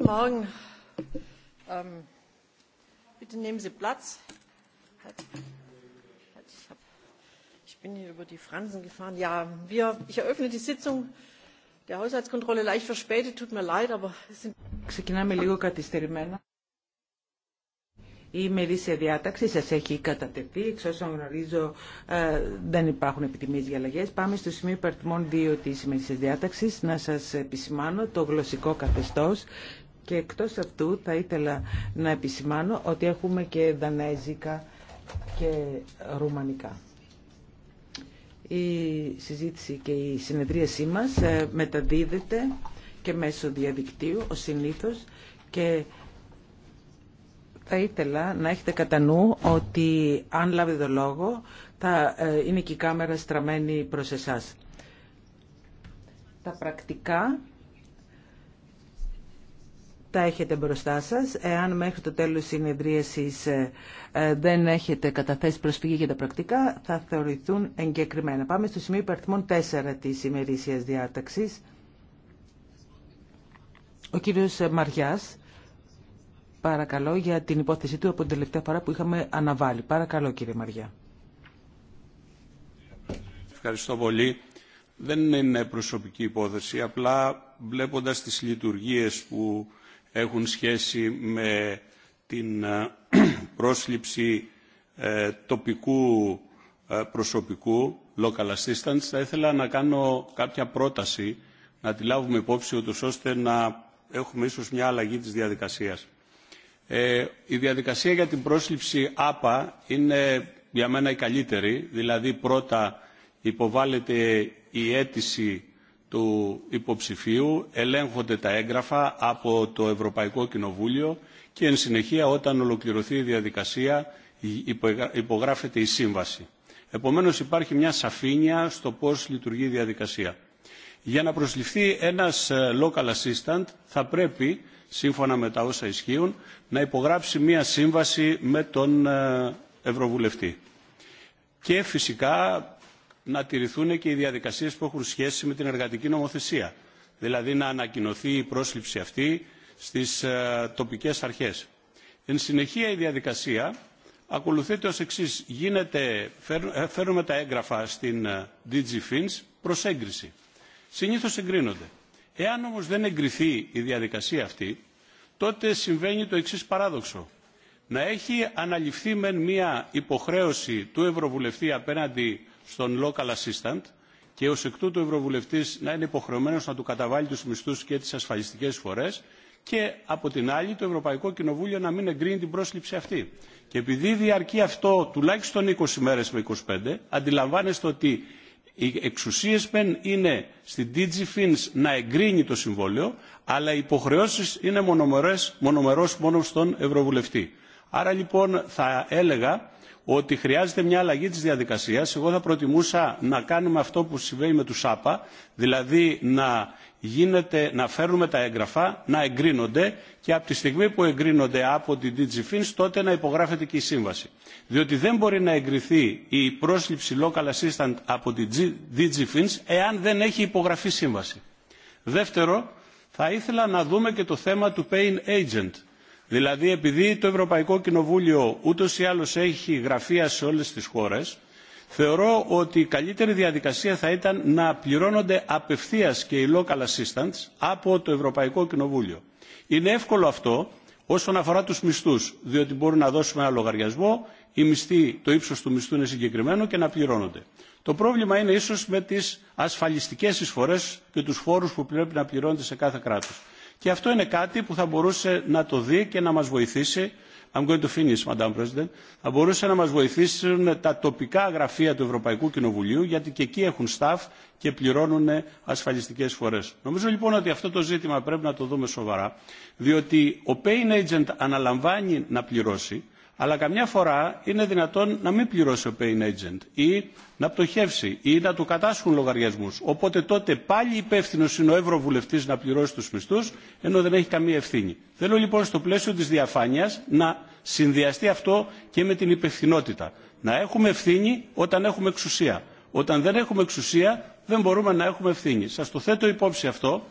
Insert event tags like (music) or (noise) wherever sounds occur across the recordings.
Guten Morgen. Ähm, Bitte nehmen Sie Platz. Ich bin hier über die Fransen gefahren. Ja, wir, ich eröffne die Sitzung der Haushaltskontrolle leicht verspätet. Tut mir leid, aber es sind. Ξεκινάμε λίγο καθυστερημένα. Η ημερήσια διάταξη σας έχει κατατεθεί. Εξ όσων γνωρίζω ε, δεν υπάρχουν επιτιμίες για αλλαγέ. Πάμε στο σημείο υπαρτιμών 2 της ημερήσιας διάταξης να σας επισημάνω το γλωσσικό καθεστώς και εκτός αυτού θα ήθελα να επισημάνω ότι έχουμε και δανέζικα και ρουμανικά. Η συζήτηση και η συνεδρίασή μας ε, μεταδίδεται και μέσω διαδικτύου, ο συνήθως, και θα ήθελα να έχετε κατά νου ότι αν λάβει το λόγο θα ε, είναι και η κάμερα στραμμένη προς εσάς. Τα πρακτικά τα έχετε μπροστά σας. Εάν μέχρι το τέλος της συνεδρίασης ε, ε, δεν έχετε καταθέσει προσφυγή για τα πρακτικά, θα θεωρηθούν εγκεκριμένα. Πάμε στο σημείο υπαριθμών 4 της ημερήσιας διάταξης. Ο κύριος Μαριάς, παρακαλώ, για την υπόθεσή του από την τελευταία φορά που είχαμε αναβάλει. Παρακαλώ, κύριε Μαριά. Ευχαριστώ πολύ. Δεν είναι προσωπική υπόθεση, απλά βλέποντας τις λειτουργίες που έχουν σχέση με την ε, (clears throat) πρόσληψη ε, τοπικού ε, προσωπικού, local assistance, θα ήθελα να κάνω κάποια πρόταση, να τη λάβουμε υπόψη, ούτως ώστε να έχουμε ίσως μια αλλαγή της διαδικασίας. η διαδικασία για την πρόσληψη ΑΠΑ είναι για μένα η καλύτερη, δηλαδή πρώτα υποβάλλεται η αίτηση του υποψηφίου ελέγχονται τα έγγραφα από το Ευρωπαϊκό Κοινοβούλιο και εν συνεχεία όταν ολοκληρωθεί η διαδικασία υπογράφεται η σύμβαση. Επομένως υπάρχει μια σαφήνεια στο πώς λειτουργεί η διαδικασία. Για να προσληφθεί ένας ε, local assistant θα πρέπει, σύμφωνα με τα όσα ισχύουν, να υπογράψει μια σύμβαση με τον ε, Ευρωβουλευτή. Και φυσικά να τηρηθούν και οι διαδικασίες που έχουν σχέση με την εργατική νομοθεσία. Δηλαδή να ανακοινωθεί η πρόσληψη αυτή στις ε, τοπικές αρχές. Εν συνεχεία η διαδικασία ακολουθείται ως εξής. Γίνεται, φέρνουμε ε, τα έγγραφα στην ε, DG FINS προς έγκριση. Συνήθως εγκρίνονται. Εάν όμως δεν εγκριθεί η διαδικασία αυτή, τότε συμβαίνει το εξής παράδοξο. Να έχει αναλυφθεί μεν μια υποχρέωση του Ευρωβουλευτή απέναντι στον local assistant και ως εκ τούτου ο Ευρωβουλευτής να είναι υποχρεωμένος να του καταβάλει τους μισθούς και τις ασφαλιστικές φορές και από την άλλη το Ευρωπαϊκό Κοινοβούλιο να μην εγκρίνει την πρόσληψη αυτή. Και επειδή διαρκεί αυτό τουλάχιστον 20 μέρες με 25, αντιλαμβάνεστε ότι οι εξουσίες μεν είναι στην DG να εγκρίνει το συμβόλαιο, αλλά οι υποχρεώσεις είναι μονομερές, μόνο στον Ευρωβουλευτή. Άρα λοιπόν θα έλεγα ότι χρειάζεται μια αλλαγή της διαδικασίας. Εγώ θα προτιμούσα να κάνουμε αυτό που συμβαίνει με τους ΣΑΠΑ, δηλαδή να, γίνεται, να φέρνουμε τα έγγραφα, να εγκρίνονται και από τη στιγμή που εγκρίνονται από την DGFINS τότε να υπογράφεται και η σύμβαση. Διότι δεν μπορεί να εγκριθεί η πρόσληψη local assistant από την DGFINS εάν δεν έχει υπογραφεί σύμβαση. Δεύτερο, θα ήθελα να δούμε και το θέμα του paying agent Δηλαδή επειδή το Ευρωπαϊκό Κοινοβούλιο ούτως ή άλλως έχει γραφεία σε όλε τι χώρε, θεωρώ ότι η αλλω εχει γραφεια σε ολε τι χωρε θεωρω οτι η καλυτερη διαδικασια θα ήταν να πληρώνονται απευθεία και οι local assistants από το Ευρωπαϊκό Κοινοβούλιο. Είναι εύκολο αυτό όσον αφορά του μισθού, διότι μπορούν να δώσουμε ένα λογαριασμό, η μισθή, το ύψο του μισθού είναι συγκεκριμένο και να πληρώνονται. Το πρόβλημα είναι ίσω με τι ασφαλιστικέ εισφορές και του φόρου που πρέπει να πληρώνεται σε κάθε κράτο. Και αυτό είναι κάτι που θα μπορούσε να το δει και να μας βοηθήσει I'm going to finish, Madam President. Θα μπορούσε να μας βοηθήσουν τα τοπικά γραφεία του Ευρωπαϊκού Κοινοβουλίου, γιατί και εκεί έχουν staff και πληρώνουν ασφαλιστικές φορές. Νομίζω λοιπόν ότι αυτό το ζήτημα πρέπει να το δούμε σοβαρά, διότι ο paying agent αναλαμβάνει να πληρώσει, αλλά καμιά φορά είναι δυνατόν να μην πληρώσει ο paying agent ή να πτωχεύσει ή να του κατάσχουν λογαριασμούς. Οπότε τότε πάλι υπεύθυνο είναι ο ευρωβουλευτής να πληρώσει τους μισθούς, ενώ δεν έχει καμία ευθύνη. Θέλω λοιπόν στο πλαίσιο της διαφάνειας να συνδυαστεί αυτό και με την υπευθυνότητα. Να έχουμε ευθύνη όταν έχουμε εξουσία. Όταν δεν έχουμε εξουσία δεν μπορούμε να έχουμε ευθύνη. Σας το θέτω υπόψη αυτό.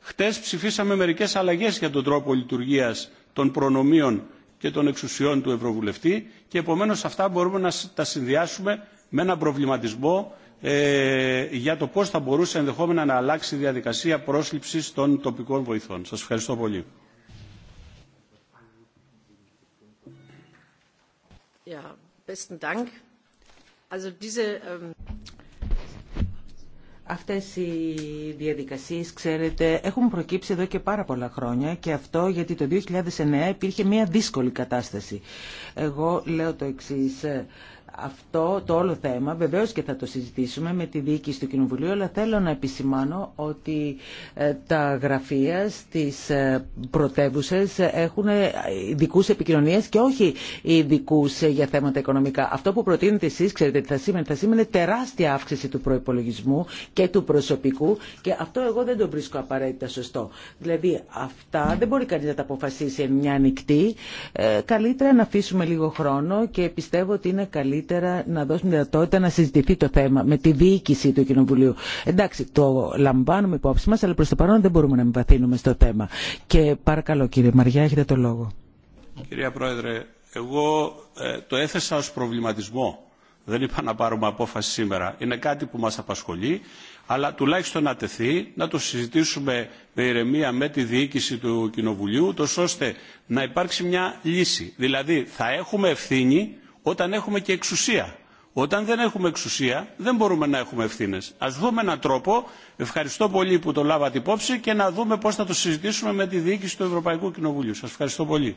Χτες ψηφίσαμε μερικές αλλαγές για τον τρόπο λειτουργίας των προνομίων και των εξουσιών του Ευρωβουλευτή και επομένως αυτά μπορούμε να τα συνδυάσουμε με έναν προβληματισμό ε, για το πώς θα μπορούσε ενδεχόμενα να αλλάξει η διαδικασία πρόσληψης των τοπικών βοηθών. Σας ευχαριστώ πολύ. Ähm, Αυτές οι διαδικασίες, ξέρετε, έχουν προκύψει εδώ και πάρα πολλά χρόνια και αυτό γιατί το 2009 υπήρχε μια δύσκολη κατάσταση. Εγώ λέω το εξής, αυτό το όλο θέμα βεβαίως και θα το συζητήσουμε με τη διοίκηση του Κοινοβουλίου αλλά θέλω να επισημάνω ότι ε, τα γραφεία στις ε, πρωτεύουσε έχουν ε, ειδικού επικοινωνίες και όχι ειδικού για θέματα οικονομικά. Αυτό που προτείνετε εσείς ξέρετε τι θα σήμαινε. Θα σήμαινε τεράστια αύξηση του προϋπολογισμού και του προσωπικού και αυτό εγώ δεν το βρίσκω απαραίτητα σωστό. Δηλαδή αυτά δεν μπορεί κανείς να τα αποφασίσει εν μια νυχτή. καλύτερα να αφήσουμε λίγο χρόνο και πιστεύω ότι είναι καλή καλύτερα να δώσουν δυνατότητα να συζητηθεί το θέμα με τη διοίκηση του Κοινοβουλίου. Εντάξει, το λαμβάνουμε υπόψη μα, αλλά προ το παρόν δεν μπορούμε να εμβαθύνουμε στο θέμα. Και παρακαλώ κύριε Μαριά, έχετε το λόγο. Κυρία Πρόεδρε, εγώ ε, το έθεσα ω προβληματισμό. Δεν είπα να πάρουμε απόφαση σήμερα. Είναι κάτι που μα απασχολεί, αλλά τουλάχιστον να τεθεί, να το συζητήσουμε με ηρεμία με τη διοίκηση του Κοινοβουλίου, τόσο ώστε να υπάρξει μια λύση. Δηλαδή, θα έχουμε ευθύνη όταν έχουμε και εξουσία. Όταν δεν έχουμε εξουσία δεν μπορούμε να έχουμε ευθύνε. Α δούμε έναν τρόπο, ευχαριστώ πολύ που το λάβατε υπόψη και να δούμε πώ θα το συζητήσουμε με τη διοίκηση του Ευρωπαϊκού Κοινοβουλίου. Σα ευχαριστώ πολύ.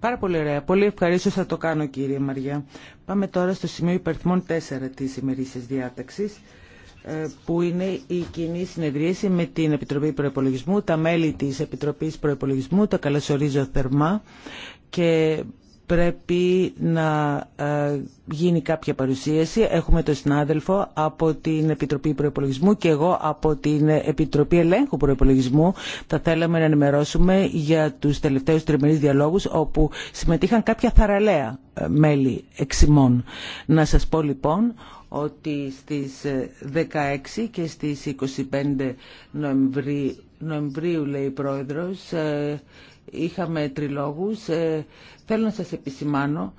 Πάρα πολύ ωραία. Πολύ ευχαρίστω θα το κάνω κύριε Μαριά. Πάμε τώρα στο σημείο υπερθμών 4 τη ημερήσια διάταξη. Ε, που είναι η κοινή συνεδρίαση με την Επιτροπή Προϋπολογισμού. Τα μέλη της Επιτροπής Προϋπολογισμού τα καλωσορίζω θερμά και πρέπει να ε, γίνει κάποια παρουσίαση. Έχουμε τον συνάδελφο από την Επιτροπή Προϋπολογισμού και εγώ από την Επιτροπή Ελέγχου Προϋπολογισμού. Θα θέλαμε να ενημερώσουμε για τους τελευταίους τριμερείς διαλόγους όπου συμμετείχαν κάποια θαραλέα ε, μέλη εξημών. Να σας πω λοιπόν ότι στις 16 ε, και στις 25 Νοεμβρίου, λέει η Πρόεδρος, ε, είχαμε τριλόγους. Ε, θέλω να σας επισημάνω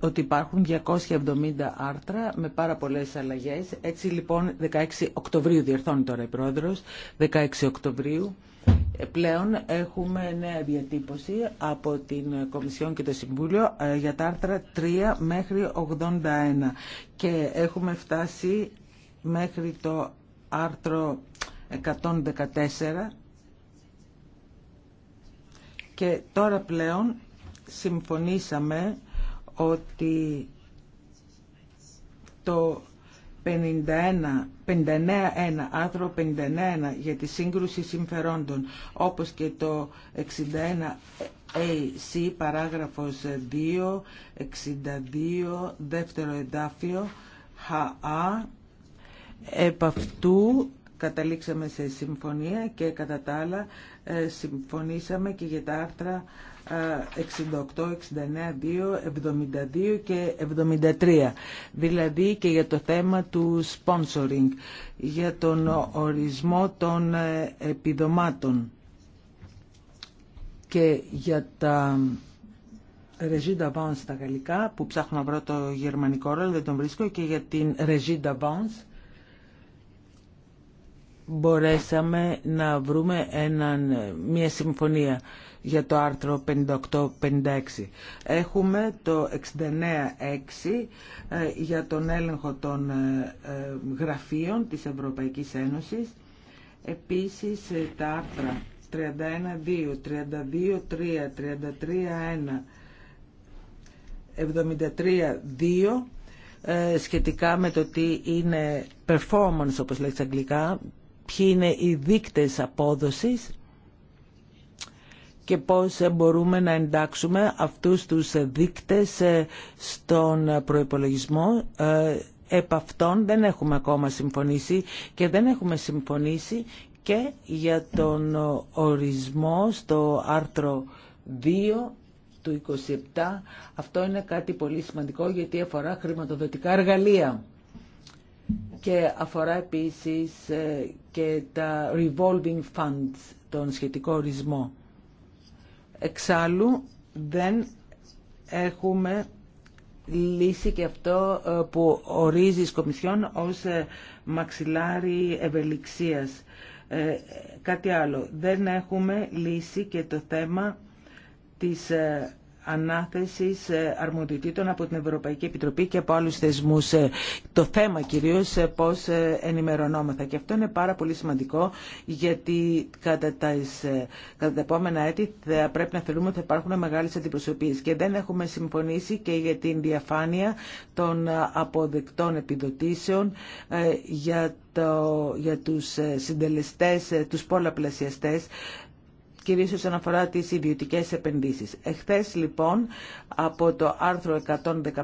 ότι υπάρχουν 270 άρθρα με πάρα πολλές αλλαγές. Έτσι λοιπόν 16 Οκτωβρίου διερθώνει τώρα η Πρόεδρος, 16 Οκτωβρίου Πλέον έχουμε νέα διατύπωση από την Κομισιόν και το Συμβούλιο ε, για τα άρθρα 3 μέχρι 81 και έχουμε φτάσει μέχρι το άρθρο 114 και τώρα πλέον συμφωνήσαμε ότι το 59.1 άρθρο 59 για τη σύγκρουση συμφερόντων όπως και το 61AC παράγραφος 2 62 δεύτερο εντάφιο ΧΑ επ' αυτού καταλήξαμε σε συμφωνία και κατά τα άλλα ε, συμφωνήσαμε και για τα άρθρα 68, 69, 2, 72 και 73. Δηλαδή και για το θέμα του sponsoring, για τον ορισμό των ε, επιδομάτων και για τα ε, Regie d'Avance στα γαλλικά, που ψάχνω να βρω το γερμανικό ρόλο, δεν τον βρίσκω, και για την Regie d'Avance μπορέσαμε να βρούμε έναν, ε, μια συμφωνία για το άρθρο 58-56. Έχουμε το 69-6 ε, για τον έλεγχο των ε, ε, γραφείων της Ευρωπαϊκής Ένωσης. Επίσης τα άρθρα 31-2, 32-3, 33-1, 73-2 σχετικά με το τι είναι performance όπως λέει αγγλικά, ποιοι είναι οι δείκτες απόδοσης και πώς μπορούμε να εντάξουμε αυτούς τους δείκτες ε, στον προϋπολογισμό. Ε, επ' αυτών δεν έχουμε ακόμα συμφωνήσει και δεν έχουμε συμφωνήσει και για τον ορισμό στο άρθρο 2 του 27. Αυτό είναι κάτι πολύ σημαντικό γιατί αφορά χρηματοδοτικά εργαλεία και αφορά επίσης ε, και τα revolving funds, τον σχετικό ορισμό. Εξάλλου δεν έχουμε λύση και αυτό ε, που ορίζει η Κομισιόν ως ε, μαξιλάρι ευελιξίας. Ε, κάτι άλλο. Δεν έχουμε λύση και το θέμα της ανάθεσης ε, αρμοδιοτήτων από την Ευρωπαϊκή Επιτροπή και από άλλους θεσμούς. Ε, το θέμα κυρίως ε, πώς ενημερωνόμεθα. Και αυτό είναι πάρα πολύ σημαντικό γιατί κατά τα, επόμενα έτη θα πρέπει να θεωρούμε ότι θα υπάρχουν μεγάλες αντιπροσωπείες. Και δεν έχουμε συμφωνήσει και για την διαφάνεια των αποδεκτών επιδοτήσεων για, το, για τους συντελεστές, τους πολλαπλασιαστές κυρίως όσον αφορά τις ιδιωτικές επενδύσεις. Εχθές λοιπόν από το άρθρο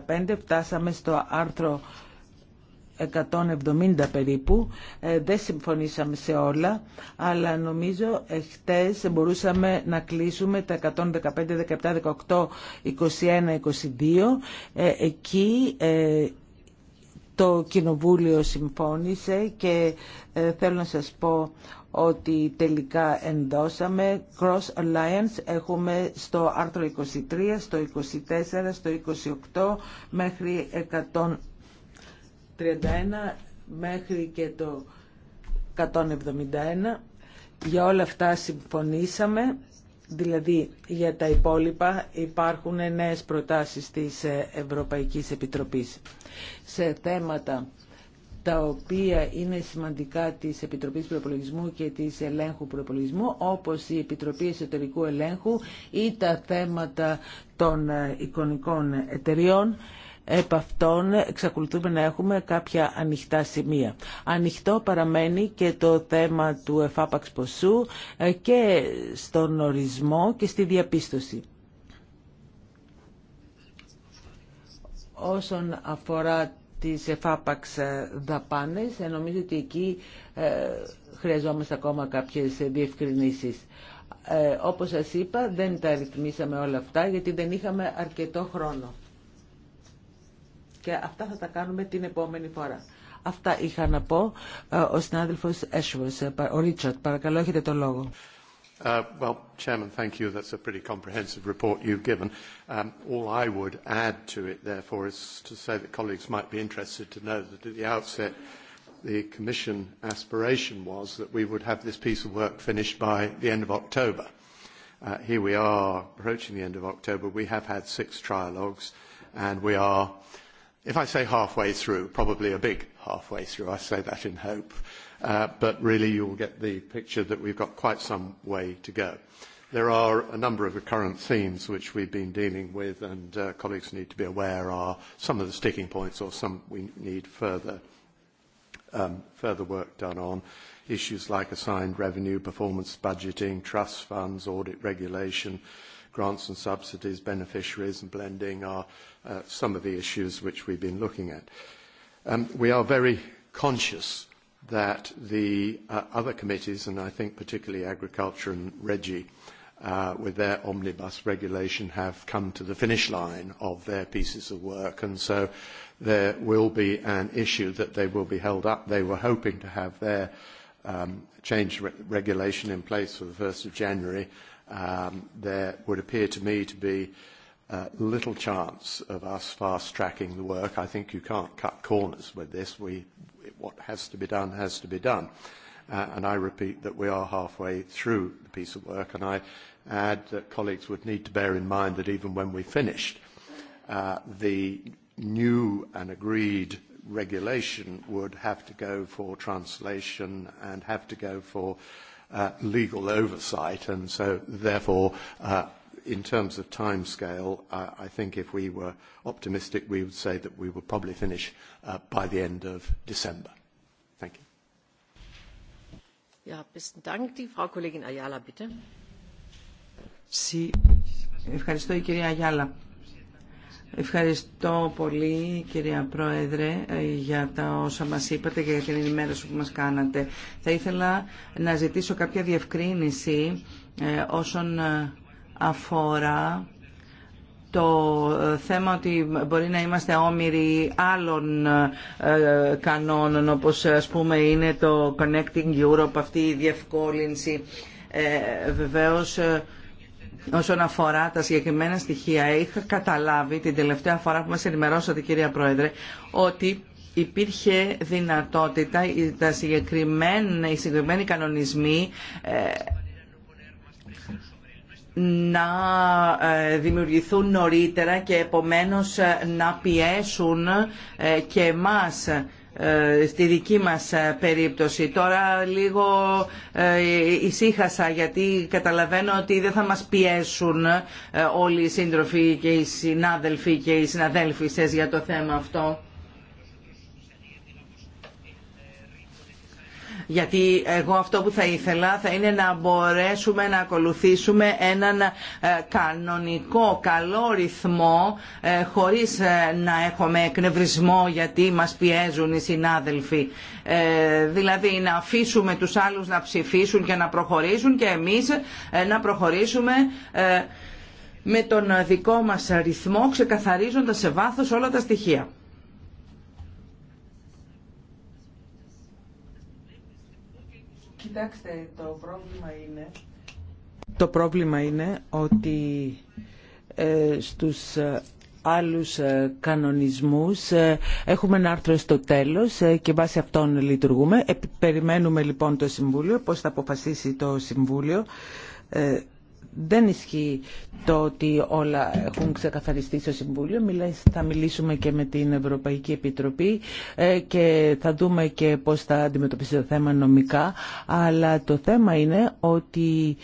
115 φτάσαμε στο άρθρο 170 περίπου. Ε, δεν συμφωνήσαμε σε όλα, αλλά νομίζω εχθές μπορούσαμε να κλείσουμε τα 115, 17, 18, 21, 22. εκεί ε, το Κοινοβούλιο συμφώνησε και ε, θέλω να σας πω ότι τελικά ενδώσαμε Cross Alliance έχουμε στο άρθρο 23, στο 24, στο 28 μέχρι 131 μέχρι και το 171 για όλα αυτά συμφωνήσαμε Δηλαδή για τα υπόλοιπα υπάρχουν νέες προτάσεις της Ευρωπαϊκής Επιτροπής. Σε θέματα τα οποία είναι σημαντικά της Επιτροπής Προπολογισμού και της Ελέγχου Προπολογισμού, όπως η Επιτροπή Εσωτερικού Ελέγχου ή τα θέματα των εικονικών εταιριών, επ' αυτών εξακολουθούμε να έχουμε κάποια ανοιχτά σημεία. Ανοιχτό παραμένει και το θέμα του εφάπαξ ποσού ε, και στον ορισμό και στη διαπίστωση. Όσον αφορά τις εφάπαξ ε, δαπάνες, ε, νομίζω ότι εκεί χρειαζόμαστε ακόμα κάποιες διευκρινήσεις. Όπως σας είπα, δεν τα ρυθμίσαμε όλα αυτά γιατί δεν είχαμε αρκετό χρόνο και αυτά θα τα κάνουμε την επόμενη φορά. Αυτά είχα να πω. Ο συνάδελφος ο Ρίτσαρτ, παρακαλώ έχετε το λόγο. Uh, well, Chairman, thank you. That's a pretty comprehensive report you've given. all I would add to it, therefore, is to say that colleagues might be interested to know that at the outset, the Commission aspiration was that we would have this piece of work finished by the end of October. here we are approaching the end of October. We have had six trialogues, and we are If I say halfway through, probably a big halfway through, I say that in hope, but really you will get the picture that we've got quite some way to go. There are a number of recurrent themes which we've been dealing with and colleagues need to be aware are some of the sticking points or some we need further further work done on. Issues like assigned revenue, performance budgeting, trust funds, audit regulation, grants and subsidies, beneficiaries and blending are some of the issues which we've been looking at. We are very conscious that the other committees, and I think particularly Agriculture and Regi, with their omnibus regulation, have come to the finish line of their pieces of work, and so there will be an issue that they will be held up. They were hoping to have their change regulation in place for the 1st of January. There would appear to me to be little chance of us fast-tracking the work. I think you can't cut corners with this. What has to be done has to be done. And I repeat that we are halfway through the piece of work, and I add that colleagues would need to bear in mind that even when we finished, the new and agreed regulation would have to go for translation and have to go for legal oversight, and so therefore in terms of timescale, I think if we were optimistic, we would say that we would probably finish by the end of December. Thank you. Ja, besten Dank. Die Frau Kollegin Ayala, bitte. Ευχαριστώ, κυρία Ayala. Ευχαριστώ πολύ κυρία Πρόεδρε για τα όσα μας είπατε και για την ενημέρωση που μας κάνατε. Θα ήθελα να ζητήσω κάποια διευκρίνηση όσον αφορά το ε, θέμα ότι μπορεί να είμαστε όμοιροι άλλων ε, κανόνων όπως ας πούμε είναι το Connecting Europe, αυτή η διευκόλυνση. Ε, βεβαίως ε, όσον αφορά τα συγκεκριμένα στοιχεία είχα καταλάβει την τελευταία φορά που μας ενημερώσατε κυρία Πρόεδρε ότι υπήρχε δυνατότητα τα συγκεκριμένα, οι συγκεκριμένοι κανονισμοί να ε, δημιουργηθούν νωρίτερα και επομένως ε, να πιέσουν ε, και εμάς στη δική μας περίπτωση. Τώρα λίγο ησύχασα γιατί καταλαβαίνω ότι δεν θα μας πιέσουν όλοι οι σύντροφοι και οι συνάδελφοι και οι συναδέλφοι σας για το θέμα αυτό. γιατί εγώ αυτό που θα ήθελα θα είναι να μπορέσουμε να ακολουθήσουμε έναν ε, κανονικό καλό ρυθμό ε, χωρίς ε, να έχουμε εκνευρισμό γιατί μας πιέζουν οι συνάδελφοι. Δηλαδή να αφήσουμε τους άλλους να ψηφίσουν και να προχωρήσουν και εμείς να προχωρήσουμε με τον δικό μας ρυθμό ξεκαθαρίζοντας σε βάθος όλα τα στοιχεία. το πρόβλημα είναι... ότι ε, στους ε, άλλους ε, κανονισμούς. Ε, έχουμε ένα άρθρο στο τέλος και βάσει αυτών λειτουργούμε. Περιμένουμε λοιπόν το Συμβούλιο, πώς θα αποφασίσει το Συμβούλιο δεν ισχύει το ότι όλα έχουν ξεκαθαριστεί στο Συμβούλιο. Θα μιλήσουμε και με την Ευρωπαϊκή Επιτροπή ε, και θα δούμε και πώς θα αντιμετωπίσει το θέμα νομικά. Αλλά το θέμα είναι ότι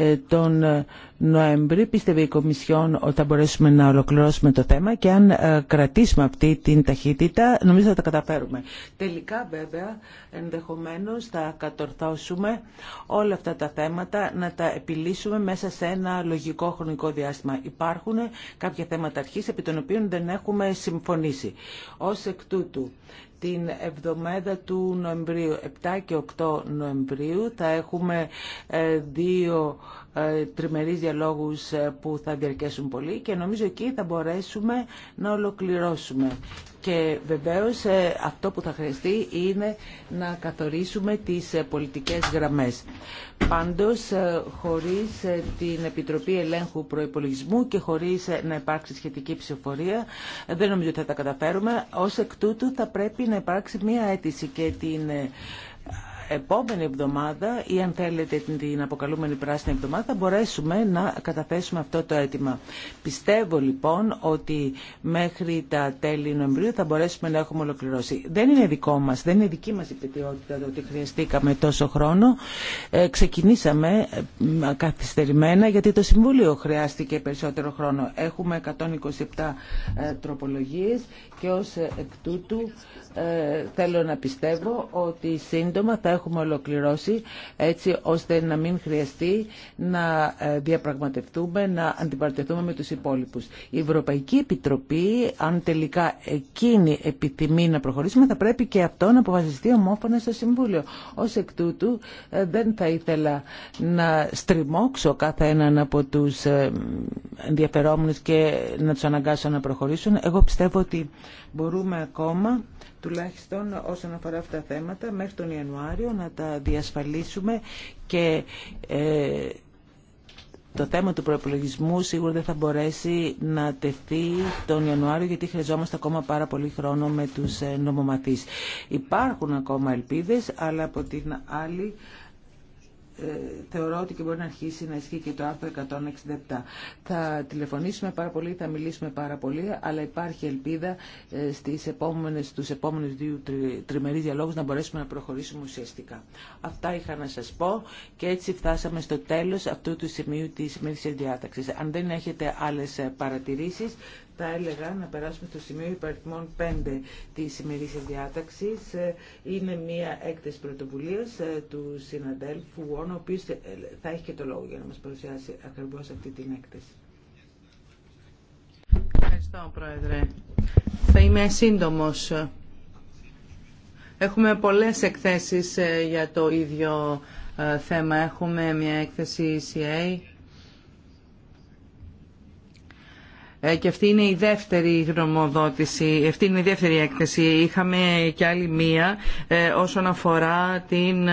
ε, τον ε, Νοέμβρη πίστευε η Κομισιόν ότι θα μπορέσουμε να ολοκληρώσουμε το θέμα και αν ε, κρατήσουμε αυτή την ταχύτητα νομίζω θα τα καταφέρουμε. Τελικά βέβαια ενδεχομένως θα κατορθώσουμε όλα αυτά τα θέματα να τα επιλύσουμε μέσα σε ένα λογικό χρονικό διάστημα. Υπάρχουν κάποια θέματα αρχής επί των οποίων δεν έχουμε συμφωνήσει. Ως εκ τούτου την εβδομάδα του Νοεμβρίου. 7 και 8 Νοεμβρίου θα έχουμε ε, δύο ε, τριμερείς διαλόγους ε, που θα διαρκέσουν πολύ και νομίζω εκεί θα μπορέσουμε να ολοκληρώσουμε. Και βεβαίως ε, αυτό που θα χρειαστεί είναι να καθορίσουμε τις πολιτικές γραμμές. Πάντως, χωρίς την Επιτροπή Ελέγχου Προϋπολογισμού και χωρίς να υπάρξει σχετική ψηφοφορία, δεν νομίζω ότι θα τα καταφέρουμε. Ως εκ τούτου θα πρέπει να υπάρξει μία αίτηση και την επόμενη εβδομάδα ή αν θέλετε την αποκαλούμενη πράσινη εβδομάδα θα μπορέσουμε να καταθέσουμε αυτό το αίτημα. Πιστεύω λοιπόν ότι μέχρι τα τέλη Νοεμβρίου θα μπορέσουμε να έχουμε ολοκληρώσει. Δεν είναι δικό μας, δεν είναι δική μας η ότι χρειαστήκαμε τόσο χρόνο. Ε, ξεκινήσαμε καθυστερημένα γιατί το Συμβούλιο χρειάστηκε περισσότερο χρόνο. Έχουμε 127 ε, τροπολογίες και ως ε, εκ τούτου ε, θέλω να πιστεύω ότι σύντομα θα έχουμε ολοκληρώσει έτσι ώστε να μην χρειαστεί να ε, διαπραγματευτούμε, να αντιπαρτευτούμε με τους υπόλοιπους. Η Ευρωπαϊκή Επιτροπή, αν τελικά εκείνη επιθυμεί να προχωρήσουμε, θα πρέπει και αυτό να αποφασιστεί ομόφωνα στο Συμβούλιο. Ως εκ τούτου ε, δεν θα ήθελα να στριμώξω κάθε έναν από τους ενδιαφερόμενους και να τους αναγκάσω να προχωρήσουν. Εγώ πιστεύω ότι μπορούμε ακόμα τουλάχιστον όσον αφορά αυτά τα θέματα μέχρι τον Ιανουάριο να τα διασφαλίσουμε και ε, το θέμα του προπολογισμού σίγουρα δεν θα μπορέσει να τεθεί τον Ιανουάριο γιατί χρειαζόμαστε ακόμα πάρα πολύ χρόνο με τους ε, νομομαθείς. Υπάρχουν ακόμα ελπίδες αλλά από την άλλη θεωρώ ότι και μπορεί να αρχίσει να ισχύει και το άρθρο 167. Θα τηλεφωνήσουμε πάρα πολύ, θα μιλήσουμε πάρα πολύ, αλλά υπάρχει ελπίδα ε, στις επόμενες, στους επόμενους δύο τρι, τριμερείς διαλόγους να μπορέσουμε να προχωρήσουμε ουσιαστικά. Αυτά είχα να σας πω και έτσι φτάσαμε στο τέλος αυτού του σημείου της μέσης διάταξης. Αν δεν έχετε άλλες ε, παρατηρήσεις, θα έλεγα να περάσουμε στο σημείο υπαριθμών 5 της σημερινής διάταξης. Ε, είναι μια έκθεση πρωτοβουλία ε, του συναντέλφου Βόνο, ο οποίος ε, θα έχει και το λόγο για να μας παρουσιάσει ακριβώς αυτή την έκθεση. Ευχαριστώ, Πρόεδρε. Θα είμαι σύντομος. Έχουμε πολλές εκθέσεις για το ίδιο θέμα. Έχουμε μια έκθεση ECA Ε, και αυτή είναι η δεύτερη γνωμοδότηση, αυτή είναι η δεύτερη έκθεση. Είχαμε και άλλη μία ε, όσον αφορά την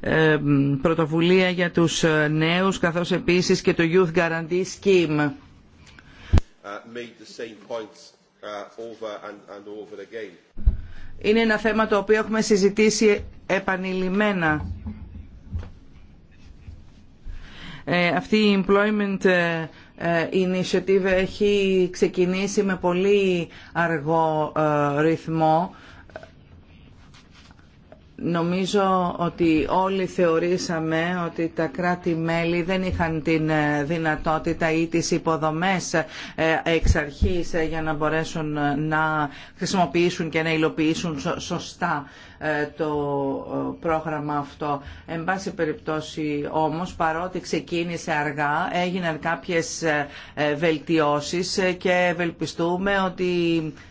ε, πρωτοβουλία για τους νέους καθώς επίσης και το Youth Guarantee Scheme. Είναι ένα θέμα το οποίο έχουμε συζητήσει επανειλημμένα. Αυτή η employment ε, η initiative έχει ξεκινήσει με πολύ αργό ε, ρυθμό Νομίζω ότι όλοι θεωρήσαμε ότι τα κράτη-μέλη δεν είχαν την ε, δυνατότητα ή τις υποδομές ε, εξ αρχής ε, για να μπορέσουν να χρησιμοποιήσουν και να υλοποιήσουν σωστά το πρόγραμμα αυτό. Εν πάση περιπτώσει όμως, παρότι ξεκίνησε αργά, έγιναν κάποιες βελτιώσεις και ευελπιστούμε ότι,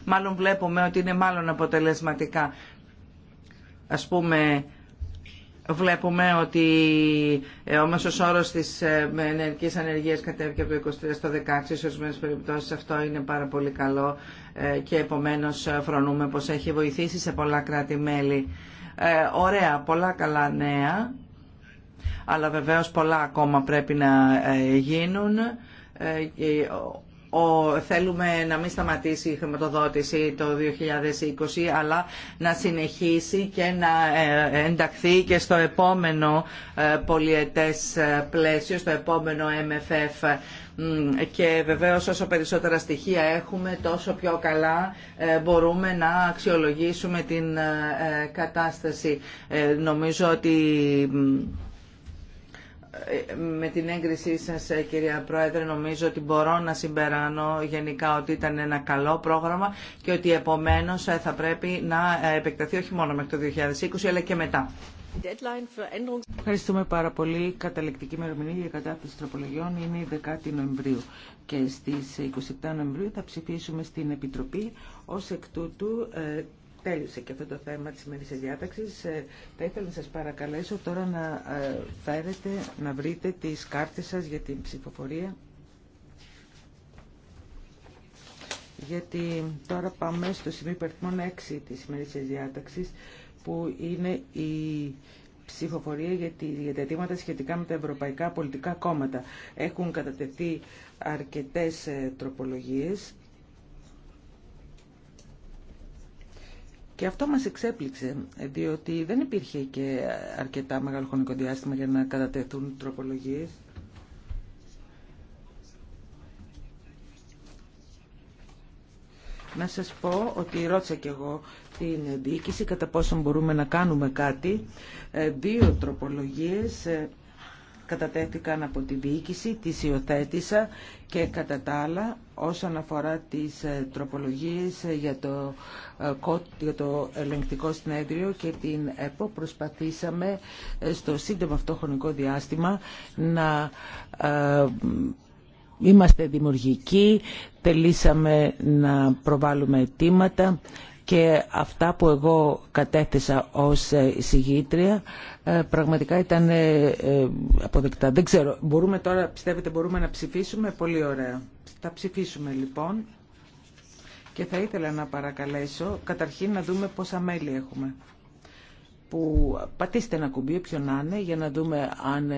μάλλον βλέπουμε ότι είναι μάλλον αποτελεσματικά. Ας πούμε, βλέπουμε ότι ε, ο μέσος όρος της ε, ενεργή ανεργίας κατέβηκε από το 23 στο 16, σε ορισμένες περιπτώσεις αυτό είναι πάρα πολύ καλό ε, και επομένως φρονούμε πως έχει βοηθήσει σε πολλά κράτη-μέλη. Ωραία, πολλά καλά νέα, αλλά βεβαίως πολλά ακόμα πρέπει να γίνουν ο, θέλουμε να μην σταματήσει η χρηματοδότηση το 2020 αλλά να συνεχίσει και να ε, ενταχθεί και στο επόμενο ε, πολιετές ε, πλαίσιο, στο επόμενο MFF και βεβαίως όσο περισσότερα στοιχεία έχουμε τόσο πιο καλά μπορούμε να αξιολογήσουμε την κατάσταση. Νομίζω ότι με την έγκρισή σας ε, κυρία Πρόεδρε νομίζω ότι μπορώ να συμπεράνω γενικά ότι ήταν ένα καλό πρόγραμμα και ότι επομένως ε, θα πρέπει να ε, επεκταθεί όχι μόνο μέχρι το 2020 αλλά και μετά. Ευχαριστούμε πάρα πολύ. Η καταληκτική ημερομηνία για κατάθεση τροπολογιών είναι η 10η Νοεμβρίου και στις 27 Νοεμβρίου θα ψηφίσουμε στην Επιτροπή ως εκ τούτου τέλειωσε και αυτό το θέμα της σημερινής διάταξης. Ε, θα ήθελα να σας παρακαλέσω τώρα να ε, φέρετε, να βρείτε τις κάρτες σας για την ψηφοφορία. Γιατί τώρα πάμε στο σημείο υπερθμών 6 της σημερινής διάταξης που είναι η ψηφοφορία για, τα αιτήματα σχετικά με τα ευρωπαϊκά πολιτικά κόμματα. Έχουν κατατεθεί αρκετές ε, τροπολογίες Και αυτό μας εξέπληξε, διότι δεν υπήρχε και αρκετά μεγάλο χρονικό διάστημα για να κατατεθούν τροπολογίες. Να σας πω ότι ρώτησα και εγώ την διοίκηση κατά πόσο μπορούμε να κάνουμε κάτι. Ε, δύο τροπολογίες ε, κατατέθηκαν από τη διοίκηση, τη υιοθέτησα και κατά τα άλλα όσον αφορά τις ε, τροπολογίες ε, για το, ε, για το ελεγκτικό συνέδριο και την ΕΠΟ προσπαθήσαμε στο σύντομο αυτό χρονικό διάστημα να είμαστε δημιουργικοί, θελήσαμε να προβάλλουμε αιτήματα και αυτά που εγώ κατέθεσα ως ε, εισηγήτρια ε, πραγματικά ήταν ε, αποδεκτά. Δεν ξέρω, μπορούμε τώρα, πιστεύετε μπορούμε να ψηφίσουμε, πολύ ωραία. Θα ψηφίσουμε λοιπόν και θα ήθελα να παρακαλέσω καταρχήν να δούμε πόσα μέλη έχουμε. Που πατήστε ένα κουμπί, ποιον να είναι, για να δούμε αν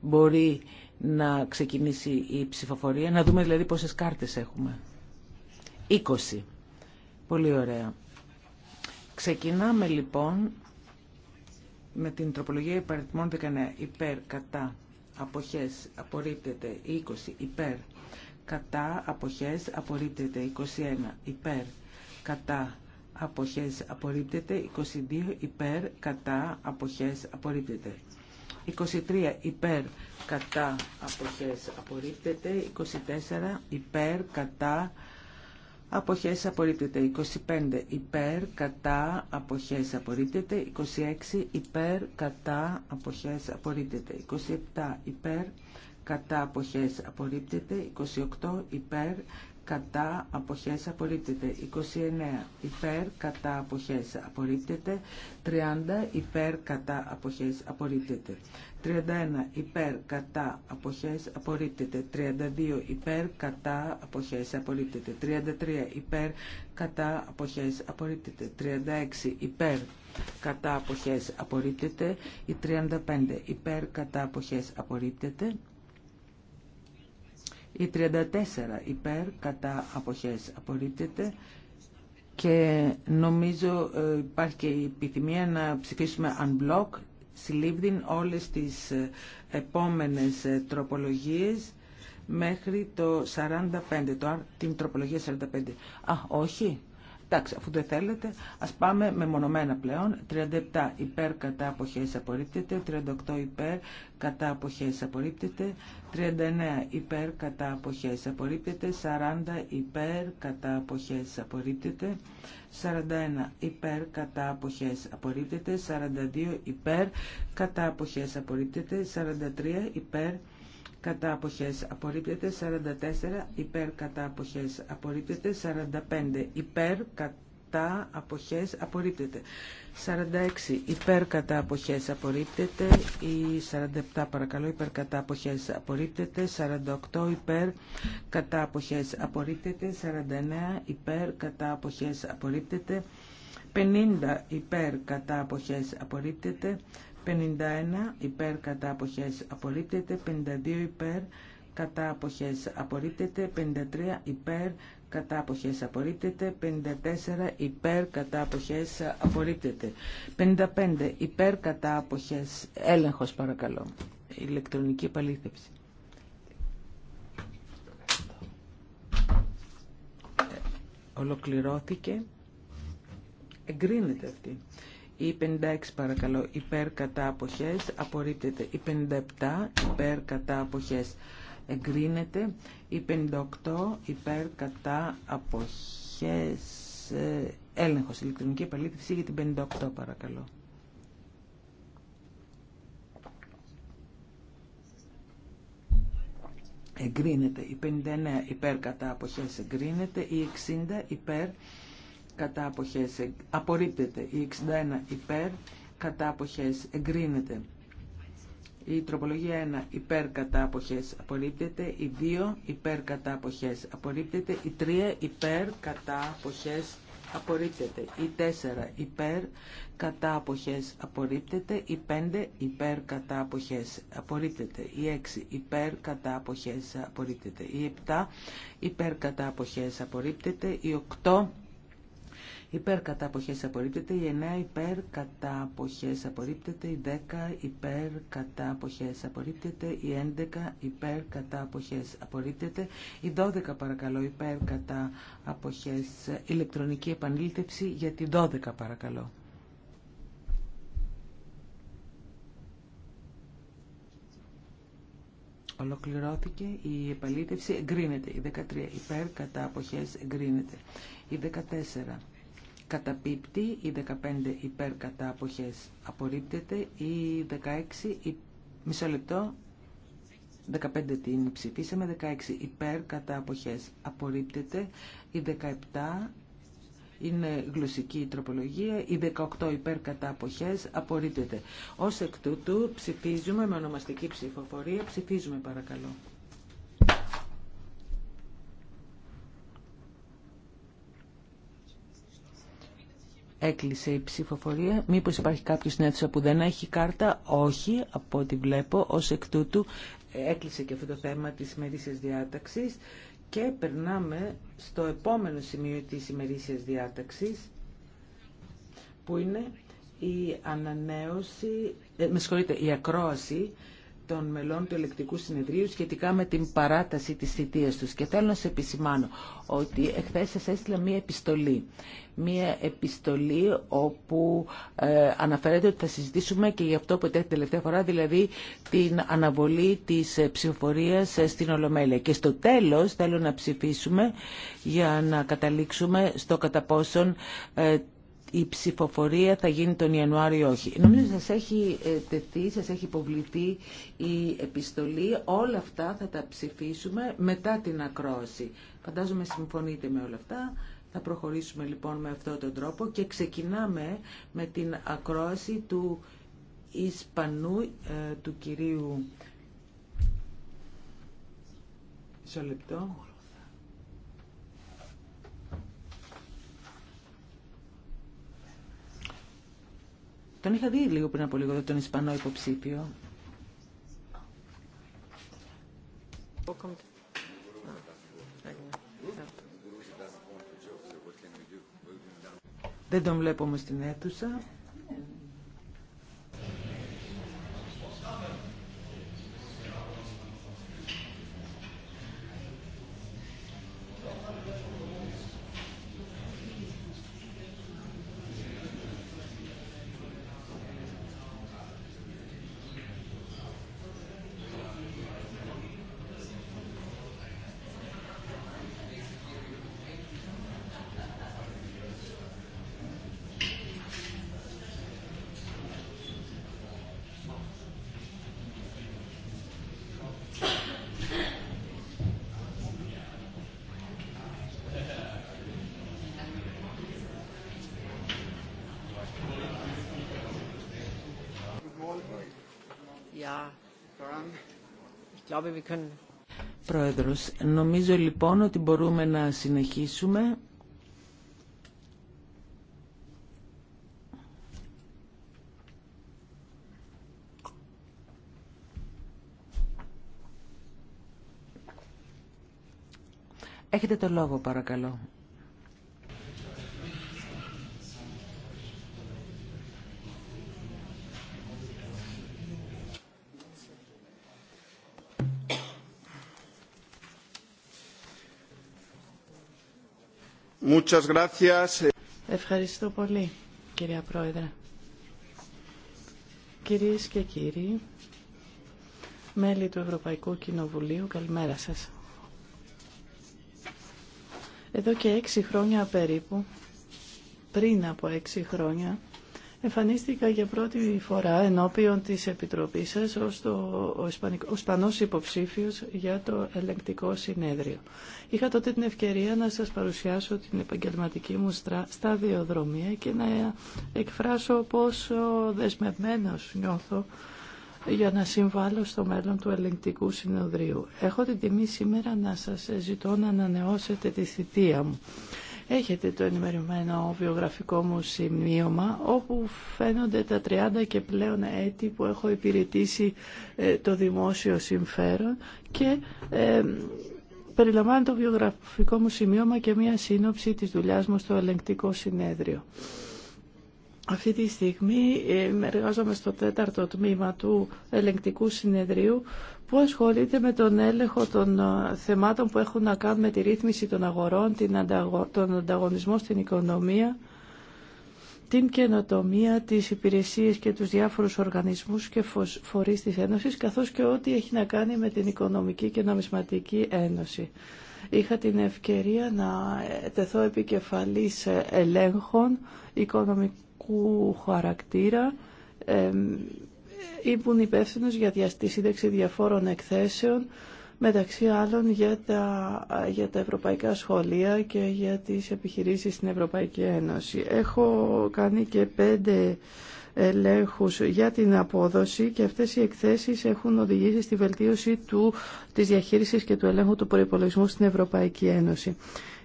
μπορεί να ξεκινήσει η ψηφοφορία, να δούμε δηλαδή πόσες κάρτες έχουμε. 20. Πολύ ωραία. Ξεκινάμε λοιπόν με την τροπολογία υπαριθμών 19 υπέρ κατά αποχές απορρίπτεται 20 υπέρ κατά αποχές απορρίπτεται 21 υπέρ κατά αποχές απορρίπτεται 22 υπέρ κατά αποχές απορρίπτεται 23 υπέρ κατά αποχές απορρίπτεται 24 υπέρ κατά Αποχές απορρίπτεται 25 υπέρ, κατά, αποχές απορρίπτεται 26 υπέρ, κατά, αποχές απορρίπτεται 27 υπέρ, κατά, αποχές απορρίπτεται 28 υπέρ, κατά, αποχές απορρίπτεται 29 υπέρ, κατά, αποχές απορρίπτεται 30 υπέρ, κατά, αποχές απορρίπτεται 31 υπέρ κατά αποχές απορρίπτεται. 32 υπέρ κατά αποχές απορρίπτεται. 33 υπέρ κατά αποχές απορρίπτεται. 36 υπέρ κατά αποχές απορρίπτεται. Η 35 υπέρ κατά αποχές απορρίπτεται. Η 34 υπέρ κατά αποχές απορρίπτεται και νομίζω ε, υπάρχει και η επιθυμία να ψηφίσουμε unblock συλλήβδην όλες τις ε, επόμενες ε, τροπολογίες μέχρι το 45, το, την τροπολογία 45. Α, όχι. Εντάξει, αφού δεν θέλετε, ας πάμε με μονομένα πλέον. 37 υπέρ κατά αποχές απορρίπτεται, 38 υπέρ κατά αποχές απορρίπτεται, 39 υπέρ κατά αποχές απορρίπτεται, 40 υπέρ κατά αποχές απορρίπτεται, 41 υπέρ κατά αποχές απορρίπτεται, 42 υπέρ κατά αποχές απορρίπτεται, 43 υπέρ κατά αποχές απορρίπτεται 44 υπέρ κατά αποχές απορρίπτεται 45 υπέρ κατά αποχές απορρίπτεται 46 υπέρ κατά αποχές απορρίπτεται ή 47 παρακαλώ υπέρ κατά αποχές απορρίπτεται 48 υπέρ κατά αποχές απορρίπτεται 49 υπέρ κατά αποχές απορρίπτεται 50 υπέρ κατά αποχές απορρίπτεται 51 υπέρ κατά αποχές απορρίπτεται, 52 υπέρ κατά αποχές απορρίπτεται, 53 υπέρ κατά αποχές απορρίπτεται, 54 υπέρ κατά αποχές απορρίπτεται, 55 υπέρ κατά αποχές έλεγχος παρακαλώ, ηλεκτρονική επαλήθευση. Ε, ολοκληρώθηκε. Εγκρίνεται αυτή. Η 56 παρακαλώ υπέρ κατά αποχές απορρίπτεται. Η 57 υπέρ κατά αποχές εγκρίνεται. Η 58 υπέρ κατά αποχές ε, έλεγχος ηλεκτρονική επαλήθευση για την 58 παρακαλώ. εγκρίνεται, η 59 υπέρ κατά αποχές εγκρίνεται, η 60 υπέρ κατά αποχές απορρίπτεται. Η 61 υπέρ κατά αποχές εγκρίνεται. Η τροπολογία 1 υπέρ κατά αποχές απορρίπτεται, η 2 υπέρ κατά αποχές απορρίπτεται, η 3 υπέρ κατά αποχές απορρίπτεται, η 4 υπέρ κατά αποχές απορρίπτεται, η 5 υπέρ κατά αποχές απορρίπτεται, η 6 υπέρ κατά αποχές απορρίπτεται, η 7 υπέρ κατά αποχές απορρίπτεται, η 8 υπέρ κατά αποχές απορρίπτεται, η 9 υπέρ κατά αποχές απορρίπτεται, η 10 υπέρ κατά αποχές απορρίπτεται, η 11 υπέρ κατά απορρίπτεται, η 12 παρακαλώ υπέρ κατά αποχές ηλεκτρονική επανήλθευση για την 12 παρακαλώ. Ολοκληρώθηκε η επαλήτευση, εγκρίνεται. Η 13 υπέρ κατά αποχές εγκρίνεται. Η 14 Καταπίπτει η 15 υπέρ κατά αποχές. Απορρίπτεται η 16 η... μισό λεπτό. 15 την ψηφίσαμε, 16 υπέρ κατά αποχές. Απορρίπτεται η 17 είναι γλωσσική τροπολογία, η 18 υπέρ κατά αποχές απορρίπτεται. Ως εκ τούτου ψηφίζουμε με ονομαστική ψηφοφορία, ψηφίζουμε παρακαλώ. Έκλεισε η ψηφοφορία. Μήπως υπάρχει κάποιος στην αίθουσα που δεν έχει κάρτα. Όχι, από ό,τι βλέπω. Ως εκ τούτου έκλεισε και αυτό το θέμα τη ημερήσια διάταξης. Και περνάμε στο επόμενο σημείο τη ημερήσια διάταξης, που είναι η ανανέωση, ε, με η ακρόαση των μελών του Ελεκτικού Συνεδρίου σχετικά με την παράταση της θητείας τους. Και θέλω να σε επισημάνω ότι εχθές σα έστειλα μία επιστολή. Μία επιστολή όπου ε, αναφέρεται ότι θα συζητήσουμε και γι' αυτό που την τελευταία φορά, δηλαδή την αναβολή της ε, ψηφοφορίας ε, στην Ολομέλεια. Και στο τέλος θέλω να ψηφίσουμε για να καταλήξουμε στο κατά πόσον ε, η ψηφοφορία θα γίνει τον Ιανουάριο ή όχι. Νομίζω σας έχει ε, τεθεί, σας έχει υποβληθεί η επιστολή. Όλα αυτά θα τα ψηφίσουμε μετά την ακρόαση. Φαντάζομαι συμφωνείτε με όλα αυτά. Θα προχωρήσουμε λοιπόν με αυτόν τον τρόπο και ξεκινάμε με την ακρόαση του Ισπανού, ε, του κυρίου... Μισό Τον είχα δει λίγο πριν από λίγο τον Ισπανό υποψήφιο. Δεν τον βλέπω όμως στην αίθουσα. Πρόεδρος, νομίζω λοιπόν ότι μπορούμε να συνεχίσουμε. Έχετε το λόγο παρακαλώ. Ευχαριστώ πολύ, κυρία Πρόεδρε. Κυρίες και κύριοι, μέλη του Ευρωπαϊκού Κοινοβουλίου, καλημέρα σας. Εδώ και έξι χρόνια περίπου, πριν από έξι χρόνια, Εμφανίστηκα για πρώτη φορά ενώπιον της Επιτροπής σας ως το, ο, υποψήφιος για το ελεγκτικό συνέδριο. Είχα τότε την ευκαιρία να σας παρουσιάσω την επαγγελματική μου στρα, σταδιοδρομία και να εκφράσω πόσο δεσμευμένος νιώθω για να συμβάλλω στο μέλλον του ελεγκτικού συνεδρίου. Έχω την τιμή σήμερα να σας ζητώ να ανανεώσετε τη θητεία μου. Έχετε το ενημερωμένο βιογραφικό μου σημείωμα όπου φαίνονται τα 30 και πλέον έτη που έχω υπηρετήσει ε, το δημόσιο συμφέρον και ε, περιλαμβάνει το βιογραφικό μου σημείωμα και μία σύνοψη της δουλειάς μου στο ελεγκτικό συνέδριο. Αυτή τη στιγμή εργάζομαι στο τέταρτο τμήμα του ελεγκτικού συνεδρίου που ασχολείται με τον έλεγχο των ε, θεμάτων που έχουν να κάνουν με τη ρύθμιση των αγορών, τον ανταγωνισμό στην οικονομία, την καινοτομία, τις υπηρεσίες και τους διάφορους οργανισμούς και φορείς της Ένωσης, καθώς και ό,τι έχει να κάνει με την Οικονομική και Νομισματική Ένωση. Είχα την ευκαιρία να ε, τεθώ επικεφαλής ε, ελέγχων οικονομικών ποινικού χαρακτήρα ήμουν υπεύθυνο για τη σύνταξη διαφόρων εκθέσεων μεταξύ άλλων για τα, για τα ευρωπαϊκά σχολεία και για τις επιχειρήσεις στην Ευρωπαϊκή Ένωση. Έχω κάνει και πέντε ελέγχους για την απόδοση και αυτές οι εκθέσεις έχουν οδηγήσει στη βελτίωση του, της διαχείρισης και του ελέγχου του προϋπολογισμού στην Ευρωπαϊκή Ένωση.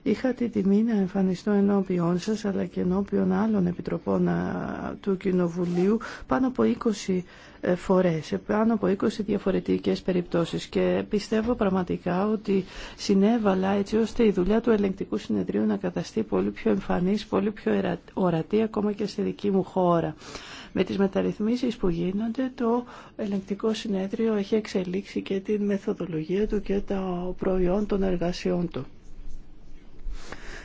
Είχα τη τιμή να εμφανιστώ ενώπιον σας αλλά και ενώπιον άλλων επιτροπών του Κοινοβουλίου πάνω από 20 ε, φορές, ε, πάνω από 20 διαφορετικές περιπτώσεις και πιστεύω πραγματικά ότι συνέβαλα έτσι ώστε η δουλειά του ελεγκτικού συνεδρίου να καταστεί πολύ πιο εμφανής, πολύ πιο ορατή ακόμα και στη δική μου χώρα. Με τις μεταρρυθμίσεις που γίνονται το ελεγκτικό συνέδριο έχει εξελίξει και την μεθοδολογία του και τα προϊόν των εργασιών του.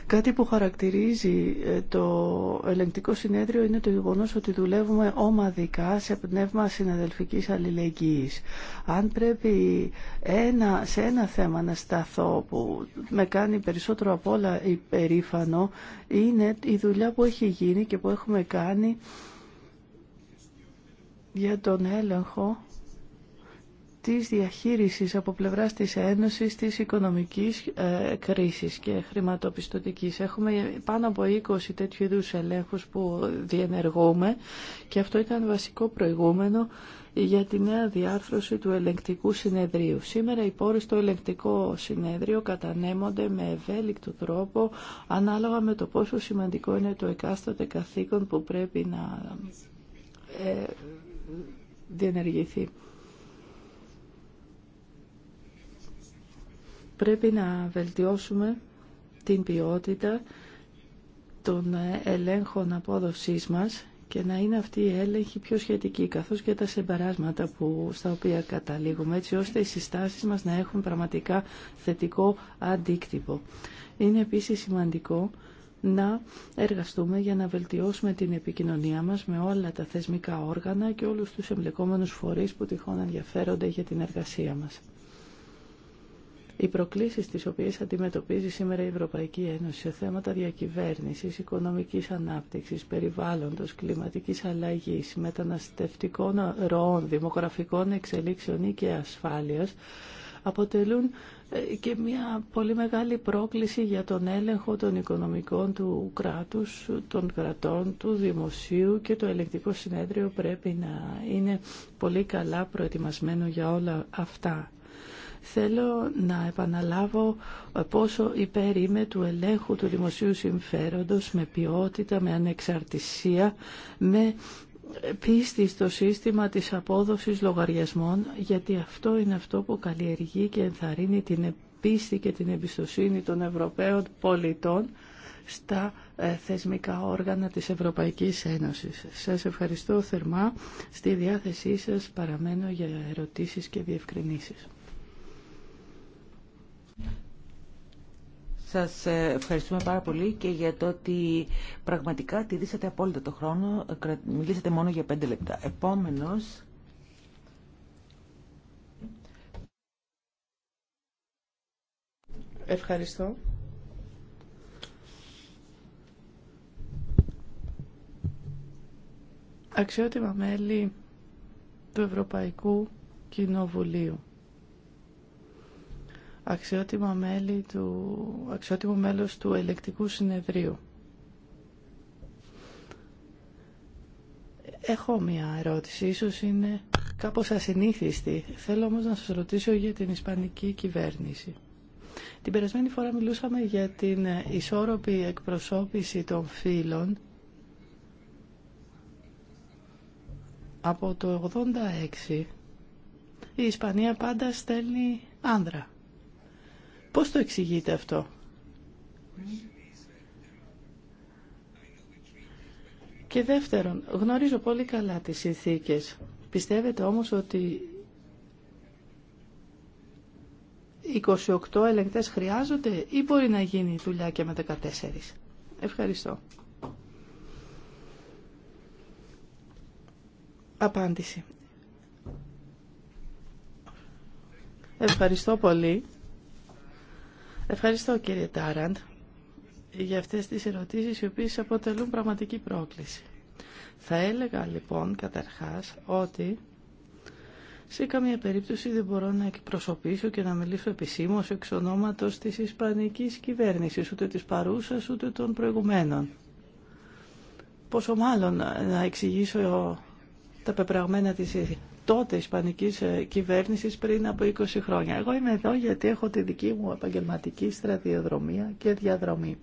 Κάτι που χαρακτηρίζει ε, το ελεγκτικό συνέδριο είναι το γεγονός ότι δουλεύουμε ομαδικά σε πνεύμα συναδελφικής αλληλεγγύης. Αν πρέπει ένα, σε ένα θέμα να σταθώ που με κάνει περισσότερο από όλα υπερήφανο είναι η δουλειά που έχει γίνει και που έχουμε κάνει για τον έλεγχο της διαχείρισης από πλευράς της Ένωσης της οικονομικής ε, κρίσης και χρηματοπιστωτικής. Έχουμε πάνω από 20 τέτοιου είδου ελέγχους που διενεργούμε και αυτό ήταν βασικό προηγούμενο για τη νέα διάρθρωση του ελεγκτικού συνεδρίου. Σήμερα οι πόροι στο ελεγκτικό συνεδρίο κατανέμονται με ευέλικτο τρόπο ανάλογα με το πόσο σημαντικό είναι το εκάστοτε καθήκον που πρέπει να ε, διενεργηθεί. Πρέπει να βελτιώσουμε την ποιότητα των ελέγχων απόδοσής μας και να είναι αυτή η έλεγχη πιο σχετική, καθώς και τα συμπεράσματα που, στα οποία καταλήγουμε, έτσι ώστε οι συστάσεις μας να έχουν πραγματικά θετικό αντίκτυπο. Είναι επίσης σημαντικό να εργαστούμε για να βελτιώσουμε την επικοινωνία μας με όλα τα θεσμικά όργανα και όλους τους εμπλεκόμενους φορείς που τυχόν ενδιαφέρονται για την εργασία μας. Οι προκλήσει τι οποίε αντιμετωπίζει σήμερα η Ευρωπαϊκή Ένωση σε θέματα διακυβέρνηση, οικονομική ανάπτυξη, περιβάλλοντο, κλιματική αλλαγή, μεταναστευτικών ροών, δημογραφικών εξελίξεων ή και ασφάλεια, αποτελούν ε, και μια πολύ μεγάλη πρόκληση για τον έλεγχο των οικονομικών του κράτους, των κρατών, του δημοσίου και το ελεγκτικό συνέδριο πρέπει να είναι πολύ καλά προετοιμασμένο για όλα αυτά. Θέλω να επαναλάβω ε, πόσο υπέρ είμαι του ελέγχου του δημοσίου συμφέροντος με ποιότητα, με ανεξαρτησία, με πίστη στο σύστημα της απόδοσης λογαριασμών, γιατί αυτό είναι αυτό που καλλιεργεί και ενθαρρύνει την πίστη και την εμπιστοσύνη των Ευρωπαίων πολιτών στα ε, θεσμικά όργανα της Ευρωπαϊκής Ένωσης. Σας ευχαριστώ θερμά. Στη διάθεσή σας παραμένω για ερωτήσεις και διευκρινήσεις. Σας ε, ευχαριστούμε πάρα πολύ και για το ότι πραγματικά τηρήσατε απόλυτα το χρόνο, μιλήσατε μόνο για πέντε λεπτά. Επόμενος... Ευχαριστώ. Αξιότιμα μέλη του Ευρωπαϊκού Κοινοβουλίου αξιότιμα μέλη του, αξιότιμο μέλος του ελεκτικού συνεδρίου. Έχω μια ερώτηση, ίσως είναι κάπως ασυνήθιστη. Θέλω όμως να σας ρωτήσω για την Ισπανική κυβέρνηση. Την περασμένη φορά μιλούσαμε για την ισόρροπη εκπροσώπηση των φύλων από το 86 η Ισπανία πάντα στέλνει άνδρα Πώς το εξηγείτε αυτό. Και δεύτερον, γνωρίζω πολύ καλά τις συνθήκες. Πιστεύετε όμως ότι 28 ελεγκτές χρειάζονται ή μπορεί να γίνει η δουλειά και με 14. Ευχαριστώ. Απάντηση. Ευχαριστώ πολύ. Ευχαριστώ κύριε Τάραντ για αυτές τις ερωτήσεις οι οποίες αποτελούν πραγματική πρόκληση. Θα έλεγα λοιπόν καταρχάς ότι σε καμία περίπτωση δεν μπορώ να εκπροσωπήσω και να μιλήσω επισήμως εξ ονόματος της ισπανικής κυβέρνησης, ούτε της παρούσας ούτε των προηγουμένων. Πόσο μάλλον να εξηγήσω τα πεπραγμένα της τότε ισπανική ε, κυβέρνησης πριν από 20 χρόνια. Εγώ είμαι εδώ γιατί έχω τη δική μου επαγγελματική στρατιοδρομία και διαδρομή.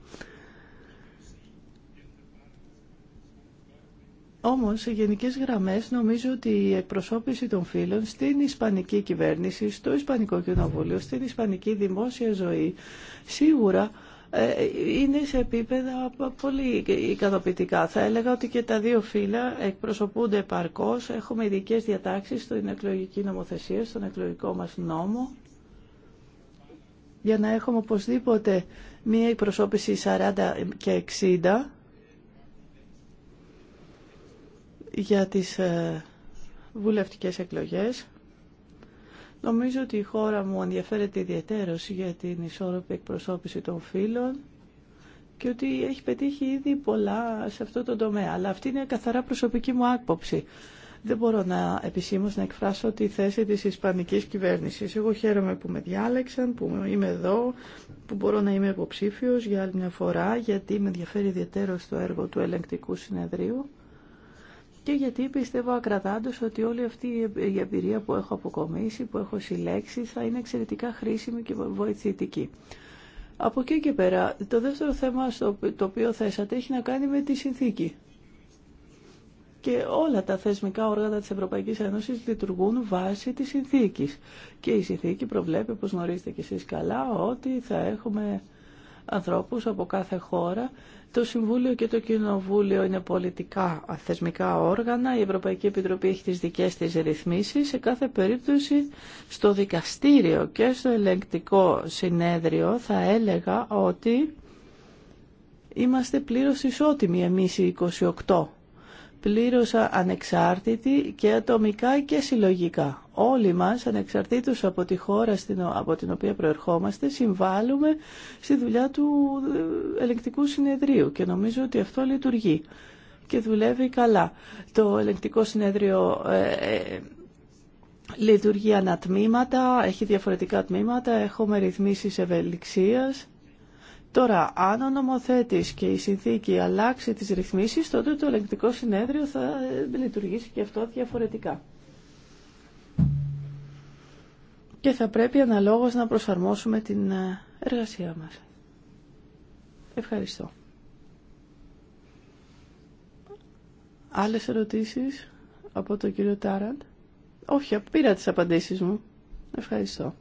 Όμως, σε γενικές γραμμές, νομίζω ότι η εκπροσώπηση των φίλων στην Ισπανική κυβέρνηση, στο Ισπανικό Κοινοβούλιο, στην Ισπανική δημόσια ζωή, σίγουρα ε, είναι σε επίπεδα πολύ ικανοποιητικά. Θα έλεγα ότι και τα δύο φύλλα εκπροσωπούνται επαρκώ. Έχουμε ειδικέ διατάξεις στην εκλογική νομοθεσία, στον εκλογικό μας νόμο, για να έχουμε οπωσδήποτε μία εκπροσώπηση 40 και 60 για τις ε, βουλευτικές εκλογές. Νομίζω ότι η χώρα μου ενδιαφέρεται ιδιαίτερως για την ισόρροπη εκπροσώπηση των φύλων και ότι έχει πετύχει ήδη πολλά σε αυτό το τομέα. Αλλά αυτή είναι καθαρά προσωπική μου άποψη. Δεν μπορώ να επισήμω να εκφράσω τη θέση της ισπανικής κυβέρνησης. Εγώ χαίρομαι που με διάλεξαν, που είμαι εδώ, που μπορώ να είμαι υποψήφιο για άλλη μια φορά, γιατί με ενδιαφέρει ιδιαίτερο το έργο του ελεγκτικού συνεδρίου και γιατί πιστεύω ακρατάντως ότι όλη αυτή η εμπειρία που έχω αποκομίσει, που έχω συλλέξει, θα είναι εξαιρετικά χρήσιμη και βοηθητική. Από εκεί και πέρα, το δεύτερο θέμα στο, το οποίο θέσατε έχει να κάνει με τη συνθήκη. Και όλα τα θεσμικά όργανα της Ευρωπαϊκής Ένωσης λειτουργούν βάσει της συνθήκης. Και η συνθήκη προβλέπει, όπως γνωρίζετε και εσείς καλά, ότι θα έχουμε ανθρώπους από κάθε χώρα. Το Συμβούλιο και το Κοινοβούλιο είναι πολιτικά θεσμικά όργανα. Η Ευρωπαϊκή Επιτροπή έχει τις δικές της ρυθμίσεις. Σε κάθε περίπτωση στο δικαστήριο και στο ελεγκτικό συνέδριο θα έλεγα ότι είμαστε πλήρως ισότιμοι εμείς οι 28 πλήρως ανεξάρτητη και ατομικά και συλλογικά. Όλοι μας, ανεξαρτήτως από τη χώρα από την οποία προερχόμαστε, συμβάλλουμε στη δουλειά του ε, ελεγκτικού συνεδρίου και νομίζω ότι αυτό λειτουργεί και δουλεύει καλά. Το ελεγκτικό συνέδριο ε, ε, λειτουργεί ανατμήματα, έχει διαφορετικά τμήματα, έχουμε ρυθμίσεις ευελιξίας Τώρα, αν ο νομοθέτη και η συνθήκη αλλάξει τις ρυθμίσεις, τότε το ελεγκτικό συνέδριο θα λειτουργήσει και αυτό διαφορετικά. Και θα πρέπει αναλόγως να προσαρμόσουμε την ε, εργασία μας. Ευχαριστώ. Άλλες ερωτήσεις από τον κύριο Τάραντ. Όχι, πήρα τις απαντήσεις μου. Ευχαριστώ.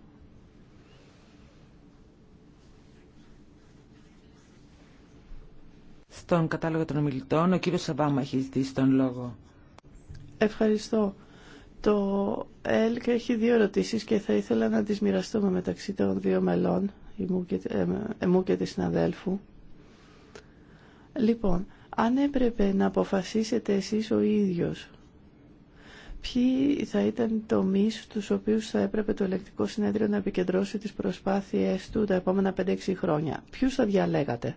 Στον κατάλογο των ομιλητών, ο κύριος Σαβάμα έχει ζητήσει τον λόγο. Ευχαριστώ. Το ΕΛΚ έχει δύο ερωτήσεις και θα ήθελα να τις μοιραστούμε μεταξύ των δύο μελών, εμού και της ε, ε, συναδέλφου. Λοιπόν, αν έπρεπε να αποφασίσετε εσείς ο ίδιος ποιοι θα ήταν οι τομεί στους οποίους θα έπρεπε το ελεκτικό συνέδριο να επικεντρώσει τις προσπάθειές του τα επόμενα 5-6 χρόνια. Ποιους θα διαλέγατε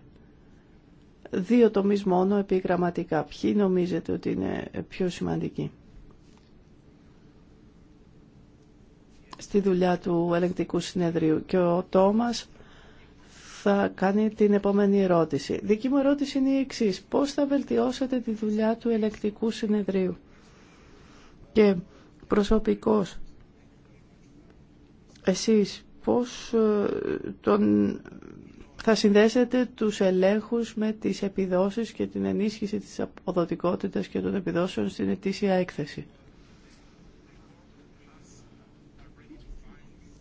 δύο τομείς μόνο επιγραμματικά. Ποιοι νομίζετε ότι είναι πιο σημαντικοί. Στη δουλειά του ελεκτικού συνεδρίου και ο Τόμας θα κάνει την επόμενη ερώτηση. Δική μου ερώτηση είναι η εξής. Πώς θα βελτιώσετε τη δουλειά του ελεγκτικού συνεδρίου και προσωπικώς εσείς πώς ε, τον θα συνδέσετε τους ελέγχους με τις επιδόσεις και την ενίσχυση της αποδοτικότητας και των επιδόσεων στην ετήσια έκθεση.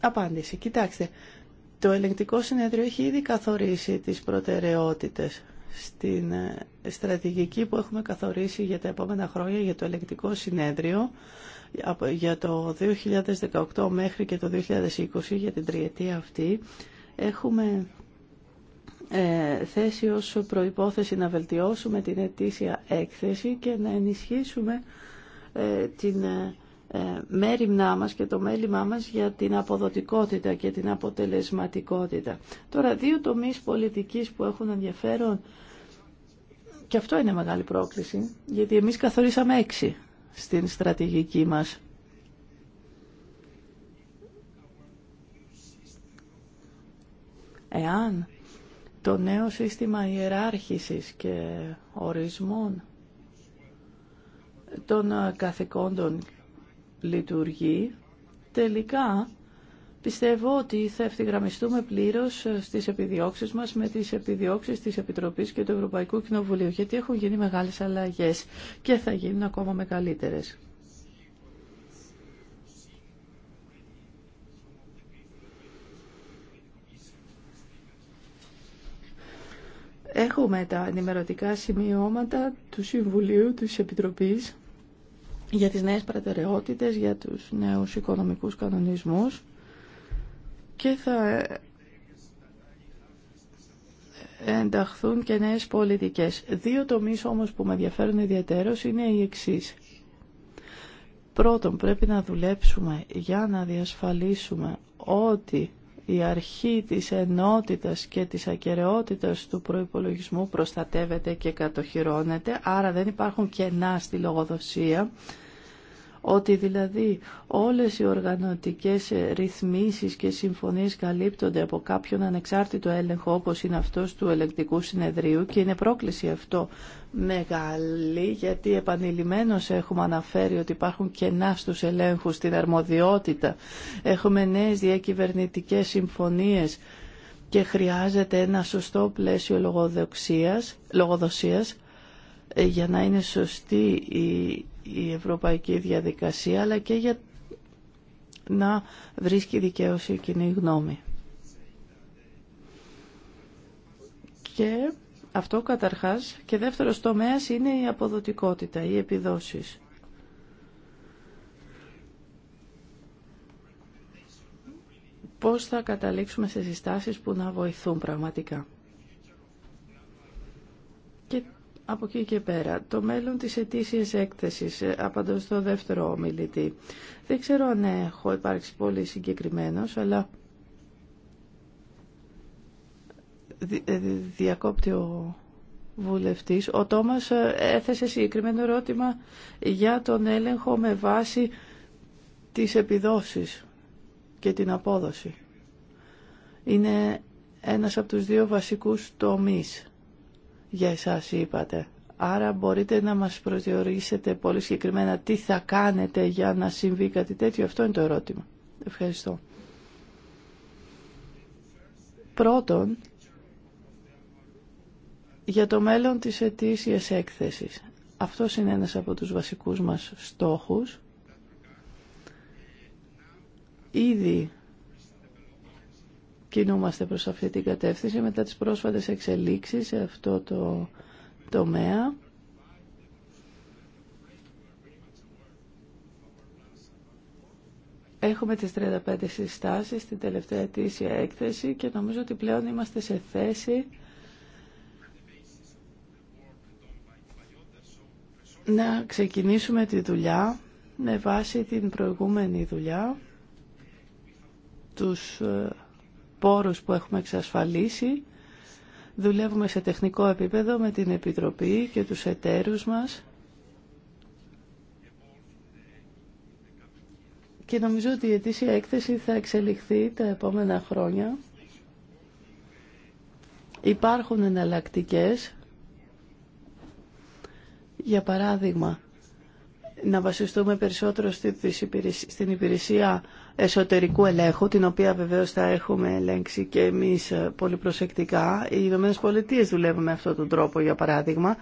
Απάντηση. Κοιτάξτε, το ελεγκτικό συνέδριο έχει ήδη καθορίσει τις προτεραιότητες στην ε, στρατηγική που έχουμε καθορίσει για τα επόμενα χρόνια για το ελεγκτικό συνέδριο για το 2018 μέχρι και το 2020 για την τριετία αυτή έχουμε ε, θέσει ως προϋπόθεση να βελτιώσουμε την ετήσια έκθεση και να ενισχύσουμε ε, την ε, μέρημνά μας και το μέλημά μας για την αποδοτικότητα και την αποτελεσματικότητα. Τώρα δύο τομείς πολιτικής που έχουν ενδιαφέρον και αυτό είναι μεγάλη πρόκληση γιατί εμείς καθορίσαμε έξι στην στρατηγική μας. Εάν το νέο σύστημα ιεράρχησης και ορισμών των ε, καθηκόντων λειτουργεί. Τελικά πιστεύω ότι θα ευθυγραμμιστούμε πλήρως ε, στις επιδιώξεις μας με τις επιδιώξεις της Επιτροπής και του Ευρωπαϊκού Κοινοβουλίου γιατί έχουν γίνει μεγάλες αλλαγές και θα γίνουν ακόμα μεγαλύτερες. Έχουμε τα ενημερωτικά σημειώματα του Συμβουλίου της Επιτροπής για τις νέες προτεραιότητες, για τους νέους οικονομικούς κανονισμούς και θα ενταχθούν και νέες πολιτικές. Δύο τομείς όμως που με ενδιαφέρουν ιδιαίτερως είναι οι εξής. Πρώτον, πρέπει να δουλέψουμε για να διασφαλίσουμε ότι η αρχή της ενότητας και της ακαιρεότητας του προϋπολογισμού προστατεύεται και κατοχυρώνεται, άρα δεν υπάρχουν κενά στη λογοδοσία ότι δηλαδή όλες οι οργανωτικές ρυθμίσεις και συμφωνίες καλύπτονται από κάποιον ανεξάρτητο έλεγχο όπως είναι αυτός του ελεγκτικού συνεδρίου και είναι πρόκληση αυτό μεγάλη γιατί επανειλημμένως έχουμε αναφέρει ότι υπάρχουν κενά στους ελέγχους στην αρμοδιότητα. Έχουμε νέες διακυβερνητικές συμφωνίες και χρειάζεται ένα σωστό πλαίσιο λογοδοσίας ε, για να είναι σωστή η η ευρωπαϊκή διαδικασία αλλά και για να βρίσκει δικαίωση η κοινή γνώμη. Και αυτό καταρχάς και δεύτερος τομέας είναι η αποδοτικότητα, οι επιδόσεις. Πώς θα καταλήξουμε σε συστάσεις που να βοηθούν πραγματικά. Και από εκεί και πέρα, το μέλλον της ετήσιας έκθεσης, ε, απαντώ στο δεύτερο ομιλητή. Δεν ξέρω αν έχω υπάρξει πολύ συγκεκριμένος, αλλά ε, διακόπτει ο βουλευτής. Ο Τόμας ε, έθεσε συγκεκριμένο ερώτημα για τον έλεγχο με βάση τις επιδόσεις και την απόδοση. Είναι ένας από τους δύο βασικούς τομείς για εσάς είπατε. Άρα μπορείτε να μας προσδιορίσετε πολύ συγκεκριμένα τι θα κάνετε για να συμβεί κάτι τέτοιο. Αυτό είναι το ερώτημα. Ευχαριστώ. Πρώτον, για το μέλλον της ετήσιας έκθεσης. Αυτό είναι ένας από τους βασικούς μας στόχους. Ήδη κινούμαστε προς αυτή την κατεύθυνση μετά τις πρόσφατες εξελίξεις σε αυτό το τομέα. Έχουμε τις 35 συστάσεις στην τελευταία ετήσια έκθεση και νομίζω ότι πλέον είμαστε σε θέση να ξεκινήσουμε τη δουλειά με βάση την προηγούμενη δουλειά τους ε, πόρους που έχουμε εξασφαλίσει. Δουλεύουμε σε τεχνικό επίπεδο με την Επιτροπή και τους εταίρους μας. Και νομίζω ότι η ετήσια έκθεση θα εξελιχθεί τα επόμενα χρόνια. Υπάρχουν εναλλακτικέ. Για παράδειγμα, να βασιστούμε περισσότερο στην υπηρεσία εσωτερικού ελέγχου, την οποία βεβαίως θα έχουμε ελέγξει και εμείς ε, πολύ προσεκτικά. Οι Ηνωμένε Πολιτείε δουλεύουν με αυτόν τον τρόπο, για παράδειγμα.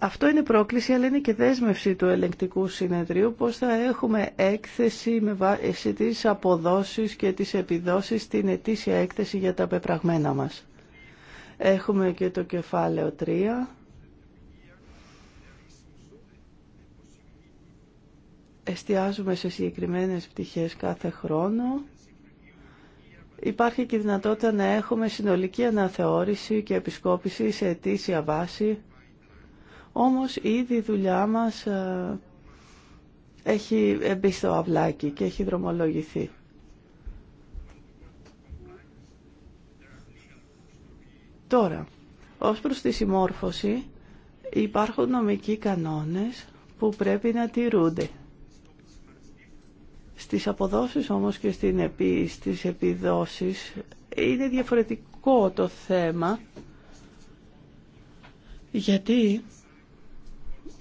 Αυτό είναι πρόκληση, αλλά είναι και δέσμευση του ελεγκτικού συνεδρίου, πώς θα έχουμε έκθεση με βάση τις αποδόσεις και τις επιδόσεις στην ετήσια έκθεση για τα πεπραγμένα μας. Έχουμε και το κεφάλαιο 3 εστιάζουμε σε συγκεκριμένες πτυχές κάθε χρόνο. Υπάρχει και η δυνατότητα να έχουμε συνολική αναθεώρηση και επισκόπηση σε αιτήσια βάση. Όμως ήδη η δουλειά μας ε, έχει μπει στο αυλάκι και έχει δρομολογηθεί. Τώρα, ως προς τη συμμόρφωση υπάρχουν νομικοί κανόνες που πρέπει να τηρούνται. Στις αποδόσεις όμως και στην επί, στις επιδόσεις είναι διαφορετικό το θέμα γιατί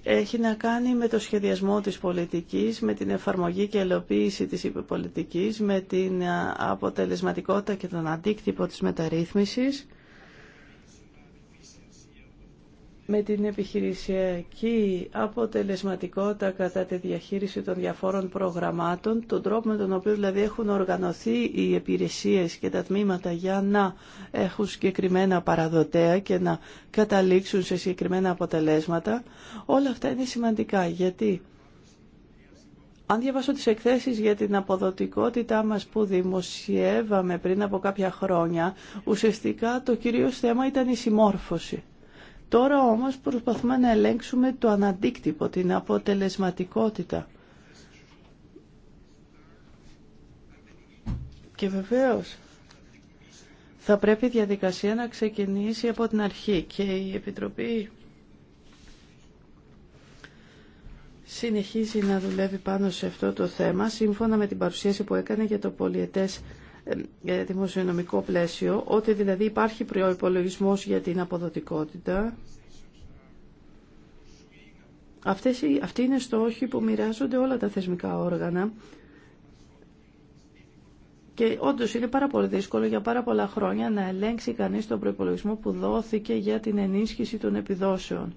έχει να κάνει με το σχεδιασμό της πολιτικής, με την εφαρμογή και ελοποίηση της υποπολιτικής, με την αποτελεσματικότητα και τον αντίκτυπο της μεταρρύθμισης με την επιχειρησιακή αποτελεσματικότητα κατά τη διαχείριση των διαφόρων προγραμμάτων, τον τρόπο με τον οποίο δηλαδή έχουν οργανωθεί οι υπηρεσίες και τα τμήματα για να έχουν συγκεκριμένα παραδοτέα και να καταλήξουν σε συγκεκριμένα αποτελέσματα, όλα αυτά είναι σημαντικά γιατί αν διαβάσω τις εκθέσεις για την αποδοτικότητά μας που δημοσιεύαμε πριν από κάποια χρόνια, ουσιαστικά το κυρίως θέμα ήταν η συμμόρφωση. Τώρα όμως προσπαθούμε να ελέγξουμε το αναντίκτυπο, την αποτελεσματικότητα. Και βεβαίως θα πρέπει η διαδικασία να ξεκινήσει από την αρχή και η Επιτροπή συνεχίζει να δουλεύει πάνω σε αυτό το θέμα σύμφωνα με την παρουσίαση που έκανε για το πολιετές ε, ε, δημοσιονομικό πλαίσιο, ότι δηλαδή υπάρχει προπολογισμό για την αποδοτικότητα. Αυτή αυτοί είναι στόχοι που μοιράζονται όλα τα θεσμικά όργανα και όντω είναι πάρα πολύ δύσκολο για πάρα πολλά χρόνια να ελέγξει κανείς τον προϋπολογισμό που δόθηκε για την ενίσχυση των επιδόσεων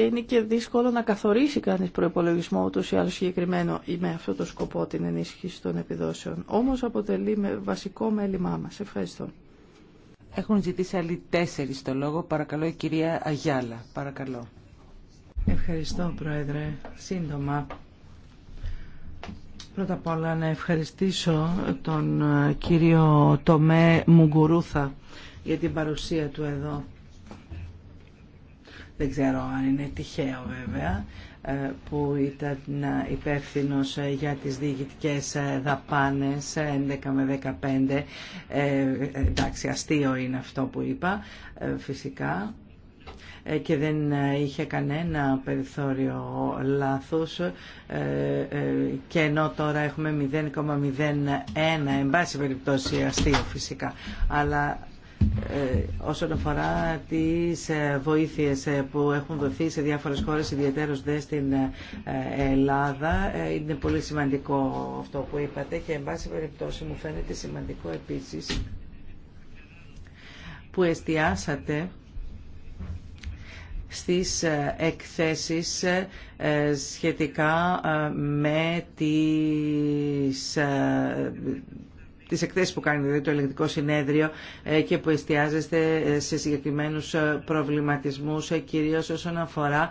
και είναι και δύσκολο να καθορίσει κανείς προπολογισμό ούτως ή άλλως συγκεκριμένο ή με αυτό το σκοπό την ενίσχυση των επιδόσεων. Όμως αποτελεί με βασικό μέλημά μας. τους ή άλλος συγκεκριμένο ή με αυτόν τον σκοπό την ενίσχυση των επιδόσεων. Όμως αποτελεί βασικό μέλημά μας. Ευχαριστώ. Έχουν ζητήσει άλλοι τέσσερις στο λόγο. Παρακαλώ η αλλω συγκεκριμενο η με αυτο Αγιάλα. Παρακαλώ. μελημα μα. ευχαριστω εχουν ζητησει αλλοι τέσσερι το λογο Σύντομα. Πρώτα απ' όλα να ευχαριστήσω τον ε, κύριο Τομέ Μουγκουρούθα για την παρουσία του εδώ δεν ξέρω αν είναι τυχαίο βέβαια, ε, που ήταν ε, υπεύθυνο ε, για τις διοικητικές δαπάνες 11 με 15. Ε, εντάξει, αστείο είναι αυτό που είπα, φυσικά και δεν είχε κανένα περιθώριο λάθους και ενώ τώρα έχουμε 0,01 εν πάση περιπτώσει αστείο φυσικά αλλά ε, όσον αφορά τις ε, βοήθειες ε, που έχουν δοθεί σε διάφορες χώρες, ιδιαίτερως δε στην Ελλάδα. Είναι πολύ σημαντικό αυτό που είπατε και εν πάση περιπτώσει μου φαίνεται σημαντικό επίσης που εστιάσατε στις εκθέσεις σχετικά με τις τι εκθέσει που κάνει δηλαδή το ελεγκτικό συνέδριο ε, και που εστιάζεστε ε, σε συγκεκριμένους ε, προβληματισμούς κυρίω όσον αφορά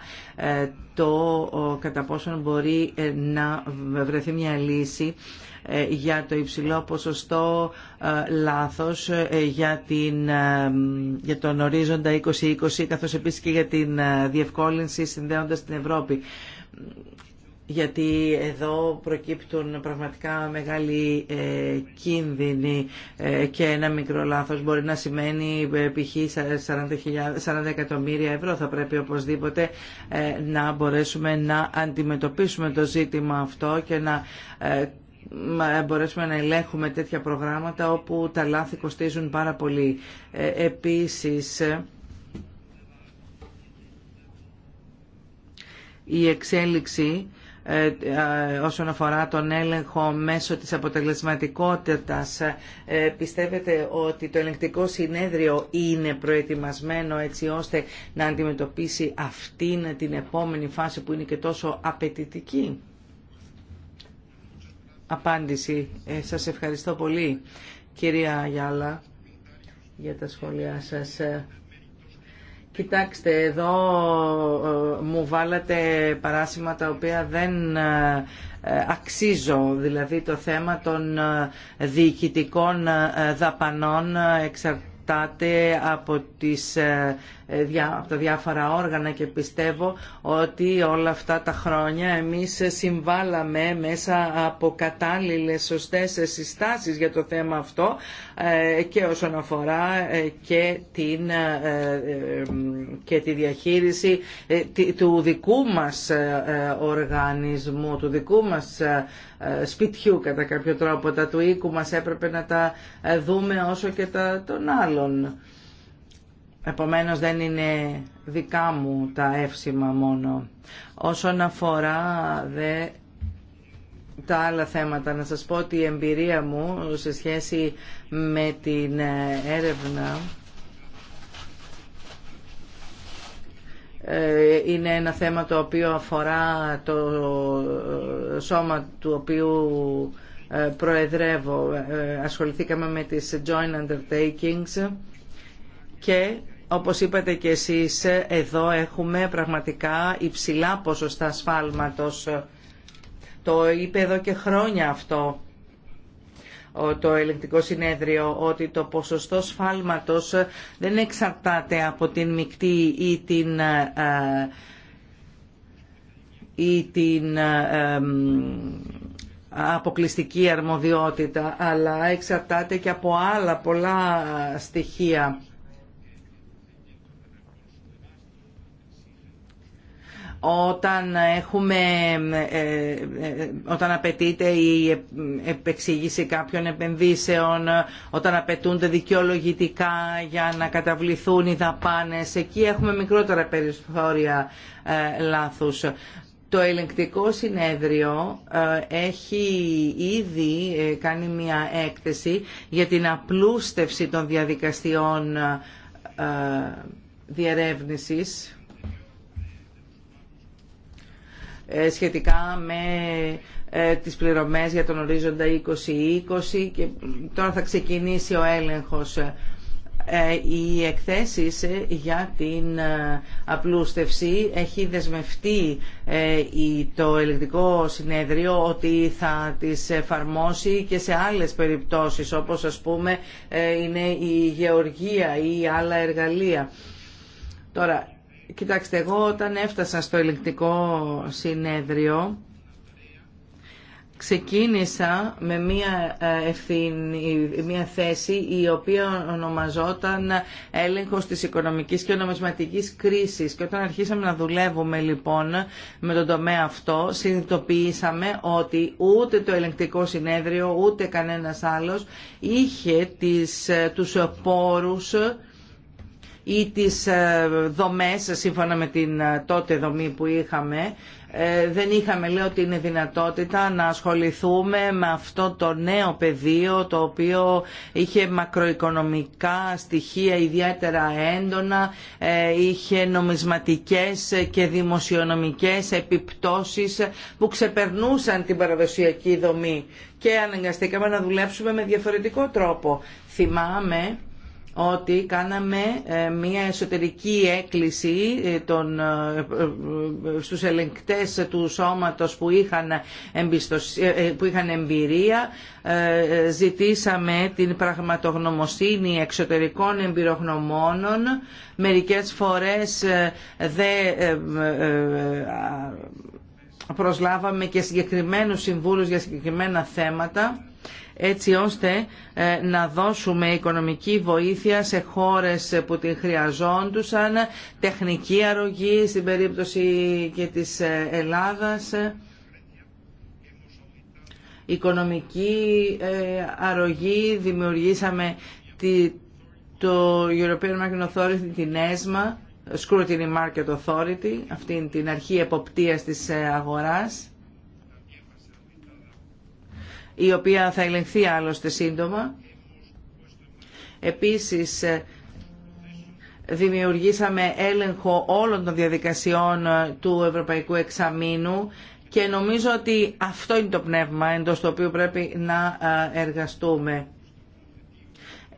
το κατά πόσον μπορεί να βρεθεί μια λύση για το υψηλό ποσοστό λάθος για, την, για τον ορίζοντα 2020 καθώς επίσης και για την διευκόλυνση συνδέοντας την Ευρώπη γιατί εδώ προκύπτουν πραγματικά μεγάλοι ε, κίνδυνοι ε, και ένα μικρό λάθος μπορεί να σημαίνει ε, π.χ. 40 εκατομμύρια ευρώ. Θα πρέπει οπωσδήποτε να μπορέσουμε να αντιμετωπίσουμε το ζήτημα αυτό και να μπορέσουμε να ελέγχουμε τέτοια προγράμματα όπου τα λάθη κοστίζουν πάρα πολύ. Επίσης, η εξέλιξη ε, ε, όσον αφορά τον έλεγχο μέσω της αποτελεσματικότητας. Ε, πιστεύετε ότι το ελεγκτικό συνέδριο είναι προετοιμασμένο έτσι ώστε να αντιμετωπίσει αυτήν την επόμενη φάση που είναι και τόσο απαιτητική. Απάντηση. Σας ευχαριστώ πολύ κυρία Γιάλα για τα σχόλιά σας. Κοιτάξτε, εδώ ε, μου βάλατε παράσημα τα οποία δεν ε, ε, αξίζω, δηλαδή το θέμα των διοικητικών δαπανών εξαρτάται από τις ε, από τα διάφορα όργανα και πιστεύω ότι όλα αυτά τα χρόνια εμείς συμβάλαμε μέσα από κατάλληλες σωστές συστάσεις για το θέμα αυτό ε, και όσον αφορά ε, και, την, και τη διαχείριση του δικού μας οργανισμού, του δικού μας σπιτιού κατά κάποιο τρόπο. Τα του οίκου μας έπρεπε να τα δούμε όσο και τα των άλλων. Επομένως δεν είναι δικά μου τα εύσημα μόνο. Όσον αφορά δε τα άλλα θέματα, να σας πω ότι η εμπειρία μου σε σχέση με την ε, έρευνα ε, είναι ένα θέμα το οποίο αφορά το ε, σώμα του οποίου προεδρεύω. Ασχοληθήκαμε με τις joint undertakings και όπως είπατε και εσείς εδώ έχουμε πραγματικά υψηλά ποσοστά σφάλματος. Το είπε εδώ και χρόνια αυτό το ελεγκτικό συνέδριο ότι το ποσοστό σφάλματος δεν εξαρτάται από την μεικτή ή την ε, ή την ε, αποκλειστική αρμοδιότητα αλλά εξαρτάται και από άλλα πολλά στοιχεία όταν, έχουμε, ε, ε, όταν απαιτείται η επεξήγηση κάποιων επενδύσεων, όταν απαιτούνται δικαιολογητικά για να καταβληθούν οι δαπάνες. Εκεί έχουμε μικρότερα περιθώρια ε, λάθους. Το ελεγκτικό συνέδριο έχει ήδη κάνει μια έκθεση για την απλούστευση των διαδικασιών διερεύνησης Ε, σχετικά με ε, τις πληρωμές για τον ορίζοντα 2020 και τώρα θα ξεκινήσει ο έλεγχος ε, οι εκθέσεις για την απλούστευση έχει δεσμευτεί το ελεγκτικό συνέδριο ότι θα τις εφαρμόσει και σε άλλες περιπτώσεις όπως ας πούμε είναι η γεωργία ή άλλα εργαλεία. Τώρα, Κοιτάξτε, εγώ όταν έφτασα στο ελεκτικό συνέδριο, ξεκίνησα με μια, ε, ευθύνη, μια θέση η οποία ονομαζόταν έλεγχος της οικονομικής και νομισματικής κρίσης και όταν αρχίσαμε να δουλεύουμε λοιπόν με τον τομέα αυτό συνειδητοποιήσαμε ότι ούτε το ελεγκτικό συνέδριο ούτε κανένας άλλος είχε τις, ε, τους πόρους ή τις ε, δομές σύμφωνα με την ε, τότε δομή που είχαμε ε, δεν είχαμε λέω την δυνατότητα να ασχοληθούμε με αυτό το νέο πεδίο το οποίο είχε μακροοικονομικά στοιχεία ιδιαίτερα έντονα είχε νομισματικές και δημοσιονομικές επιπτώσεις που ξεπερνούσαν την παραδοσιακή δομή και αναγκαστήκαμε να δουλέψουμε με διαφορετικό τρόπο. Θυμάμαι ότι κάναμε ε, μια εσωτερική έκκληση ε, των, ε, στους ελεγκτές του σώματος που είχαν, που είχαν εμπειρία. Ζητήσαμε την πραγματογνωμοσύνη εξωτερικών εμπειρογνωμόνων. Μερικές φορές δεν προσλάβαμε και συγκεκριμένους συμβούλους για συγκεκριμένα θέματα έτσι ώστε ε, να δώσουμε οικονομική βοήθεια σε χώρες που την χρειαζόντουσαν, τεχνική αρρωγή στην περίπτωση και της ε, Ελλάδας, οικονομική ε, αρρωγή, δημιουργήσαμε το European Market Authority, την ΕΣΜΑ, Scrutiny Market Authority, αυτή είναι την αρχή εποπτείας της αγοράς η οποία θα ελεγχθεί άλλωστε σύντομα. Επίσης, ε, δημιουργήσαμε έλεγχο όλων των διαδικασιών ε, του Ευρωπαϊκού Εξαμήνου και νομίζω ότι αυτό είναι το πνεύμα εντός το οποίο πρέπει να ε, εργαστούμε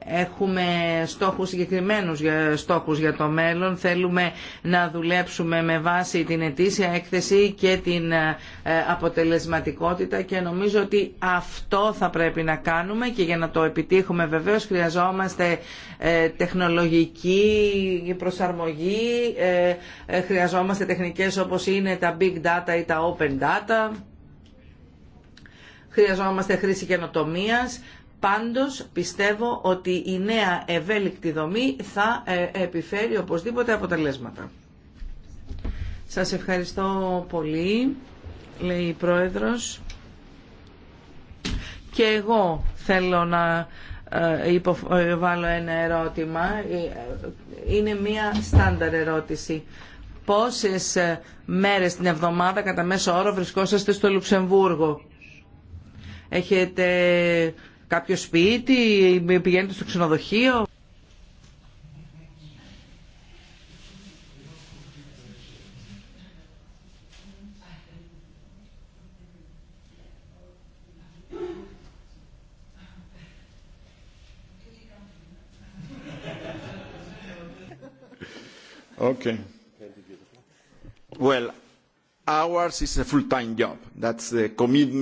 έχουμε στόχους συγκεκριμένους στόχους για το μέλλον. Θέλουμε να δουλέψουμε με βάση την ετήσια έκθεση και την ε, ε, αποτελεσματικότητα και νομίζω ότι αυτό θα πρέπει να κάνουμε και για να το επιτύχουμε βεβαίως χρειαζόμαστε ε, τεχνολογική προσαρμογή, χρειαζόμαστε τεχνικές όπως είναι τα big data ή τα open data χρειαζόμαστε χρήση καινοτομία. Πάντως πιστεύω ότι η νέα ευέλικτη δομή θα ε, επιφέρει οπωσδήποτε αποτελέσματα. Σας ευχαριστώ πολύ, λέει η Πρόεδρος. Και εγώ θέλω να ε, υποβάλω ε, ένα ερώτημα. Είναι μία στάνταρ ερώτηση. Πόσες μέρες την εβδομάδα κατά μέσο όρο βρισκόσαστε στο Λουξεμβούργο. Έχετε κάποιο σπίτι, πηγαίνετε στο ξενοδοχείο. Okay. Well, time job. That's the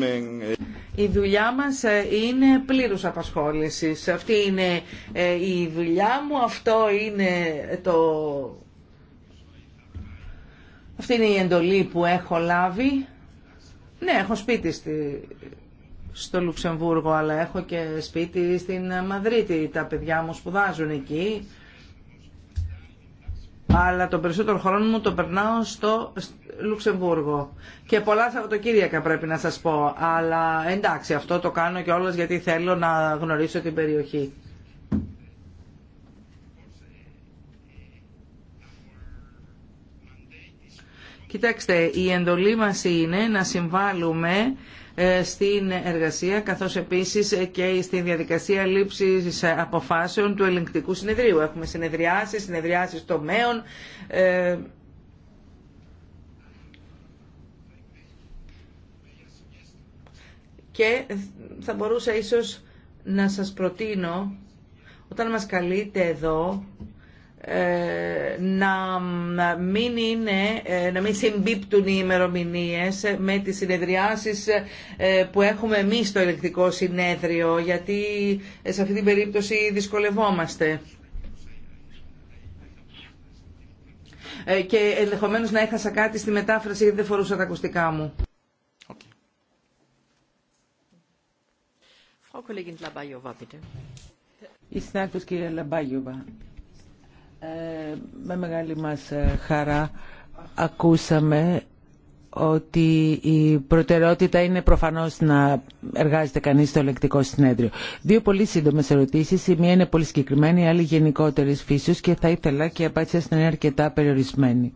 eh. Η δουλειά μας ε, είναι πλήρους απασχόλησης. Αυτή είναι ε, η δουλειά μου, αυτό είναι το... Αυτή είναι η εντολή που έχω λάβει. Ναι, έχω σπίτι στη... στο Λουξεμβούργο, αλλά έχω και σπίτι στην Μαδρίτη. Τα παιδιά μου σπουδάζουν εκεί αλλά τον περισσότερο χρόνο μου το περνάω στο Λουξεμβούργο. Και πολλά Σαββατοκύριακα πρέπει να σας πω, αλλά εντάξει αυτό το κάνω και όλος γιατί θέλω να γνωρίσω την περιοχή. Κοιτάξτε, η εντολή μας είναι να συμβάλλουμε ε, στην εργασία καθώς επίσης και στη διαδικασία λήψης αποφάσεων του ελεγκτικού συνεδρίου. Έχουμε συνεδριάσεις, συνεδριάσεις τομέων, ε, και θα μπορούσα ίσως να σας προτείνω όταν μας καλείτε εδώ ε, να μην, είναι, ε, να μην συμπίπτουν οι ημερομηνίε με τις συνεδριάσεις ε, που έχουμε εμείς στο ελεκτικό συνέδριο, γιατί σε αυτή την περίπτωση δυσκολευόμαστε. Και ενδεχομένως να έχασα κάτι στη μετάφραση γιατί δεν φορούσα τα ακουστικά μου. Ε, με μεγάλη μας ε, χαρά ακούσαμε ότι η προτεραιότητα είναι προφανώς να εργάζεται κανείς στο ελεκτικό συνέδριο. Δύο πολύ σύντομες ερωτήσεις. Η μία είναι πολύ συγκεκριμένη, η άλλη γενικότερης φύσεως και θα ήθελα και η απάντηση να είναι αρκετά περιορισμένη.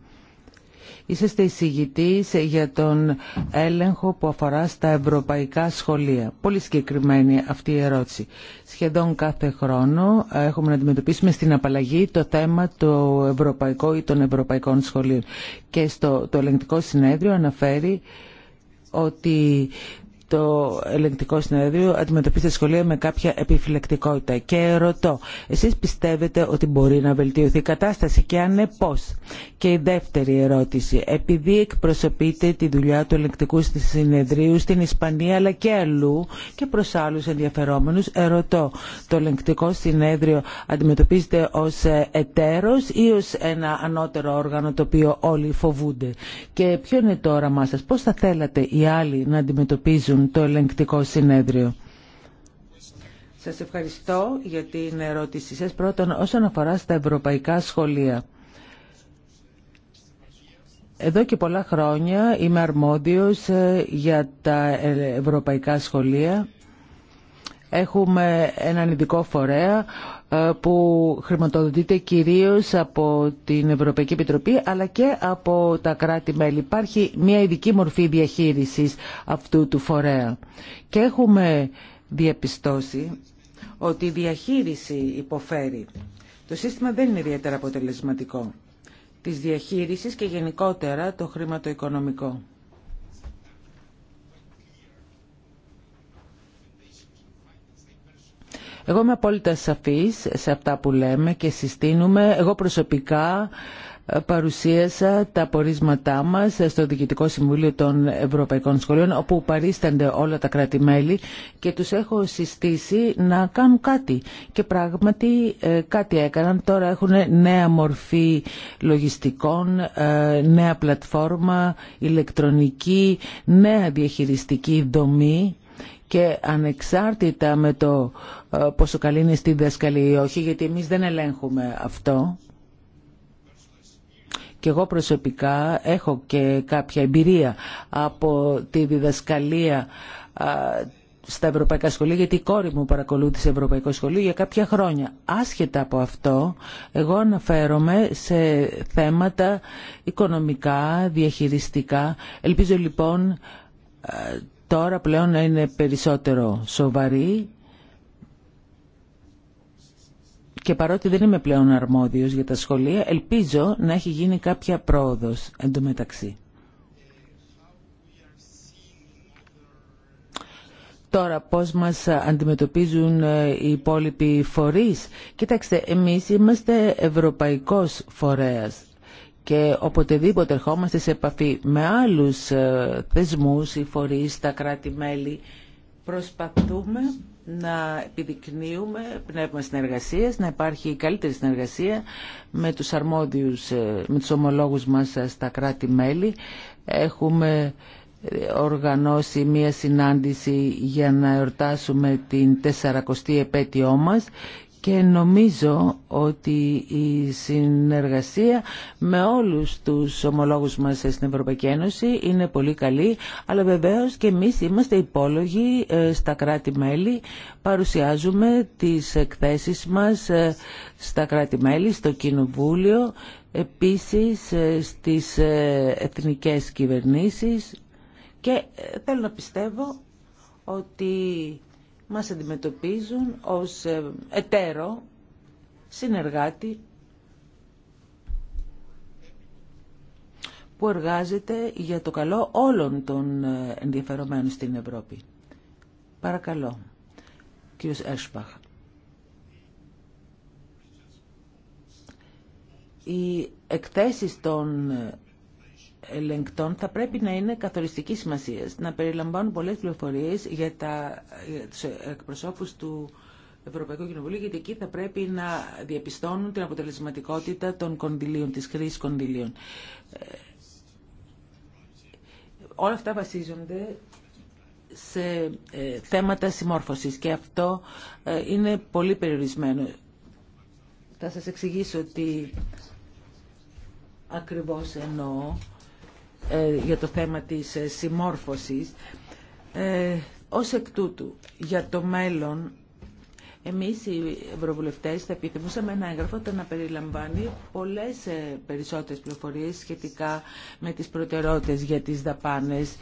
Είσαστε εισηγητής για τον έλεγχο που αφορά στα ευρωπαϊκά σχολεία. Πολύ συγκεκριμένη αυτή η ερώτηση. Σχεδόν κάθε χρόνο έχουμε να αντιμετωπίσουμε στην απαλλαγή το θέμα του ευρωπαϊκού ή των ευρωπαϊκών σχολείων. Και στο το ελεγκτικό συνέδριο αναφέρει ότι το ελεγκτικό συνέδριο αντιμετωπίζει τα σχολεία με κάποια επιφυλακτικότητα. Και ρωτώ, εσεί πιστεύετε ότι μπορεί να βελτιωθεί η κατάσταση και αν ναι πώ. Και η δεύτερη ερώτηση, επειδή εκπροσωπείτε τη δουλειά του ελεγκτικού συνεδρίου στην Ισπανία αλλά και αλλού και προς άλλους ενδιαφερόμενου, ερωτώ, το ελεγκτικό συνέδριο αντιμετωπίζεται ω ε, εταίρο ή ω ένα ανώτερο όργανο το οποίο όλοι φοβούνται. Και ποιο είναι το όραμά σα, πώ θα θέλατε οι άλλοι να αντιμετωπίζουν το ελεγκτικό συνέδριο. Σας ευχαριστώ για την ερώτησή σας. Πρώτον, όσον αφορά στα ευρωπαϊκά σχολεία. Εδώ και πολλά χρόνια είμαι αρμόδιος ε, για τα ευρωπαϊκά σχολεία. Έχουμε έναν ειδικό φορέα ε, που χρηματοδοτείται κυρίως από την Ευρωπαϊκή Επιτροπή αλλά και από τα κράτη-μέλη. Υπάρχει μια ειδική μορφή διαχείρισης αυτού του φορέα. Και έχουμε διαπιστώσει ότι η διαχείριση υποφέρει. Το σύστημα δεν είναι ιδιαίτερα αποτελεσματικό. Της διαχείρισης και γενικότερα το χρηματοοικονομικό. Εγώ είμαι απόλυτα σαφής σε αυτά που λέμε και συστήνουμε. Εγώ προσωπικά ε, παρουσίασα τα πορίσματά μας στο Διοικητικό Συμβούλιο των Ευρωπαϊκών Σχολείων όπου παρίστανται όλα τα κράτη-μέλη και τους έχω συστήσει να κάνουν κάτι και πράγματι ε, κάτι έκαναν τώρα έχουν νέα μορφή λογιστικών ε, νέα πλατφόρμα ηλεκτρονική νέα διαχειριστική δομή και ανεξάρτητα με το ε, πόσο καλή είναι στη διδασκαλία η κόρη μου παρακολούθησε ευρωπαϊκό σχολείο για κάποια χρόνια. Άσχετα από αυτό, εγώ αναφέρομαι σε θέματα οικονομικά, διαχειριστικά. Ελπίζω λοιπόν τώρα πλέον είναι περισσότερο σοβαρή και παρότι δεν είμαι πλέον αρμόδιος για τα σχολεία, ελπίζω να έχει γίνει κάποια πρόοδος εντωμεταξύ. Τώρα πώς μας αντιμετωπίζουν ε, οι υπόλοιποι φορείς. Κοιτάξτε, εμείς είμαστε ευρωπαϊκός φορέας και οποτεδήποτε ερχόμαστε σε επαφή με άλλους ε, θεσμούς ή φορείς, τα κράτη-μέλη, προσπαθούμε να επιδεικνύουμε πνεύμα συνεργασία, να υπάρχει καλύτερη συνεργασία με τους αρμόδιους, ε, με τους ομολόγους μας ε, στα κράτη-μέλη. Έχουμε οργανώσει μία συνάντηση για να εορτάσουμε την 400 η επέτειό μας και νομίζω ότι η συνεργασία με όλους τους ομολόγους μας στην Ευρωπαϊκή Ένωση είναι πολύ καλή, αλλά βεβαίως και εμείς είμαστε υπόλογοι ε, στα κράτη-μέλη, παρουσιάζουμε τις εκθέσεις μας ε, στα κράτη-μέλη, στο Κοινοβούλιο, επίσης ε, στις εθνικές κυβερνήσεις και θέλω να πιστεύω ότι μας αντιμετωπίζουν ως ε, εταίρο, συνεργάτη που εργάζεται για το καλό όλων των ε, ενδιαφερομένων στην Ευρώπη. Παρακαλώ, κύριος Έρσπαχ. Οι εκθέσεις των ε, ελεγκτών θα πρέπει να είναι καθοριστική σημασία, να περιλαμβάνουν πολλέ πληροφορίε για, τα, για του Ευρωπαϊκού Κοινοβουλίου, γιατί εκεί θα πρέπει να διαπιστώνουν την αποτελεσματικότητα των κονδυλίων, της χρήσης κονδυλίων. Ε, όλα αυτά βασίζονται σε ε, θέματα συμμόρφωσης και αυτό ε, είναι πολύ περιορισμένο. Θα σας εξηγήσω ότι ακριβώς εννοώ ε, για το θέμα της ε, συμμόρφωσης. Ε, ως εκ τούτου, για το μέλλον, εμείς οι ευρωβουλευτές θα επιθυμούσαμε ένα έγγραφο το να περιλαμβάνει πολλές ε, περισσότερες πληροφορίες σχετικά με τις προτεραιότητες για τις δαπάνες,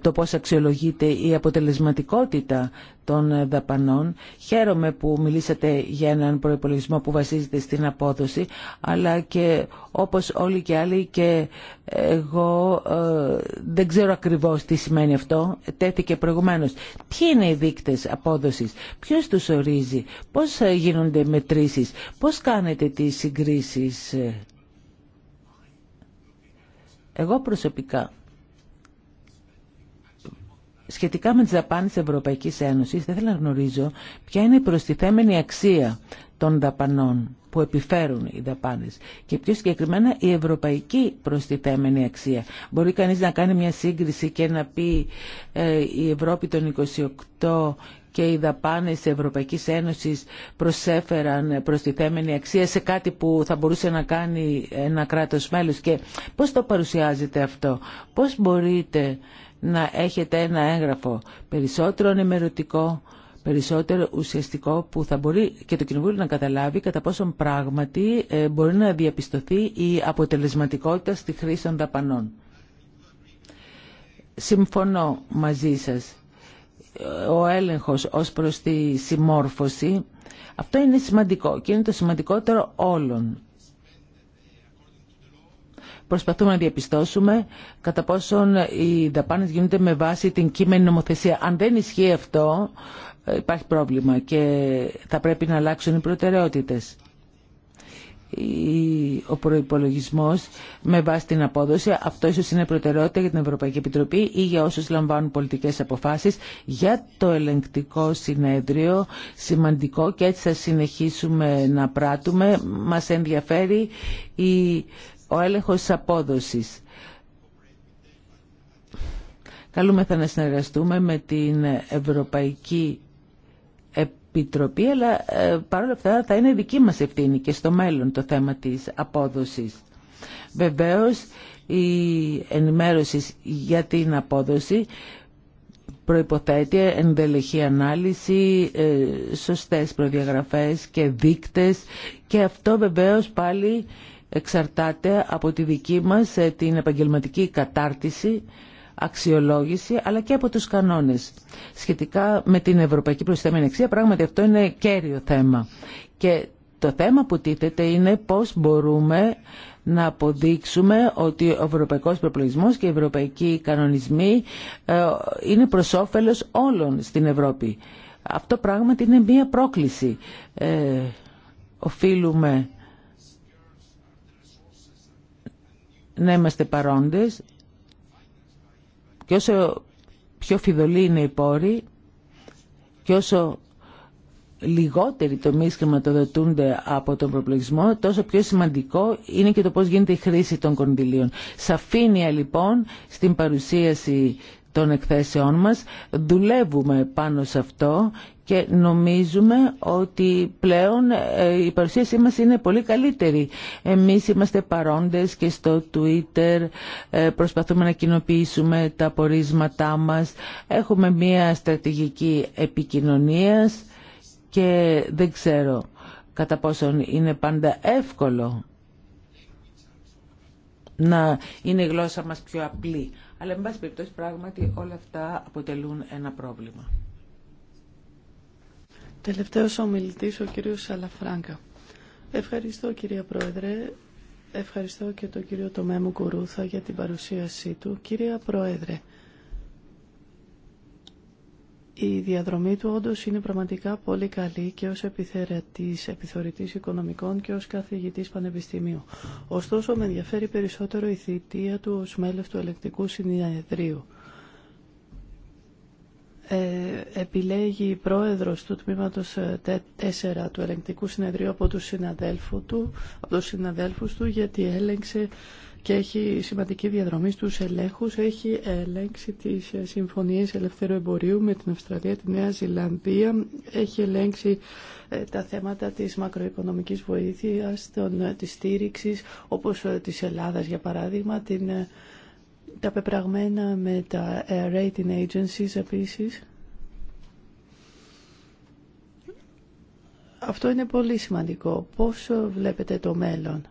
το πώς αξιολογείται η αποτελεσματικότητα των δαπανών. Χαίρομαι που μιλήσατε για έναν προϋπολογισμό που βασίζεται στην απόδοση, αλλά και όπως όλοι και άλλοι και εγώ ε, δεν ξέρω ακριβώς τι σημαίνει αυτό, τέθηκε προηγουμένως. Ποιοι είναι οι δείκτες απόδοσης, ποιος τους ορίζει, πώς ε, γίνονται μετρήσεις, πώς κάνετε τις συγκρίσεις. Εγώ προσωπικά Σχετικά με τις δαπάνες της Ευρωπαϊκής Ένωσης, θα ήθελα να γνωρίζω ποια είναι η προστιθέμενη αξία των δαπανών που επιφέρουν οι δαπάνες και πιο συγκεκριμένα η ευρωπαϊκή προστιθέμενη αξία. Μπορεί κανείς να κάνει μια σύγκριση και να πει ε, η Ευρώπη των 28 και οι δαπάνες της Ευρωπαϊκής Ένωσης προσέφεραν προστιθέμενη αξία σε κάτι που θα μπορούσε να κάνει ένα κράτος μέλος και πώς το παρουσιάζετε αυτό, πώς μπορείτε να έχετε ένα έγγραφο περισσότερο ενημερωτικό, περισσότερο ουσιαστικό που θα μπορεί και το Κοινοβούλιο να καταλάβει κατά πόσον πράγματι ε, μπορεί να διαπιστωθεί η αποτελεσματικότητα στη χρήση των δαπανών. Συμφωνώ μαζί σας. Ο έλεγχος ως προς τη συμμόρφωση, αυτό είναι σημαντικό και είναι το σημαντικότερο όλων Προσπαθούμε να διαπιστώσουμε κατά πόσον οι δαπάνες γίνονται με βάση την κείμενη νομοθεσία. Αν δεν ισχύει αυτό, ε, υπάρχει πρόβλημα και θα πρέπει να αλλάξουν οι προτεραιότητες ο προπολογισμό με βάση την απόδοση. Αυτό ίσω είναι προτεραιότητα για την Ευρωπαϊκή Επιτροπή ή για όσου λαμβάνουν πολιτικέ αποφάσει. Για το ελεγκτικό συνέδριο, σημαντικό και έτσι θα συνεχίσουμε να πράττουμε. Μα ενδιαφέρει η ο έλεγχος της απόδοσης. Καλούμεθα να συνεργαστούμε με την Ευρωπαϊκή Επιτροπή, αλλά ε, παρόλα αυτά θα είναι δική μας ευθύνη και στο μέλλον το θέμα της απόδοσης. Βεβαίως, η ενημέρωση για την απόδοση προϋποθέτει ενδελεχή ανάλυση, ε, σωστές προδιαγραφές και δείκτες και αυτό βεβαίως πάλι εξαρτάται από τη δική μας ε, την επαγγελματική κατάρτιση, αξιολόγηση, αλλά και από τους κανόνες. Σχετικά με την ευρωπαϊκή Προσθέμενη αξία, πράγματι αυτό είναι κέριο θέμα. Και το θέμα που τίθεται είναι πώς μπορούμε να αποδείξουμε ότι ο ευρωπαϊκός προπολογισμός και οι ευρωπαϊκοί κανονισμοί ε, είναι προς όφελος όλων στην Ευρώπη. Αυτό πράγματι είναι μία πρόκληση. Ε, οφείλουμε να είμαστε παρόντες και όσο πιο φιδωλή είναι η πόρη και όσο λιγότεροι το χρηματοδοτούνται από τον προπλογισμό, τόσο πιο σημαντικό είναι και το πώς γίνεται η χρήση των κονδυλίων. Σαφήνεια λοιπόν στην παρουσίαση των εκθέσεών μας. Δουλεύουμε πάνω σε αυτό και νομίζουμε ότι πλέον ε, η παρουσίασή μας είναι πολύ καλύτερη. Εμείς είμαστε παρόντες και στο Twitter ε, προσπαθούμε να κοινοποιήσουμε τα πορίσματά μας. Έχουμε μία στρατηγική επικοινωνίας και δεν ξέρω κατά πόσον είναι πάντα εύκολο να είναι η γλώσσα μας πιο απλή. Αλλά, εν πάση περιπτώσει, πράγματι όλα αυτά αποτελούν ένα πρόβλημα. Τελευταίος ομιλητής, ο κύριος Σαλαφράγκα. Ευχαριστώ, κυρία Πρόεδρε. Ευχαριστώ και τον κύριο Τομέμου Κουρούθα για την παρουσίασή του. Κυρία Πρόεδρε, η διαδρομή του όντω είναι πραγματικά πολύ καλή και ως επιθερατής, επιθεωρητής οικονομικών και ως καθηγητής πανεπιστημίου. Ωστόσο, με ενδιαφέρει περισσότερο η θητεία του ως του ελεκτικού συνεδρίου. Ε, επιλέγει πρόεδρος του τμήματος 4 ε, του ελεγκτικού συνεδρίου από τους συναδέλφους του, από τους συναδέλφους του γιατί έλεγξε και έχει σημαντική διαδρομή στους ελέγχους. Έχει ελέγξει τις συμφωνίες ελευθερού εμπορίου με την Αυστραλία, τη Νέα Ζηλανδία. Έχει ελέγξει ε, τα θέματα της μακροοικονομικής βοήθειας, των, ε, της στήριξης, όπως ε, της Ελλάδας για παράδειγμα, την, τα πεπραγμένα με τα rating agencies επίσης. Αυτό είναι πολύ σημαντικό. Πώς βλέπετε το μέλλον.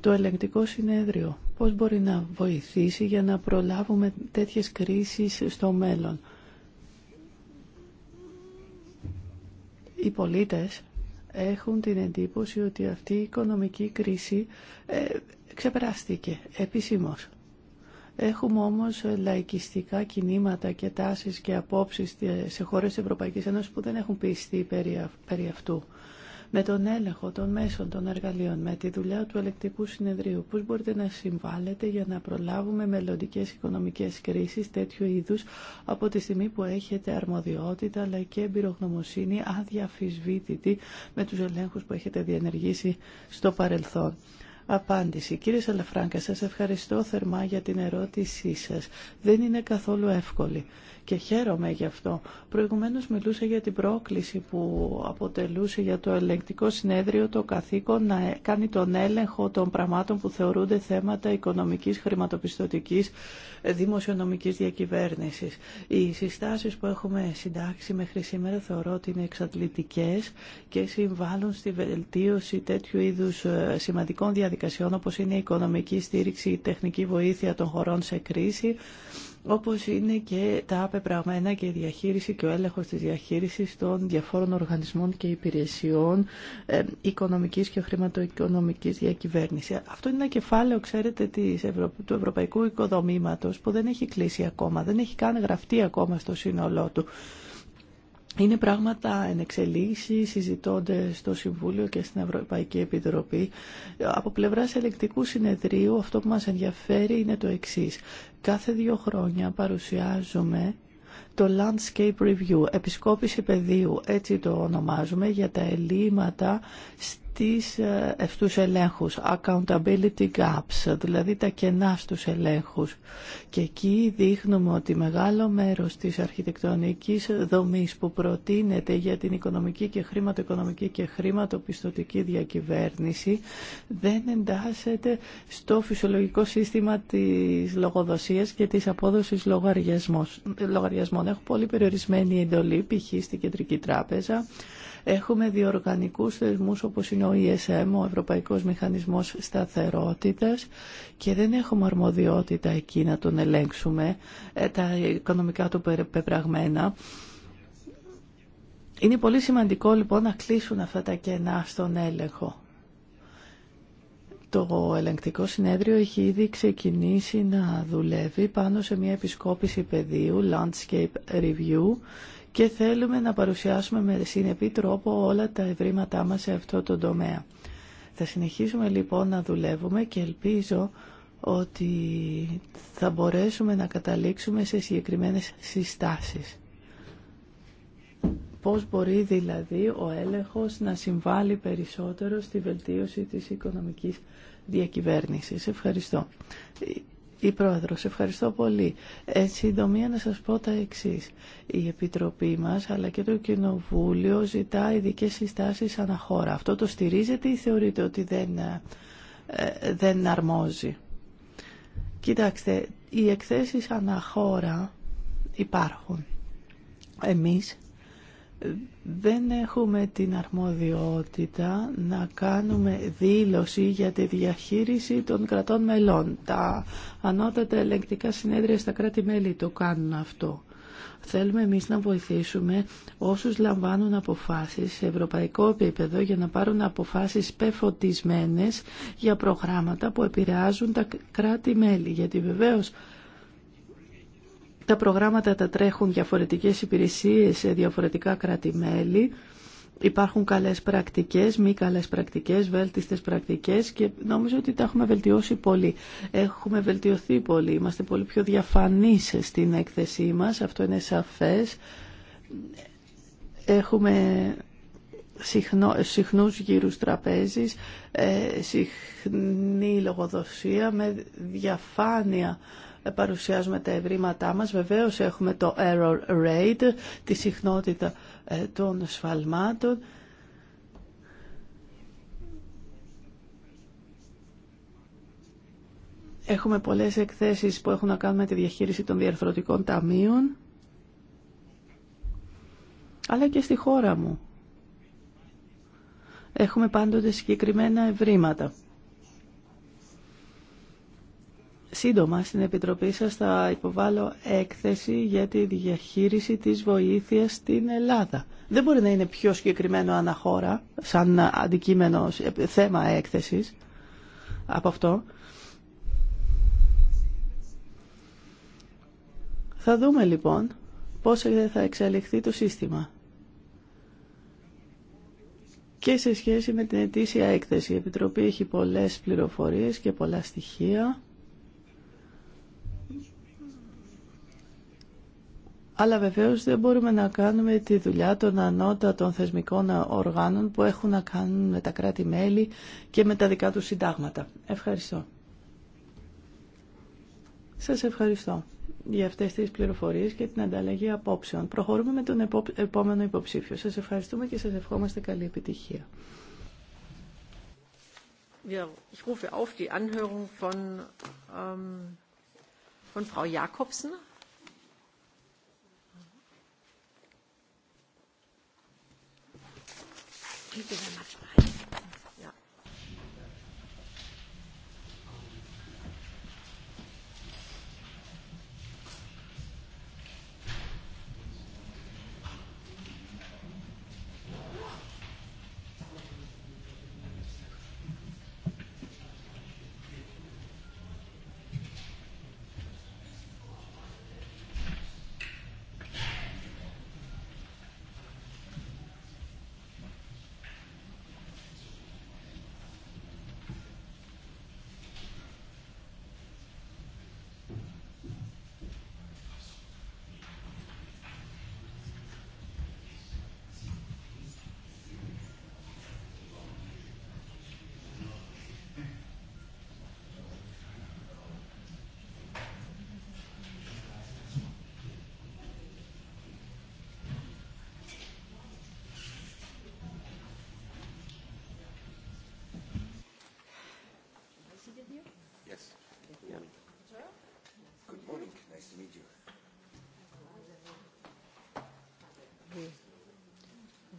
το ελεγκτικό συνέδριο πώς μπορεί να βοηθήσει για να προλάβουμε τέτοιες κρίσεις στο μέλλον. Οι πολίτες έχουν την εντύπωση ότι αυτή η οικονομική κρίση ε, ξεπεράστηκε επισήμως. Έχουμε όμως λαϊκιστικά κινήματα και τάσεις και απόψεις σε χώρες της Ευρωπαϊκής Ένωσης που δεν έχουν πιστεί περί αυτού με τον έλεγχο των μέσων των εργαλείων, με τη δουλειά του ελεκτικού συνεδρίου. Πώς μπορείτε να συμβάλλετε για να προλάβουμε μελλοντικές οικονομικές κρίσεις τέτοιου είδους από τη στιγμή που έχετε αρμοδιότητα αλλά και εμπειρογνωμοσύνη αδιαφυσβήτητη με τους ελέγχους που έχετε διενεργήσει στο παρελθόν. Απάντηση. Κύριε Σαλαφράγκα, σας ευχαριστώ θερμά για την ερώτησή σας. Δεν είναι καθόλου εύκολη και χαίρομαι γι' αυτό. Προηγουμένως μιλούσα για την πρόκληση που αποτελούσε για το ελεγκτικό συνέδριο το καθήκον να κάνει τον έλεγχο των πραγμάτων που θεωρούνται θέματα οικονομικής, χρηματοπιστωτικής, δημοσιονομικής διακυβέρνησης. Οι συστάσεις που έχουμε συντάξει μέχρι σήμερα θεωρώ ότι είναι εξατλητικές και συμβάλλουν στη βελτίωση τέτοιου είδους ε, σημαντικών διαδικασιών όπως είναι η οικονομική στήριξη, η τεχνική βοήθεια των χωρών σε κρίση, όπως είναι και τα απεπραγμένα και η διαχείριση και ο έλεγχος της διαχείρισης των διαφόρων οργανισμών και υπηρεσιών ε, οικονομικής και χρηματοοικονομικής διακυβέρνησης. Αυτό είναι ένα κεφάλαιο, ξέρετε, της του ευρωπαϊκού οικοδομήματος που δεν έχει κλείσει ακόμα, δεν έχει καν γραφτεί ακόμα στο σύνολό του. Είναι πράγματα εν εξελίξη, συζητώνται στο Συμβούλιο και στην Ευρωπαϊκή Επιτροπή. Από πλευρά ελεκτικού συνεδρίου αυτό που μας ενδιαφέρει είναι το εξής. Κάθε δύο χρόνια παρουσιάζουμε το Landscape Review, επισκόπηση πεδίου, έτσι το ονομάζουμε, για τα ελλείμματα στις, ε, στους ελέγχους, accountability gaps, δηλαδή τα κενά στους ελέγχους. Και εκεί δείχνουμε ότι μεγάλο μέρος της αρχιτεκτονικής δομής που προτείνεται για την οικονομική και χρηματοοικονομική και χρηματοπιστωτική διακυβέρνηση δεν εντάσσεται στο φυσιολογικό σύστημα της λογοδοσίας και της απόδοσης λογαριασμών. Έχω πολύ περιορισμένη εντολή, π.χ. στην Κεντρική Τράπεζα. Έχουμε διοργανικούς θεσμούς όπως είναι ο ESM, ο Ευρωπαϊκός Μηχανισμός Σταθερότητας και δεν έχουμε αρμοδιότητα εκεί να τον ελέγξουμε ε, τα οικονομικά του πεπραγμένα. Είναι πολύ σημαντικό λοιπόν να κλείσουν αυτά τα κενά στον έλεγχο το ελεγκτικό συνέδριο έχει ήδη ξεκινήσει να δουλεύει πάνω σε μια επισκόπηση πεδίου, landscape review, και θέλουμε να παρουσιάσουμε με συνεπή τρόπο όλα τα ευρήματά μας σε αυτό το τομέα. Θα συνεχίσουμε λοιπόν να δουλεύουμε και ελπίζω ότι θα μπορέσουμε να καταλήξουμε σε συγκεκριμένες συστάσεις. Πώς μπορεί δηλαδή ο έλεγχος να συμβάλλει περισσότερο στη βελτίωση της οικονομικής διακυβέρνησης. Ευχαριστώ. Η Πρόεδρος, ευχαριστώ πολύ. Εν συντομία να σας πω τα εξής. Η Επιτροπή μας αλλά και το Κοινοβούλιο ζητά ειδικέ συστάσεις αναχώρα. Αυτό το στηρίζεται ή θεωρείτε ότι δεν, ε, δεν αρμόζει. Κοιτάξτε, οι εκθέσεις αναχώρα υπάρχουν. Εμείς δεν έχουμε την αρμοδιότητα να κάνουμε δήλωση για τη διαχείριση των κρατών μελών. Τα ανώτατα ελεγκτικά συνέδρια στα κράτη-μέλη το κάνουν αυτό. Θέλουμε εμείς να βοηθήσουμε όσους λαμβάνουν αποφάσεις σε ευρωπαϊκό επίπεδο για να πάρουν αποφάσεις πεφωτισμένες για προγράμματα που επηρεάζουν τα κράτη-μέλη. Γιατί βεβαίως τα προγράμματα τα τρέχουν διαφορετικές υπηρεσίες σε διαφορετικά κράτη-μέλη. Υπάρχουν καλές πρακτικές, μη καλές πρακτικές, βέλτιστες πρακτικές και νομίζω ότι τα έχουμε βελτιώσει πολύ. Έχουμε βελτιωθεί πολύ, είμαστε πολύ πιο διαφανείς στην έκθεσή μας, αυτό είναι σαφές. Έχουμε συχνό, συχνούς γύρους τραπέζης, ε, συχνή λογοδοσία με διαφάνεια παρουσιάζουμε τα ευρήματά μας. Βεβαίως έχουμε το error rate, τη συχνότητα ε, των σφαλμάτων. Έχουμε πολλές εκθέσεις που έχουν να κάνουν με τη διαχείριση των διαρθρωτικών ταμείων, αλλά και στη χώρα μου. Έχουμε πάντοτε συγκεκριμένα ευρήματα. Σύντομα στην Επιτροπή σας θα υποβάλω έκθεση για τη διαχείριση της βοήθειας στην Ελλάδα. Δεν μπορεί να είναι πιο συγκεκριμένο αναχώρα σαν αντικείμενο θέμα έκθεσης από αυτό. Θα δούμε λοιπόν πώς θα εξελιχθεί το σύστημα και σε σχέση με την ετήσια έκθεση. Η Επιτροπή έχει πολλές πληροφορίες και πολλά στοιχεία. Αλλά βεβαίως δεν μπορούμε να κάνουμε τη δουλειά των ανώτατων θεσμικών οργάνων που έχουν να κάνουν με τα κράτη-μέλη και με τα δικά τους συντάγματα. Ευχαριστώ. Σας ευχαριστώ για αυτές τις πληροφορίες και την ανταλλαγή απόψεων. Προχωρούμε με τον επόμενο υποψήφιο. Σας ευχαριστούμε και σας ευχόμαστε καλή επιτυχία. Ich rufe auf die Anhörung ähm, κλείνει τη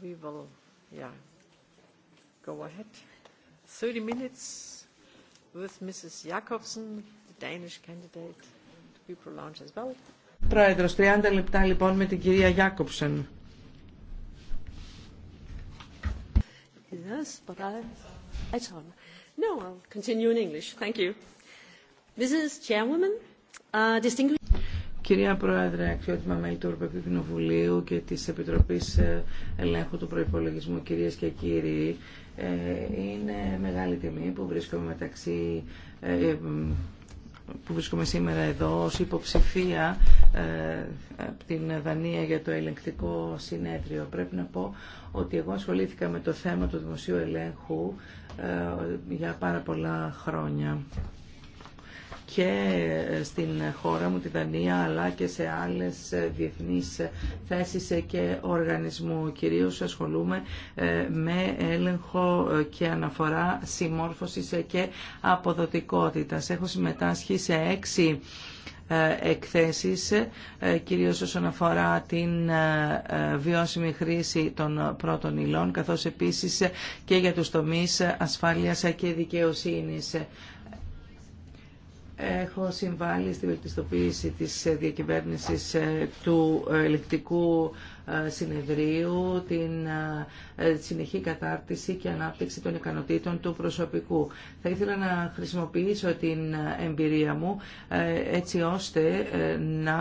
we will yeah go ahead 30 minutes with Mrs. Jakobsen, the Danish candidate to be pronounced as well Πρόεδρος 30 λεπτά λοιπόν με την κυρία Jakobsen. Yes but I I don't No I'll continue in English thank you Mrs. Chairwoman uh, distinguished Κυρία Πρόεδρε, αξιότιμα μέλη του Ευρωπαϊκού Κοινοβουλίου και της Επιτροπής ε, Ελέγχου του Προϋπολογισμού, κυρίες και κύριοι, ε, είναι μεγάλη τιμή που βρίσκομαι μεταξύ ε, που βρίσκομαι σήμερα εδώ ως υποψηφία από την Δανία για το ελεγκτικό συνέδριο. Πρέπει να πω ότι εγώ ασχολήθηκα με το θέμα του δημοσίου ελέγχου για πάρα πολλά χρόνια και ε, στην χώρα μου, τη Δανία, αλλά και σε άλλες ε, διεθνείς ε, θέσεις και οργανισμού. Κυρίως ασχολούμαι με έλεγχο και αναφορά συμμόρφωσης και αποδοτικότητας. Έχω συμμετάσχει σε έξι εκθέσεις, κυρίως όσον αφορά την βιώσιμη χρήση των πρώτων υλών, καθώς επίσης και για τους τομείς ασφάλειας και δικαιοσύνης έχω συμβάλει στη βελτιστοποίηση της διακυβέρνησης ε, του ελεκτικού ε, συνεδρίου, την ε, συνεχή κατάρτιση και ανάπτυξη των ικανοτήτων του προσωπικού. Θα ήθελα να χρησιμοποιήσω την εμπειρία μου έτσι ώστε να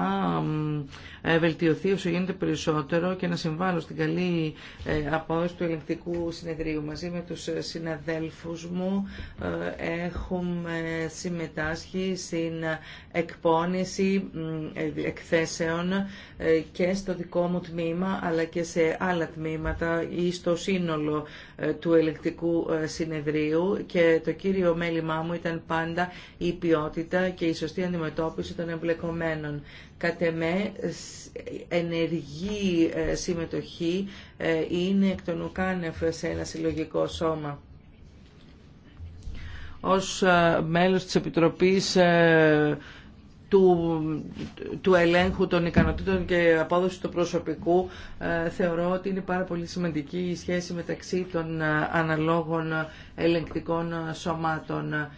ε, βελτιωθεί όσο γίνεται περισσότερο και να συμβάλλω στην καλή ε, απόδοση του ελεγκτικού συνεδρίου. Μαζί με τους ε, συναδέλφους μου έχουμε συμμετάσχει στην εκπόνηση εκθέσεων και στο δικό μου τμήμα αλλά και σε άλλα τμήματα ή στο σύνολο του ελεκτικού συνεδρίου και το κύριο μέλημά μου ήταν πάντα η ποιότητα και η σωστή αντιμετώπιση των εμπλεκομένων. Κατ' εμέ, ενεργή ε, συμμετοχή ε, είναι εκ των σε ένα συλλογικό σώμα. Ως ε, μέλος της Επιτροπής του, του ελέγχου των ικανοτήτων και απόδοση του προσωπικού θεωρώ ότι είναι πάρα πολύ σημαντική η σχέση μεταξύ των αναλόγων ελεγκτικών σωμάτων.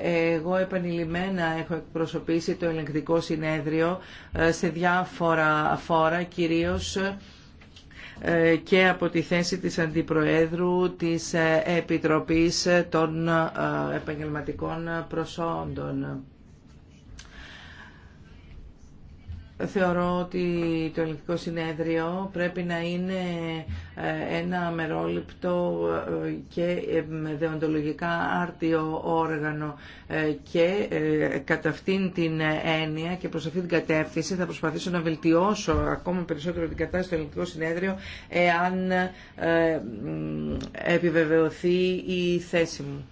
Ε, εγώ επανειλημμένα έχω εκπροσωπήσει το ελεγκτικό συνέδριο ε, σε διάφορα φόρα, κυρίως ε, και από τη θέση της Αντιπροέδρου της Επιτροπής των Επαγγελματικών Προσόντων. Θεωρώ ότι το ελληνικό συνέδριο πρέπει να είναι ε, ένα μερόληπτο ε, και ε, δεοντολογικά άρτιο όργανο και κατά αυτήν την έννοια και προς αυτήν την κατεύθυνση θα προσπαθήσω να βελτιώσω ακόμα περισσότερο την κατάσταση στο ελληνικό συνέδριο εάν επιβεβαιωθεί η θέση μου.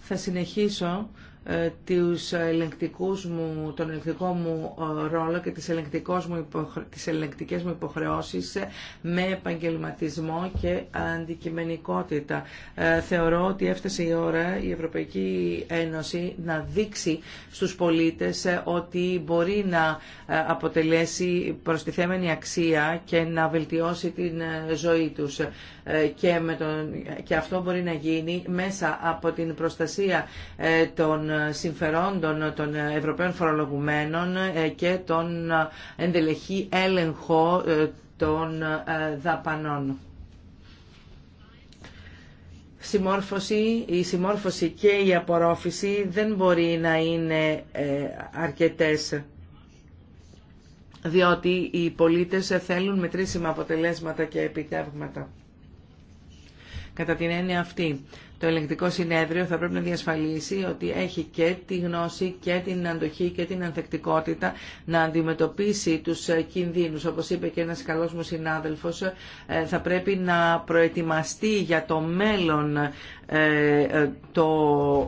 Θα συνεχίσω ε, τους ελεγκτικούς μου, τον ελεγκτικό μου ε, ρόλο και τις, ελεγκτικός μου τις ελεγκτικές μου υποχρεώσεις με επαγγελματισμό και αντικειμενικότητα. Ε, θεωρώ ότι έφτασε η ώρα η Ευρωπαϊκή Ένωση να δείξει στους πολίτες ότι μπορεί να αποτελέσει προστιθέμενη αξία και να βελτιώσει την ζωή τους. Ε, και, με τον, και αυτό μπορεί να γίνει μέσα από την προστασία ε, των συμφερόντων των Ευρωπαίων φορολογουμένων ε, και τον εντελεχή έλεγχο των δαπανών η συμμόρφωση και η απορρόφηση δεν μπορεί να είναι αρκετές διότι οι πολίτες θέλουν μετρήσιμα αποτελέσματα και επιτεύγματα. Κατά την έννοια αυτή, το ελεγκτικό συνέδριο θα πρέπει να διασφαλίσει ότι έχει και τη γνώση και την αντοχή και την ανθεκτικότητα να αντιμετωπίσει τους ε, κινδύνους. Όπως είπε και ένας καλός μου συνάδελφος, ε, θα πρέπει να προετοιμαστεί για το μέλλον ε, ε, ε, το,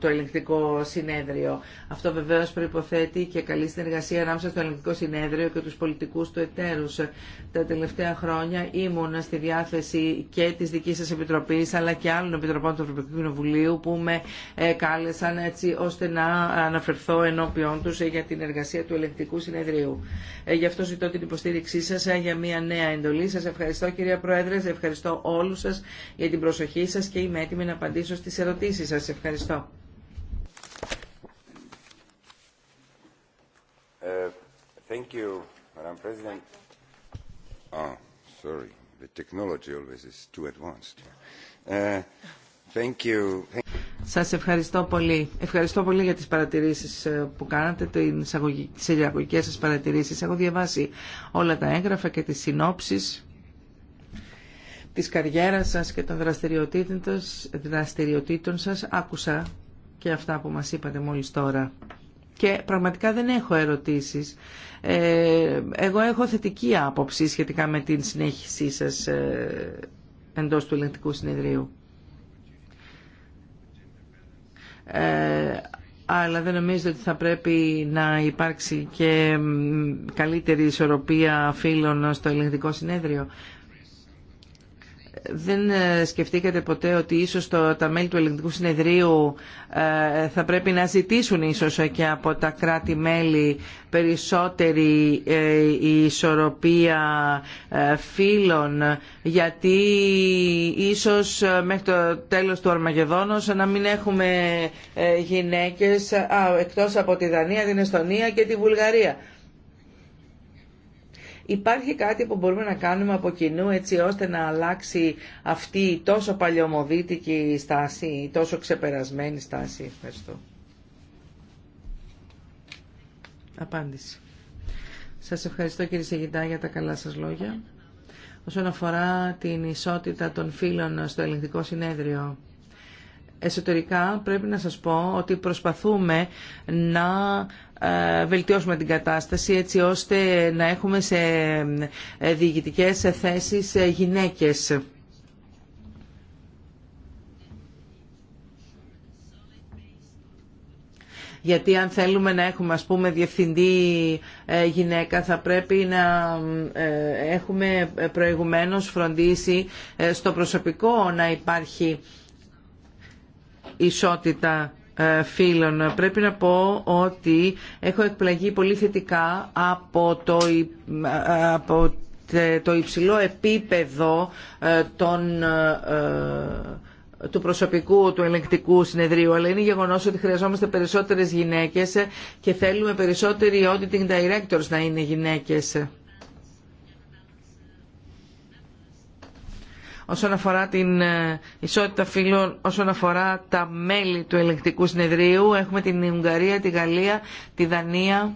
το ελεγκτικό συνέδριο. Αυτό βεβαίως προϋποθέτει και καλή συνεργασία ανάμεσα στο ελεγκτικό συνέδριο και τους πολιτικούς του εταίρους. Τα τελευταία χρόνια ήμουν στη διάθεση και της δικής σας Επιτροπής αλλά και άλλων Επιτροπών του Ευρωπαϊκού Κοινοβουλίου που με ε, κάλεσαν έτσι ώστε να αναφερθώ ενώπιον τους για την εργασία του ελεγκτικού συνεδρίου. γι' αυτό ζητώ την υποστήριξή σας για μια νέα εντολή. Σας ευχαριστώ κυρία Πρόεδρε, ευχαριστώ όλους σας για την προσοχή σας και έτοιμη να απαντήσω στις ερωτήσεις σας. Ευχαριστώ. Σας ευχαριστώ πολύ. Ευχαριστώ πολύ για τις παρατηρήσεις ε, που κάνατε, τις εισαγωγικές σας παρατηρήσεις. Έχω διαβάσει όλα τα έγγραφα και τις συνόψεις της καριέρας σας και των δραστηριοτήτων σας άκουσα και αυτά που μας είπατε μόλις τώρα. Και πραγματικά δεν έχω ερωτήσεις. Ε, εγώ έχω θετική άποψη σχετικά με την συνέχισή σας ε, εντός του ελεγκτικού συνεδρίου. Ε, αλλά δεν νομίζω ότι θα πρέπει να υπάρξει και καλύτερη ισορροπία φίλων στο ελεγκτικό συνέδριο δεν ε, σκεφτήκατε ποτέ ότι ίσως το, τα μέλη του Ελληνικού Συνεδρίου ε, θα πρέπει να ζητήσουν ίσως και από τα κράτη-μέλη περισσότερη ε, ισορροπία φύλων γιατί ίσως μέχρι το τέλος του Αρμαγεδόνος να μην έχουμε γυναίκες α, εκτός από τη Δανία, την Εστονία και τη Βουλγαρία. Υπάρχει κάτι που μπορούμε να κάνουμε από κοινού έτσι ώστε να αλλάξει αυτή η τόσο παλαιομοδίτικη στάση, η τόσο ξεπερασμένη στάση. Ευχαριστώ. Απάντηση. Σας ευχαριστώ κύριε Σεγητά για τα καλά σας λόγια. Όσον αφορά την ισότητα των φίλων στο ελληνικό συνέδριο, εσωτερικά πρέπει να σας πω ότι προσπαθούμε να ε, βελτιώσουμε την κατάσταση έτσι ώστε να έχουμε σε ε, διηγητικές θέσεις ε, γυναίκες. γιατί αν θέλουμε να έχουμε ας πούμε διευθυντή γυναίκα θα πρέπει να έχουμε προηγουμένως φροντίσει στο προσωπικό να υπάρχει ισότητα ε, φίλων. Πρέπει να πω ότι έχω εκπλαγεί πολύ θετικά από το, ε, από το υψηλό επίπεδο ε, των του προσωπικού του ελεγκτικού συνεδρίου, αλλά είναι γεγονός ότι χρειαζόμαστε περισσότερες γυναίκες και θέλουμε περισσότεροι auditing directors να είναι γυναίκες. όσον αφορά την ε, ισότητα φύλων, όσον αφορά τα μέλη του Ελεκτικού συνεδρίου. Έχουμε την Ουγγαρία, τη Γαλλία, τη Δανία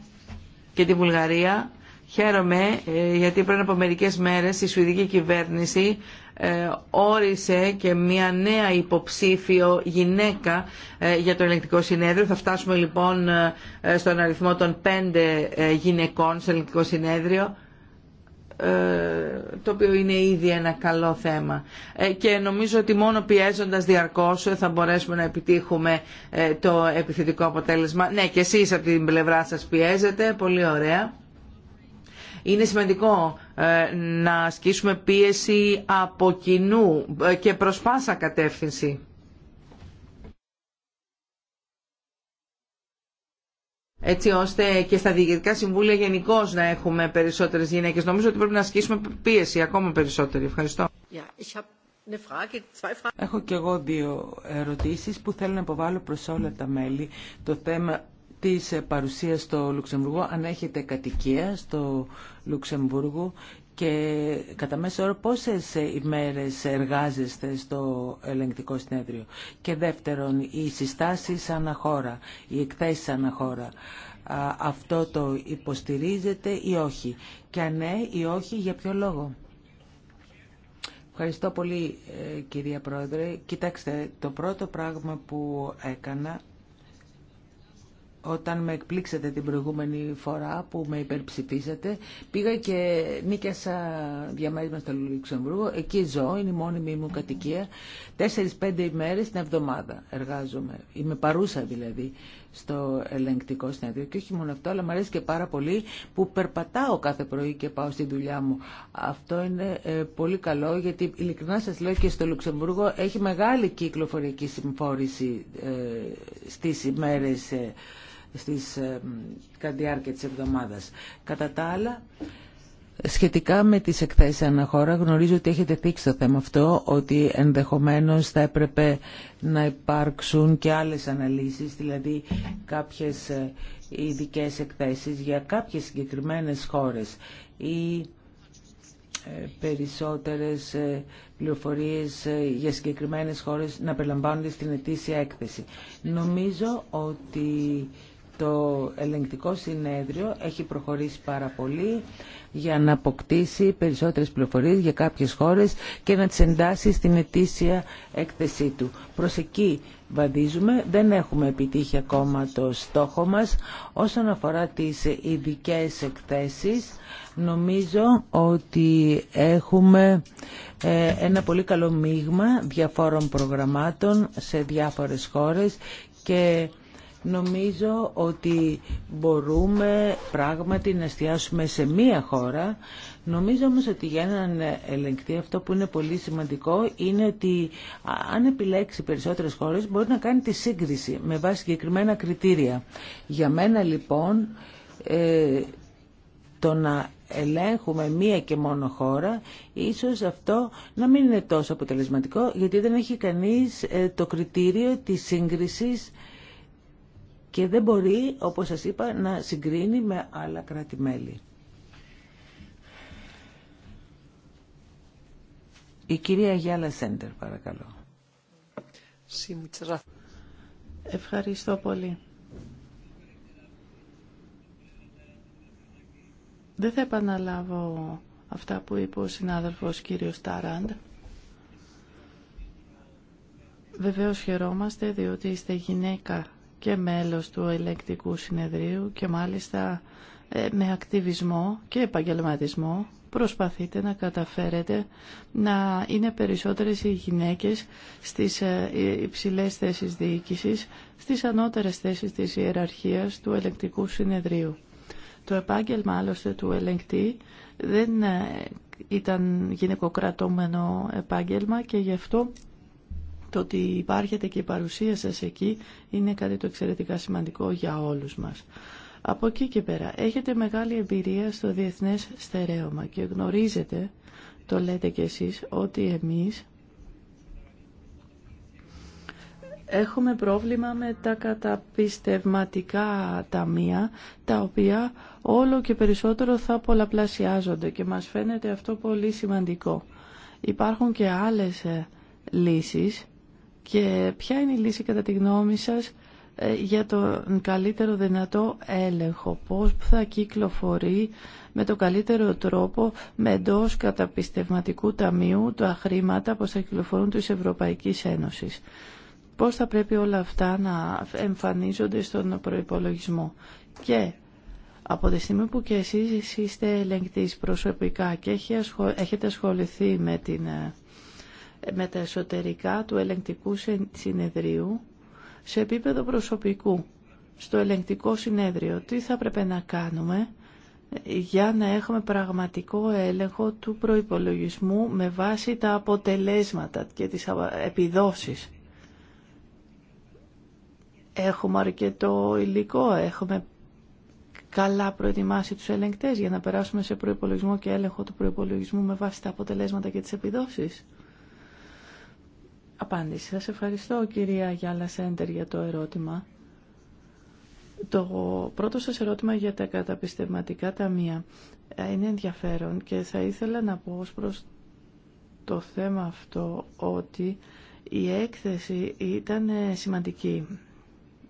και τη Βουλγαρία. Χαίρομαι ε, γιατί πριν από μερικές μέρες η Σουηδική κυβέρνηση ε, όρισε και μια νέα υποψήφιο γυναίκα για το Ελεκτικό συνέδριο. Θα φτάσουμε λοιπόν στον αριθμό των πέντε γυναικών στο Ελεκτικό συνέδριο. Ε, το οποίο είναι ήδη ένα καλό θέμα. Ε, και νομίζω ότι μόνο πιέζοντας διαρκώς θα μπορέσουμε να επιτύχουμε ε, το επιθετικό αποτέλεσμα. Ναι, και εσείς από την πλευρά σας πιέζετε, πολύ ωραία. Είναι σημαντικό να ασκήσουμε πίεση από κοινού και προς πάσα κατεύθυνση. έτσι ώστε και στα διοικητικά συμβούλια γενικώ να έχουμε περισσότερε γυναίκε. Νομίζω ότι πρέπει να ασκήσουμε πίεση ακόμα περισσότερη. Ευχαριστώ. Έχω και εγώ δύο ερωτήσεις που θέλω να υποβάλω προς όλα τα μέλη. Το θέμα της παρουσίας στο Λουξεμβουργό, αν έχετε κατοικία στο Λουξεμβούργο και κατά μέσο όρο πόσες ημέρες εργάζεστε στο ελεγκτικό συνέδριο. Και δεύτερον, οι συστάσεις αναχώρα, οι εκθέσεις αναχώρα. Αυτό το υποστηρίζετε ή όχι. Και αν ναι ή όχι, για ποιο λόγο. Ευχαριστώ πολύ ε, κυρία Πρόεδρε. Κοιτάξτε, το πρώτο πράγμα που έκανα όταν με εκπλήξατε την προηγούμενη φορά που με υπερψηφίσατε, πήγα και νίκιασα διαμέρισμα στο Λουξεμβούργο. Εκεί ζω, είναι η μόνιμη μου κατοικια τέσσερι Τέσσερις-πέντε ημέρε την εβδομάδα εργάζομαι. Είμαι παρούσα δηλαδή στο ελεγκτικό συνέδριο. Και όχι μόνο αυτό, αλλά μου αρέσει και πάρα πολύ που περπατάω κάθε πρωί και πάω στη δουλειά μου. Αυτό είναι ε, πολύ καλό, γιατί ειλικρινά σα λέω και στο Λουξεμβούργο έχει μεγάλη κυκλοφοριακή συμφόρηση ε, ημέρε. Ε, στις, ε, κατά τη διάρκεια της εβδομάδας. Κατά τα άλλα, Σχετικά με τις εκθέσεις αναχώρα γνωρίζω ότι έχετε δείξει το θέμα αυτό ότι ενδεχομένως θα έπρεπε να υπάρξουν και άλλες αναλύσεις, δηλαδή κάποιες ε, ειδικέ εκθέσεις για κάποιες συγκεκριμένες χώρες ή ε, περισσότερες πληροφορίες για συγκεκριμένες χώρες να περιλαμβάνονται στην ετήσια έκθεση. Νομίζω ότι το ελεγκτικό συνέδριο έχει προχωρήσει πάρα πολύ για να αποκτήσει περισσότερες πληροφορίες για κάποιες χώρες και να τις εντάσει στην ετήσια έκθεσή του. Προς εκεί βαδίζουμε, δεν έχουμε επιτύχει ακόμα το στόχο μας. Όσον αφορά τις ειδικέ εκθέσεις, νομίζω ότι έχουμε ε, ένα πολύ καλό μείγμα διαφόρων προγραμμάτων σε διάφορες χώρες και Νομίζω ότι μπορούμε πράγματι να εστιάσουμε σε μία χώρα. Νομίζω όμως ότι για έναν ελεγκτή αυτό που είναι πολύ σημαντικό είναι ότι αν επιλέξει περισσότερες χώρες μπορεί να κάνει τη σύγκριση με βάση συγκεκριμένα κριτήρια. Για μένα λοιπόν ε, το να ελέγχουμε μία και μόνο χώρα, ίσως αυτό να μην είναι τόσο αποτελεσματικό, γιατί δεν έχει κανείς ε, το κριτήριο της σύγκρισης και δεν μπορεί, όπως σας είπα, να συγκρίνει με άλλα κράτη-μέλη. Η κυρία Γιάλα Σέντερ, παρακαλώ. Ευχαριστώ πολύ. Δεν θα επαναλάβω αυτά που είπε ο συνάδελφος κύριος Τάραντ. Βεβαίως χαιρόμαστε διότι είστε γυναίκα και μέλος του ελεκτικού συνεδρίου και μάλιστα ε, με ακτιβισμό και επαγγελματισμό προσπαθείτε να καταφέρετε να είναι περισσότερες οι γυναίκες στις ε, υψηλές θέσεις διοίκησης, στις ανώτερες θέσεις της ιεραρχίας του ελεκτικού συνεδρίου. Το επάγγελμα άλλωστε του ελεγκτή δεν ε, ήταν γυναικοκρατούμενο επάγγελμα και γι' αυτό το ότι υπάρχετε και η παρουσία σας εκεί είναι κάτι το εξαιρετικά σημαντικό για όλους μας. Από εκεί και πέρα, έχετε μεγάλη εμπειρία στο διεθνές στερέωμα και γνωρίζετε, το λέτε κι εσείς, ότι εμείς έχουμε πρόβλημα με τα καταπιστευματικά ταμεία, τα οποία όλο και περισσότερο θα πολλαπλασιάζονται και μας φαίνεται αυτό πολύ σημαντικό. Υπάρχουν και άλλες ε, λύσεις και ποια είναι η λύση κατά τη γνώμη σας ε, για τον καλύτερο δυνατό έλεγχο, πώς θα κυκλοφορεί με τον καλύτερο τρόπο με εντό καταπιστευματικού ταμείου τα χρήματα που θα κυκλοφορούν της Ευρωπαϊκής Ένωσης. Πώς θα πρέπει όλα αυτά να εμφανίζονται στον προϋπολογισμό. Και από τη στιγμή που και εσείς είστε ελεγκτής προσωπικά και έχετε ασχοληθεί με την ε, με τα εσωτερικά του ελεγκτικού συνεδρίου σε επίπεδο προσωπικού στο ελεγκτικό συνέδριο. Τι θα πρέπει να κάνουμε για να έχουμε πραγματικό έλεγχο του προϋπολογισμού με βάση τα αποτελέσματα και τις επιδόσεις. Έχουμε αρκετό υλικό, έχουμε καλά προετοιμάσει τους ελεγκτές για να περάσουμε σε προϋπολογισμό και έλεγχο του προϋπολογισμού με βάση τα αποτελέσματα και τις επιδόσεις απάντηση. Σας ευχαριστώ κυρία Γιάλα Σέντερ για το ερώτημα. Το πρώτο σας ερώτημα για τα καταπιστευματικά ταμεία ε, είναι ενδιαφέρον και θα ήθελα να πω ως προς το θέμα αυτό ότι η έκθεση ήταν ε, σημαντική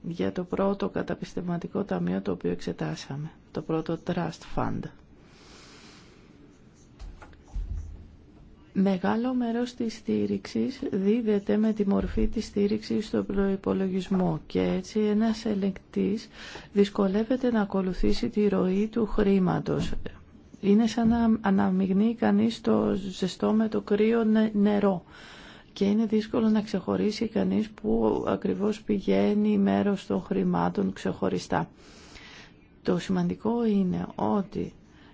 για το πρώτο καταπιστευματικό ταμείο το οποίο εξετάσαμε, το πρώτο Trust Fund. Μεγάλο μέρος της στήριξης δίδεται με τη μορφή της στήριξης στον προϋπολογισμό και έτσι ένας ελεγκτής δυσκολεύεται να ακολουθήσει τη ροή του χρήματος. Είναι σαν να αναμειγνύει κανείς το ζεστό με το κρύο νερό και είναι δύσκολο να ξεχωρίσει κανείς που ακριβώς πηγαίνει μέρος των χρημάτων ξεχωριστά. Το σημαντικό είναι ότι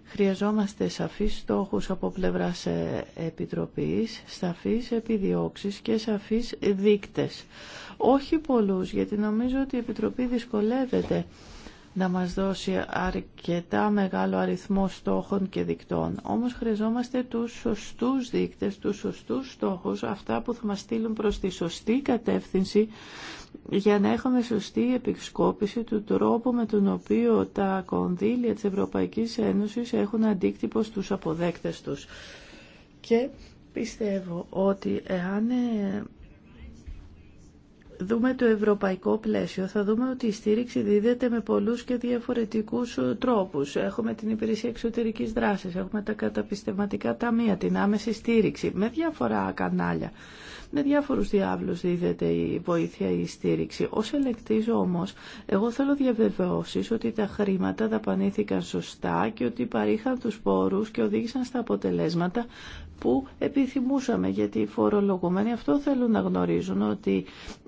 Χρειαζόμαστε σαφείς στόχους από πλευράς ε, Επιτροπής, σαφείς επιδιώξεις και σαφείς δείκτες. Όχι πολλούς, γιατί νομίζω ότι η Επιτροπή δυσκολεύεται να μας δώσει αρκετά μεγάλο αριθμό στόχων και δικτών. Όμως χρειαζόμαστε τους σωστούς δείκτες, τους σωστούς στόχους, αυτά που θα μας στείλουν προς τη σωστή κατεύθυνση για να έχουμε σωστή επισκόπηση του τρόπου με τον οποίο τα κονδύλια της Ευρωπαϊκής Ένωσης έχουν αντίκτυπο στους αποδέκτες τους. Και πιστεύω ότι εάν ε, δούμε το ευρωπαϊκό πλαίσιο, θα δούμε ότι η στήριξη δίδεται με πολλούς και διαφορετικούς ε, τρόπους. Έχουμε την υπηρεσία εξωτερικής δράσης, έχουμε τα καταπιστευματικά ταμεία, την άμεση στήριξη, με διάφορα κανάλια. Με διάφορους διάβλους δίδεται η βοήθεια ή η στήριξη. Ως ελεκτής όμως, εγώ θέλω διαβεβαιώσεις ότι τα χρήματα δαπανήθηκαν σωστά και ότι παρήχαν τους πόρους και οδήγησαν στα αποτελέσματα που επιθυμούσαμε, γιατί οι φορολογούμενοι αυτό θέλουν να γνωρίζουν, ότι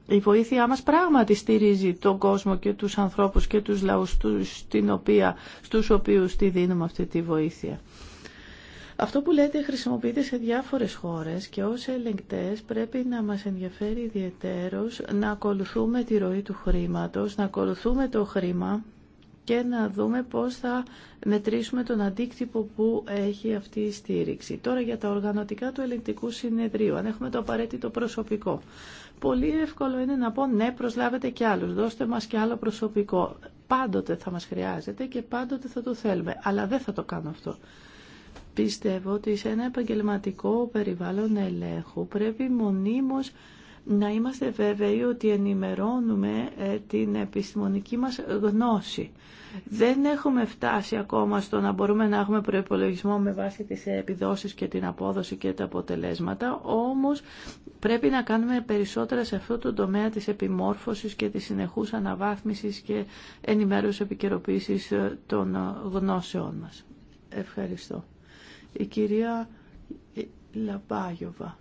η βοήθειά μας πράγματι στηρίζει τον κόσμο και τους ανθρώπους και τους λαούς στην οποία, στους οποίους τη δίνουμε αυτή τη βοήθεια. Αυτό που λέτε χρησιμοποιείται σε διάφορες χώρες και ως ελεγκτές πρέπει να μας ενδιαφέρει ιδιαίτερος να ακολουθούμε τη ροή του χρήματος, να ακολουθούμε το χρήμα και να δούμε πώς θα μετρήσουμε τον αντίκτυπο που έχει αυτή η στήριξη. Τώρα για τα οργανωτικά του ελεγκτικού συνεδρίου, αν έχουμε το απαραίτητο προσωπικό. Πολύ εύκολο είναι να πω ναι προσλάβετε κι άλλους, δώστε μας κι άλλο προσωπικό. Πάντοτε θα μας χρειάζεται και πάντοτε θα το θέλουμε, αλλά δεν θα το κάνω αυτό. Πιστεύω ότι σε ένα επαγγελματικό περιβάλλον ελέγχου πρέπει μονίμως να είμαστε βέβαιοι ότι ενημερώνουμε ε, την επιστημονική μας γνώση. Δεν έχουμε φτάσει ακόμα στο να μπορούμε να έχουμε προϋπολογισμό με βάση τις επιδόσεις και την απόδοση και τα αποτελέσματα, όμως πρέπει να κάνουμε περισσότερα σε αυτό το τομέα της επιμόρφωσης και της συνεχούς αναβάθμισης και ενημέρωσης επικαιροποίησης ε, των ε, γνώσεών μας. Ευχαριστώ. Η κυρία ε, Λαμπάγιοβα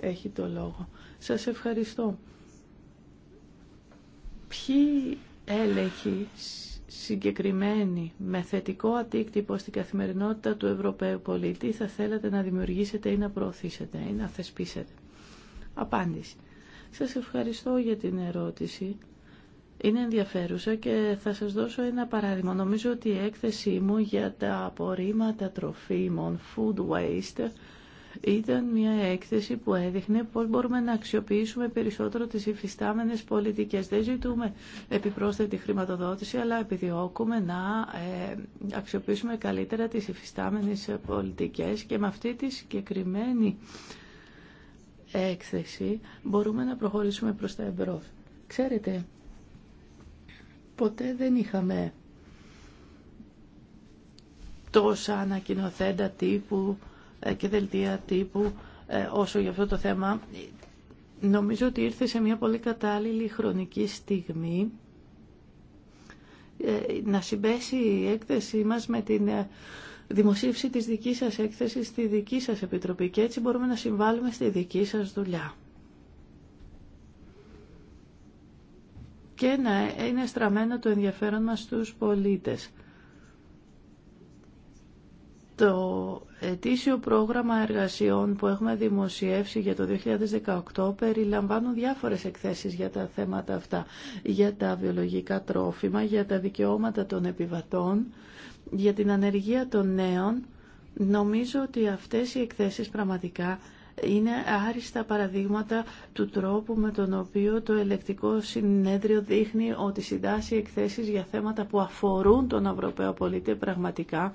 έχει το λόγο. Σας ευχαριστώ. Ποιοι έλεγχη συγκεκριμένη με θετικό αντίκτυπο στην καθημερινότητα του Ευρωπαίου πολίτη θα θέλατε να δημιουργήσετε ή να προωθήσετε ή να θεσπίσετε. Απάντηση. Σας ευχαριστώ για την ερώτηση. Είναι ενδιαφέρουσα και θα σας δώσω ένα παράδειγμα. Νομίζω ότι η έκθεσή μου για τα απορρίμματα τροφίμων, food waste, ήταν μια έκθεση που έδειχνε πώς μπορούμε να αξιοποιήσουμε περισσότερο τις υφιστάμενες πολιτικές. Δεν ζητούμε επιπρόσθετη χρηματοδότηση, αλλά επιδιώκουμε να ε, αξιοποιήσουμε καλύτερα τις υφιστάμενες πολιτικές και με αυτή τη συγκεκριμένη έκθεση μπορούμε να προχωρήσουμε προς τα εμπρός. Ξέρετε, ποτέ δεν είχαμε τόσα ανακοινοθέντα τύπου και δελτία τύπου ε, όσο για αυτό το θέμα. Νομίζω ότι ήρθε σε μια πολύ κατάλληλη χρονική στιγμή ε, να συμπέσει η έκθεσή μας με την ε, δημοσίευση της δικής σας έκθεσης στη δική σας επιτροπή και έτσι μπορούμε να συμβάλλουμε στη δική σας δουλειά. Και να είναι στραμμένο το ενδιαφέρον μας στους πολίτες. Το ετήσιο πρόγραμμα εργασιών που έχουμε δημοσιεύσει για το 2018 περιλαμβάνουν διάφορες εκθέσεις για τα θέματα αυτά, για τα βιολογικά τρόφιμα, για τα δικαιώματα των επιβατών, για την ανεργία των νέων. Νομίζω ότι αυτές οι εκθέσεις πραγματικά είναι άριστα παραδείγματα του τρόπου με τον οποίο το ελεκτικό συνέδριο δείχνει ότι συντάσσει εκθέσεις για θέματα που αφορούν τον Ευρωπαίο πολίτη πραγματικά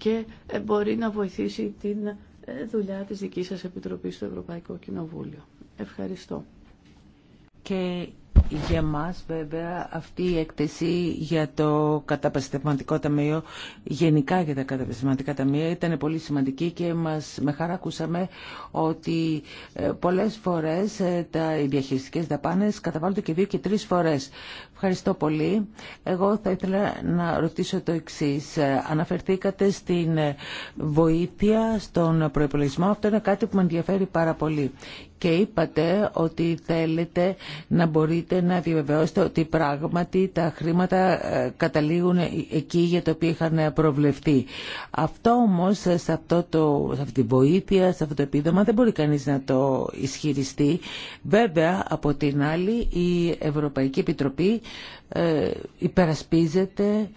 και ε, μπορεί να βοηθήσει την ε, δουλειά της δικής σας Επιτροπής στο Ευρωπαϊκό Κοινοβούλιο. Ευχαριστώ. Και για μας βέβαια αυτή η έκθεση για το καταπαστευματικό ταμείο, γενικά για τα καταπαστευματικά ταμεία ήταν πολύ σημαντική και μας, με χαρά ακούσαμε ότι ε, πολλές φορές τα, οι διαχειριστικές δαπάνες καταβάλλονται και δύο και τρεις φορές. Ευχαριστώ πολύ. Εγώ θα ήθελα να ρωτήσω το εξή. Αναφερθήκατε στην βοήθεια στον προπολογισμό. Αυτό είναι κάτι που με ενδιαφέρει πάρα πολύ και είπατε ότι θέλετε να μπορείτε να διαβεβαιώσετε ότι πράγματι τα χρήματα ε, καταλήγουν ε, εκεί για το οποίο είχαν ε, προβλεφθεί. Αυτό όμως σε, αυτό το, αυτή τη βοήθεια, σε αυτό το επίδομα δεν μπορεί κανείς να το ισχυριστεί. Βέβαια από την άλλη η Ευρωπαϊκή Επιτροπή υπερασπίζεται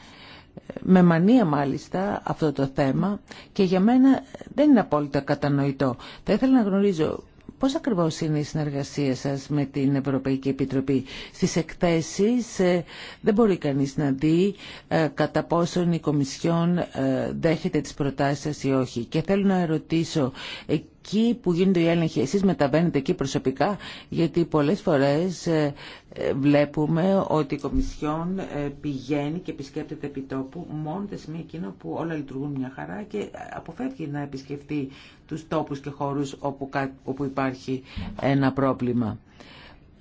με μανία μάλιστα αυτό το θέμα και για μένα δεν είναι απόλυτα κατανοητό. Θα ήθελα να γνωρίζω Πώς ακριβώς είναι η συνεργασία σας με την Ευρωπαϊκή Επιτροπή. Στις εκθέσεις ε, δεν μπορεί κανείς να δει ε, κατά πόσον η Κομισιόν ε, δέχεται τις προτάσεις σας ή όχι. Και θέλω να ερωτήσω, εκεί που εκεί έλεγχοι, εσείς μεταβαίνετε εκεί προσωπικά, γιατί πολλές φορές ε, βλέπουμε ότι η Κομισιόν ε, πηγαίνει και επισκέπτεται τόπου μόνο τα σημεία εκείνα που όλα λειτουργούν μια χαρά και αποφεύγει να επισκεφτεί τους τόπους και χώρους όπου υπάρχει ένα πρόβλημα.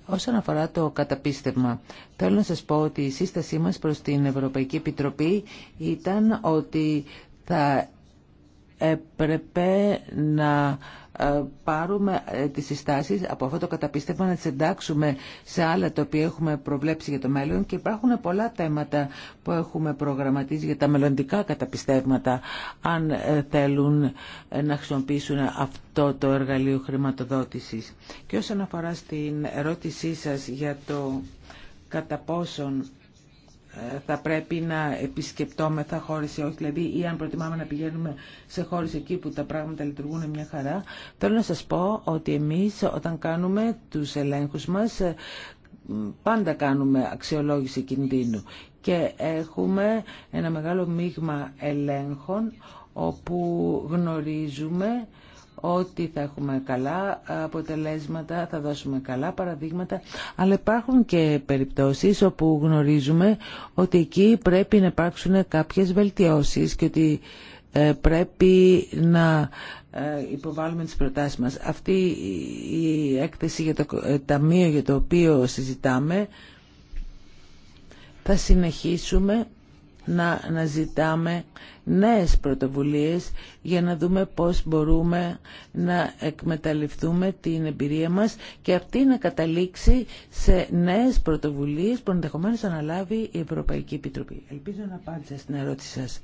Όσον αφορά το καταπίστευμα, θέλω να σας πω ότι η σύστασή μας προς την Ευρωπαϊκή Επιτροπή ήταν ότι θα έπρεπε να ε, πάρουμε ε, τις συστάσεις από αυτό το καταπίστευμα να τις εντάξουμε σε άλλα τα οποία έχουμε προβλέψει για το μέλλον και υπάρχουν πολλά θέματα που έχουμε προγραμματίσει για τα μελλοντικά καταπιστεύματα αν ε, θέλουν να χρησιμοποιήσουν αυτό το εργαλείο χρηματοδότησης. Και όσον αφορά στην ερώτησή σας για το κατά πόσον ε, θα πρέπει να επισκεπτόμεθα χώρες ή όχι, δηλαδή ή αν προτιμάμε να πηγαίνουμε σε χώρες εκεί που τα πράγματα λειτουργούν μια χαρά. Θέλω να σας πω ότι εμείς όταν κάνουμε τους ελέγχους μας ε, πάντα κάνουμε αξιολόγηση κινδύνου και έχουμε ένα μεγάλο μείγμα ελέγχων όπου γνωρίζουμε ότι θα έχουμε καλά αποτελέσματα, θα δώσουμε καλά παραδείγματα, αλλά υπάρχουν και περιπτώσεις όπου γνωρίζουμε ότι εκεί πρέπει να υπάρξουν κάποιες βελτιώσεις και ότι ε, πρέπει να ε, υποβάλουμε τις προτάσεις μας. Αυτή η έκθεση για το ε, ταμείο για το οποίο συζητάμε θα συνεχίσουμε να ζητάμε νέες πρωτοβουλίες για να δούμε πώς μπορούμε να εκμεταλλευτούμε την εμπειρία μας και αυτή να καταλήξει σε νέες πρωτοβουλίες που ενδεχομένω αναλάβει η Ευρωπαϊκή Επιτροπή. Ελπίζω να απάντησα στην ερώτηση σας.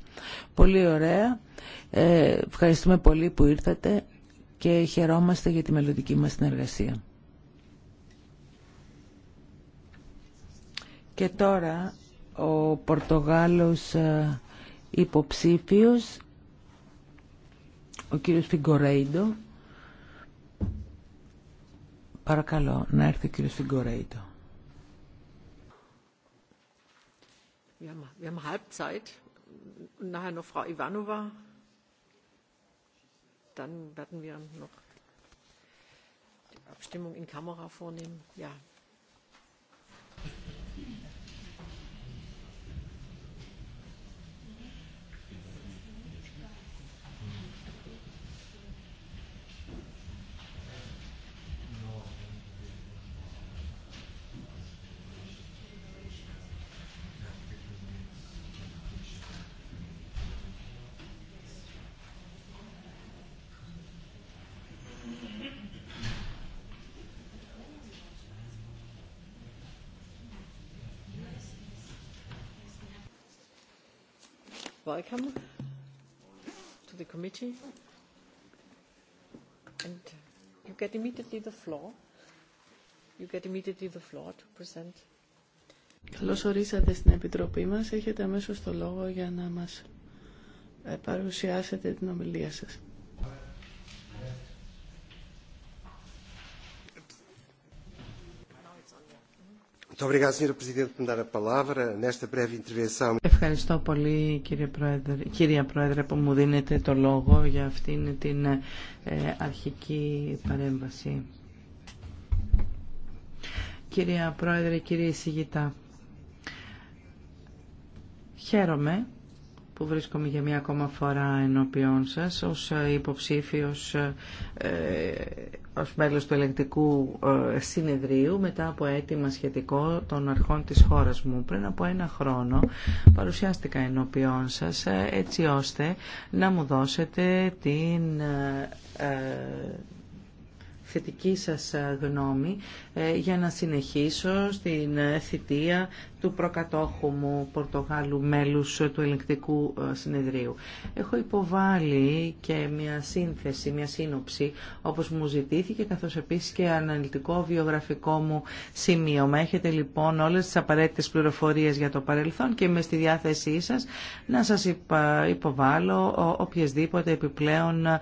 Πολύ ωραία. Ε, ευχαριστούμε πολύ που ήρθατε και χαιρόμαστε για τη μελλοντική μας συνεργασία. Και τώρα ο Πορτογάλος υποψήφιος, ο κύριος Φιγκορέιντο. Παρακαλώ να έρθει ο κύριος Φιγκορέιντο. Wir haben Halbzeit und nachher noch Frau Ivanova. Dann werden wir noch die Abstimmung in Kamera vornehmen. Ja, welcome to the committee. And you get immediately the floor. You get immediately the floor to present. Καλώς ορίσατε στην Επιτροπή μας. Έχετε αμέσως το λόγο για να μας παρουσιάσετε την ομιλία σας. Ευχαριστώ πολύ κύριε Πρόεδρε, που μου δίνετε το λόγο για αυτήν την ε, αρχική παρέμβαση. Κυρία Πρόεδρε, κύριε Σιγητά, χαίρομαι που βρίσκομαι για μία ακόμα φορά ενώπιόν σας ως ε, υποψήφιος ε, ε, ως μέλος του ελεγκτικού συνεδρίου μετά από αίτημα σχετικό των αρχών της χώρας μου. Πριν από ένα χρόνο παρουσιάστηκα ενώπιόν σας έτσι ώστε να μου δώσετε την θετική σας γνώμη για να συνεχίσω στην θητεία του προκατόχου μου Πορτογάλου μέλους του ελεγκτικού ε, συνεδρίου. Έχω υποβάλει και μια σύνθεση, μια σύνοψη όπως μου ζητήθηκε καθώς επίσης και αναλυτικό βιογραφικό μου σημείωμα. Έχετε λοιπόν όλες τις απαραίτητες πληροφορίες για το παρελθόν και είμαι στη διάθεσή σας να σας υποβάλω οποιασδήποτε επιπλέον ε,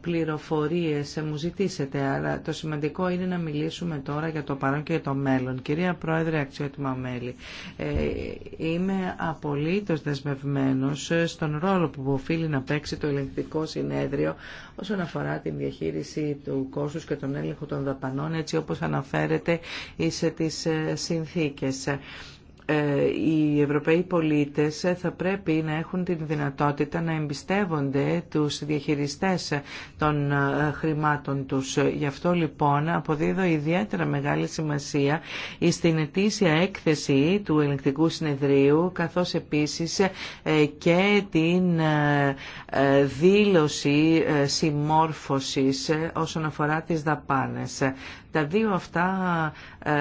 πληροφορίες μου ζητήσετε. Αλλά το σημαντικό είναι να μιλήσουμε τώρα για το παρόν και για το μέλλον. Κυρία Πρόεδρε, αξιότιμα μέλη. Ε, είμαι απολύτως δεσμευμένος στον ρόλο που οφείλει να παίξει το ελεγκτικό συνέδριο όσον αφορά την διαχείριση του κόστους και τον έλεγχο των δαπανών, έτσι όπως αναφέρεται σε τις ε, συνθήκες. Ε, οι Ευρωπαίοι πολίτες θα πρέπει να έχουν την δυνατότητα να εμπιστεύονται τους διαχειριστές των ε, χρημάτων τους. Γι' αυτό λοιπόν αποδίδω ιδιαίτερα μεγάλη σημασία στην ετήσια έκθεση του Ελεκτικού Συνεδρίου καθώς επίσης ε, και την δήλωση συμμόρφωσης όσον αφορά τις δαπάνες. Τα δύο αυτά ε,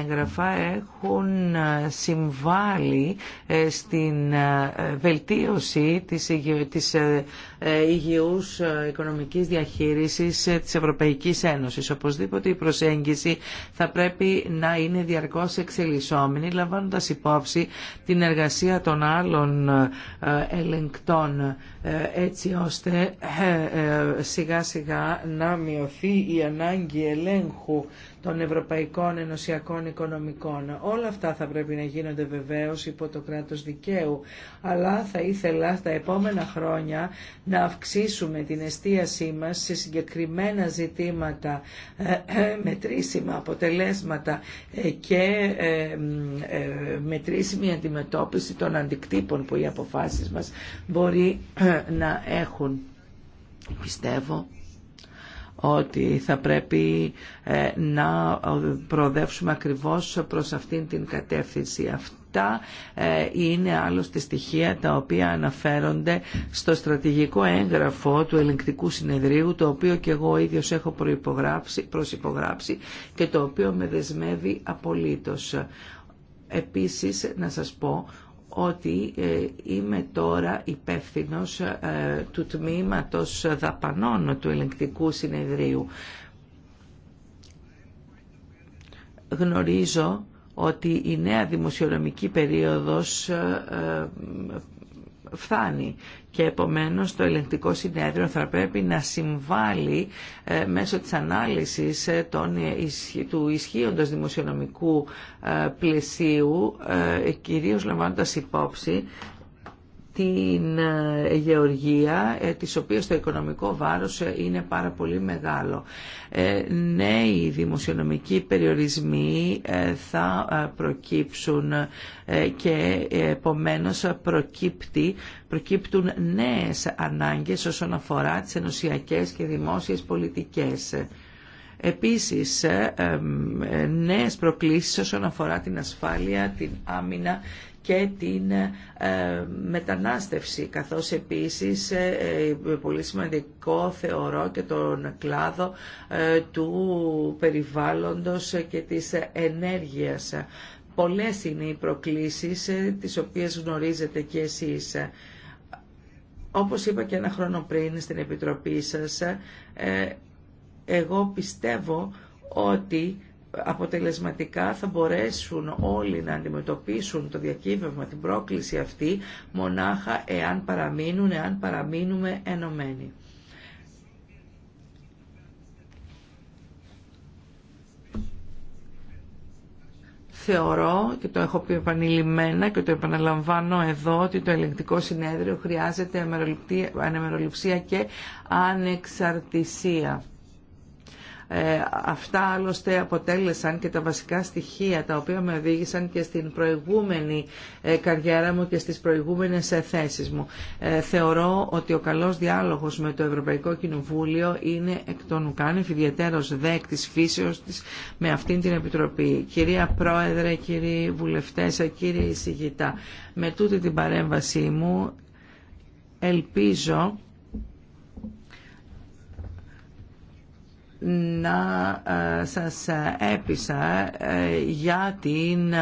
έγγραφα έχουν συμβάλει ε, στην ε, βελτίωση της, της υγιούς οικονομικής διαχείρισης της Ευρωπαϊκής Ένωσης. Οπωσδήποτε η προσέγγιση θα πρέπει να είναι διαρκώς εξελισσόμενη, λαμβάνοντας υπόψη την εργασία των άλλων ελεγκτών, έτσι ώστε σιγά σιγά να μειωθεί η ανάγκη ελέγχου των ευρωπαϊκών ενωσιακών οικονομικών. Όλα αυτά θα πρέπει να γίνονται βεβαίως υπό το κράτος δικαίου, αλλά θα ήθελα στα επόμενα χρόνια να αυξήσουμε την εστίασή μας σε συγκεκριμένα ζητήματα, ε, ε, μετρήσιμα αποτελέσματα ε, και μετρήσιμη αντιμετώπιση των αντικτύπων που οι αποφάσεις μας μπορεί να έχουν. Πιστεύω ότι θα πρέπει ε, να προοδεύσουμε ακριβώς προς αυτήν την κατεύθυνση. Αυτά ε, είναι άλλωστε στοιχεία τα οποία αναφέρονται στο στρατηγικό έγγραφο του ελεγκτικού συνεδρίου το οποίο και εγώ ίδιος έχω προσυπογράψει και το οποίο με δεσμεύει απολύτως. Επίσης να σας πω ότι ε, είμαι τώρα υπεύθυνος ε, του τμήματος δαπανών του ελεγκτικού συνεδρίου. Γνωρίζω ότι η νέα δημοσιονομική περίοδος ε, και επομένως το ελεγκτικό συνέδριο θα πρέπει να συμβάλλει ε, μέσω της ανάλυσης ε, του ισχύοντος δημοσιονομικού ε, πλαισίου κυρίως λαμβάνοντας υπόψη την ε, γεωργία ε, της οποίας το οικονομικό βάρος ε, είναι πάρα πολύ μεγάλο. Νέοι δημοσιονομικοί περιορισμοί θα προκύψουν και επομένως προκύπτει, προκύπτουν νέες ανάγκες όσον αφορά τις ενωσιακές και δημόσιες πολιτικές. Επίσης, νέες προκλήσεις όσον αφορά την ασφάλεια, την άμυνα και την ε, μετανάστευση, καθώς επίσης ε, ε, πολύ σημαντικό θεωρώ και τον κλάδο του περιβάλλοντος και της ενέργειας. Πολλές είναι οι προκλήσεις τις οποίες γνωρίζετε και εσείς. Όπως είπα και ένα χρόνο πριν στην Επιτροπή σας, εγώ πιστεύω ότι αποτελεσματικά θα μπορέσουν όλοι να αντιμετωπίσουν το διακύβευμα, την πρόκληση αυτή μονάχα εάν παραμείνουν, εάν παραμείνουμε ενωμένοι. θεωρώ και το έχω πει επανειλημμένα και το επαναλαμβάνω εδώ ότι το ελεγκτικό συνέδριο χρειάζεται ανεμεροληψία και ανεξαρτησία. Ε, αυτά άλλωστε αποτέλεσαν και τα βασικά στοιχεία τα οποία με οδήγησαν και στην προηγούμενη ε, καριέρα μου και στις προηγούμενες ε, θέσεις μου. Θεωρώ ότι ο καλός διάλογος με το Ευρωπαϊκό Κοινοβούλιο είναι εκ των ουκάνευ ιδιαίτερος φύσεως της με αυτήν την Επιτροπή. Κυρία Πρόεδρε, κύριοι βουλευτές, κύριε συγητά με τούτη την παρέμβασή μου ελπίζω να ε, σας έπεισα ε, για την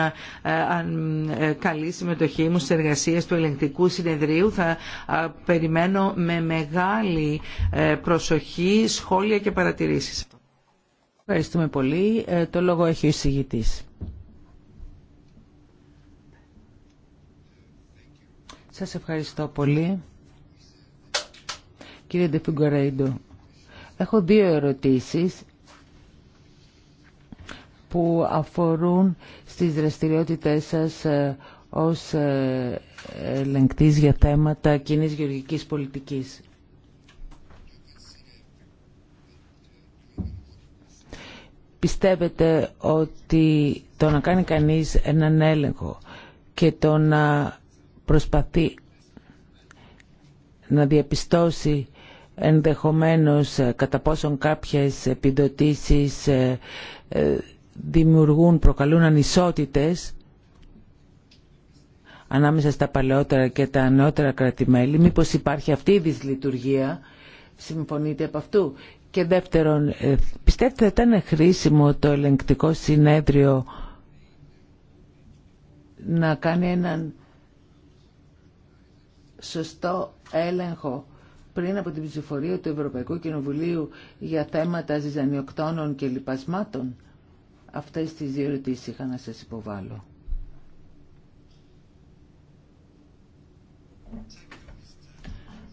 ε, καλή συμμετοχή μου στις εργασίες του ελεγκτικού συνεδρίου. Θα περιμένω με μεγάλη προσοχή σχόλια και παρατηρήσεις. Ευχαριστούμε πολύ. Το λόγο έχει ο εισηγητής. Σας ευχαριστώ πολύ. Κύριε Ντεφιγκορέιντο, Έχω δύο ερωτήσεις που αφορούν στις δραστηριότητες σας ε, ως ε, ελεγκτής για θέματα κοινή γεωργικής πολιτικής. Πιστεύετε ότι το να κάνει κανείς έναν έλεγχο και το να προσπαθεί να διαπιστώσει ενδεχομένως ε, κατά πόσον κάποιες επιδοτήσεις ε, ε, δημιουργούν, προκαλούν ανισότητες ανάμεσα στα παλαιότερα και τα νεότερα κρατημέλη. Μήπως υπάρχει αυτή η δυσλειτουργία, συμφωνείτε από αυτού. Και δεύτερον, πιστεύετε ότι ήταν χρήσιμο το ελεγκτικό συνέδριο να κάνει έναν σωστό έλεγχο πριν από την ψηφορία του Ευρωπαϊκού Κοινοβουλίου για θέματα ζυζανιοκτώνων και λοιπασμάτων. Αυτές τις δύο ερωτήσεις είχα να σας υποβάλω.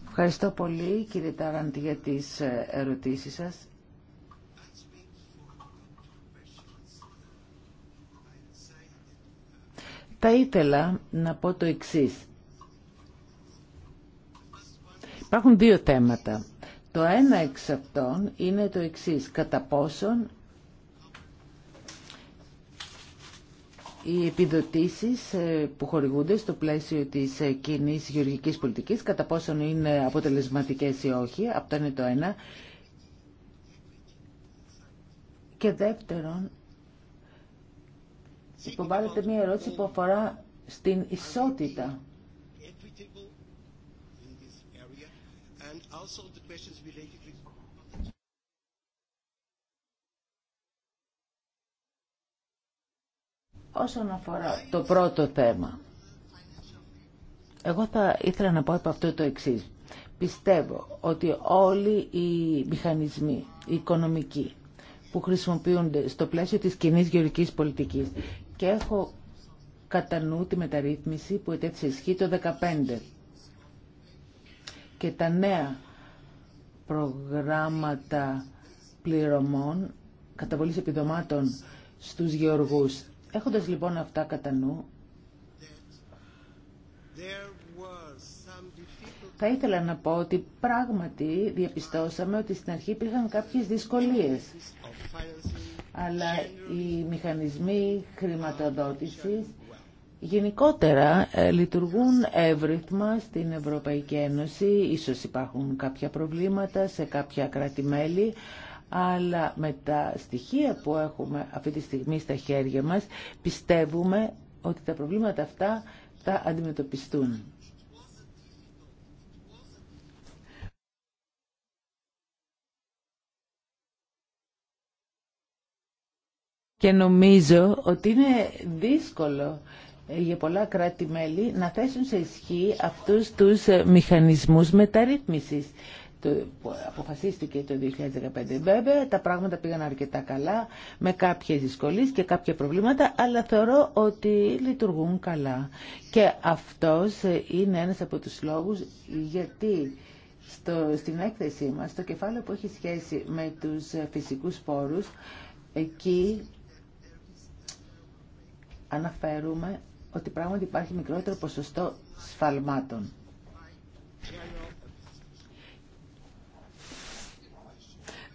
Ευχαριστώ πολύ κύριε Τάραντ για τις ε, ερωτήσεις σας. Θα ήθελα να πω το εξής. Υπάρχουν δύο θέματα. Το ένα εξ αυτών είναι το εξής. Κατά πόσον οι επιδοτήσεις ε, που χορηγούνται στο πλαίσιο της ε, κοινή γεωργικής πολιτικής, κατά πόσον είναι αποτελεσματικές ή όχι, αυτό είναι το ένα. Και δεύτερον, υποβάλλεται μία ερώτηση που αφορά στην ισότητα Όσον αφορά το πρώτο θέμα, εγώ θα ήθελα να πω από αυτό το εξή. Πιστεύω ότι όλοι οι μηχανισμοί, οι οικονομικοί, που χρησιμοποιούνται στο πλαίσιο της κοινή γεωργικής πολιτικής και έχω κατά νου τη μεταρρύθμιση που ετέθησε ισχύ το 2015 και τα νέα προγράμματα πληρωμών, καταβολής επιδομάτων στους γεωργούς. Έχοντας λοιπόν αυτά κατά νου, θα ήθελα να πω ότι πράγματι διαπιστώσαμε ότι στην αρχή υπήρχαν κάποιες δυσκολίες. Αλλά οι μηχανισμοί χρηματοδότησης Γενικότερα ε, λειτουργούν εύρυθμα στην Ευρωπαϊκή Ένωση, ίσως υπάρχουν κάποια προβλήματα σε κάποια κράτη-μέλη, αλλά με τα στοιχεία που έχουμε αυτή τη στιγμή στα χέρια μας πιστεύουμε ότι τα προβλήματα αυτά θα αντιμετωπιστούν. Και νομίζω ότι είναι δύσκολο για πολλά κράτη-μέλη να θέσουν σε ισχύ αυτούς τους ε, μηχανισμούς μεταρρύθμισης. που αποφασίστηκε το 2015. Βέβαια, τα πράγματα πήγαν αρκετά καλά, με κάποιες δυσκολίες και κάποια προβλήματα, αλλά θεωρώ ότι λειτουργούν καλά. Και αυτός ε, είναι ένας από τους λόγους γιατί στο, στην έκθεσή μας, το κεφάλαιο που έχει σχέση με τους ε, φυσικούς πόρους, εκεί αναφέρουμε ότι πράγματι υπάρχει μικρότερο ποσοστό σφαλμάτων.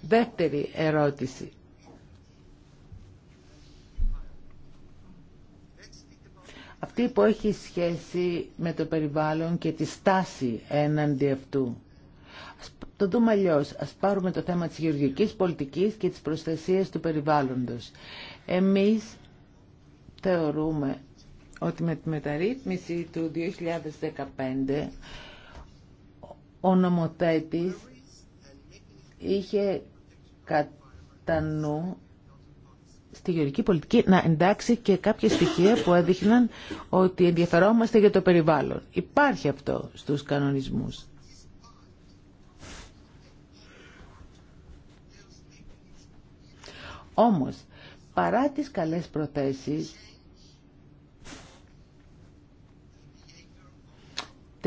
Δεύτερη ερώτηση. Αυτή που έχει σχέση με το περιβάλλον και τη στάση έναντι αυτού. το δούμε αλλιώ. Ας πάρουμε το θέμα της γεωργικής πολιτικής και της προστασίας του περιβάλλοντος. Εμείς θεωρούμε ότι με τη μεταρρύθμιση του 2015 ο νομοθέτης είχε κατά νου στη γεωρική πολιτική να εντάξει και κάποια στοιχεία που έδειχναν ότι ενδιαφερόμαστε για το περιβάλλον. Υπάρχει αυτό στους κανονισμούς. Όμως, παρά τις καλές προθέσεις,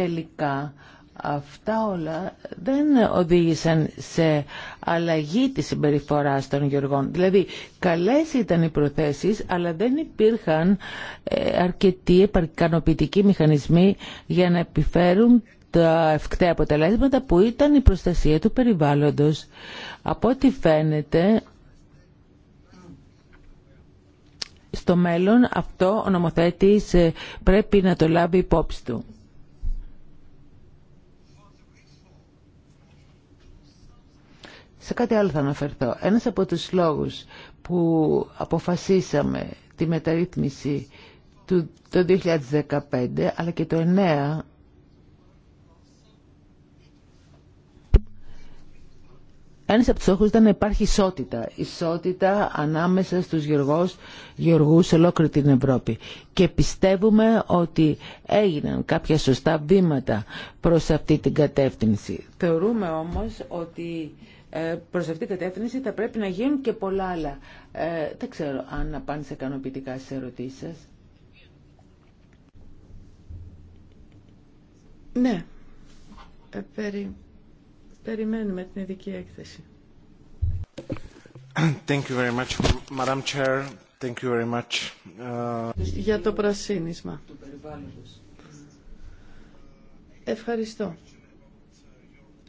τελικά αυτά όλα δεν οδήγησαν σε αλλαγή της συμπεριφοράς των γεωργών. Δηλαδή, καλές ήταν οι προθέσεις, αλλά δεν υπήρχαν ε, αρκετοί επαρκανοποιητικοί μηχανισμοί για να επιφέρουν τα ευκταία αποτελέσματα που ήταν η προστασία του περιβάλλοντος. Από ό,τι φαίνεται, στο μέλλον αυτό ο νομοθέτης ε, πρέπει να το λάβει υπόψη του. Σε κάτι άλλο θα αναφερθώ. Ένας από τους λόγους που αποφασίσαμε τη μεταρρύθμιση του, το 2015 αλλά και το 2009 Ένα από του λόγους ήταν να υπάρχει ισότητα. Ισότητα ανάμεσα στους γεωργού γεωργούς σε ολόκληρη την Ευρώπη. Και πιστεύουμε ότι έγιναν κάποια σωστά βήματα προς αυτή την κατεύθυνση. Θεωρούμε όμως ότι ε, προ αυτήν την κατεύθυνση θα πρέπει να γίνουν και πολλά άλλα. Ε, δεν ξέρω αν απάντησα ικανοποιητικά στι ερωτήσει σα. Ναι, ε, περι... περιμένουμε την ειδική έκθεση. Thank you very much, Madam Chair. Thank you very much. Uh... Για το πρασίνισμα. Ευχαριστώ.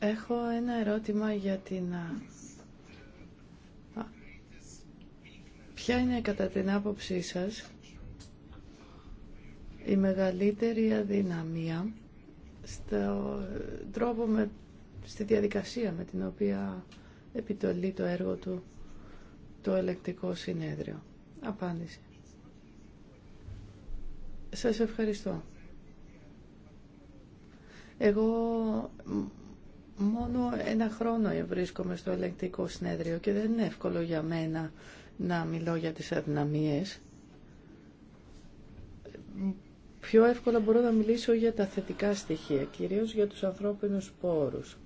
Έχω ένα ερώτημα για την... Ποια είναι κατά την άποψή σας η μεγαλύτερη αδυναμία στο τρόπο με, στη διαδικασία με την οποία επιτολεί το έργο του το ελεκτικό συνέδριο. Απάντηση. Σας ευχαριστώ. Εγώ Μόνο ένα χρόνο βρίσκομαι στο ελεγκτικό συνέδριο και δεν είναι εύκολο για μένα να μιλώ για τις αδυναμίες. Πιο εύκολα μπορώ να μιλήσω για τα θετικά στοιχεία, κυρίως για τους ανθρώπινους πόρους.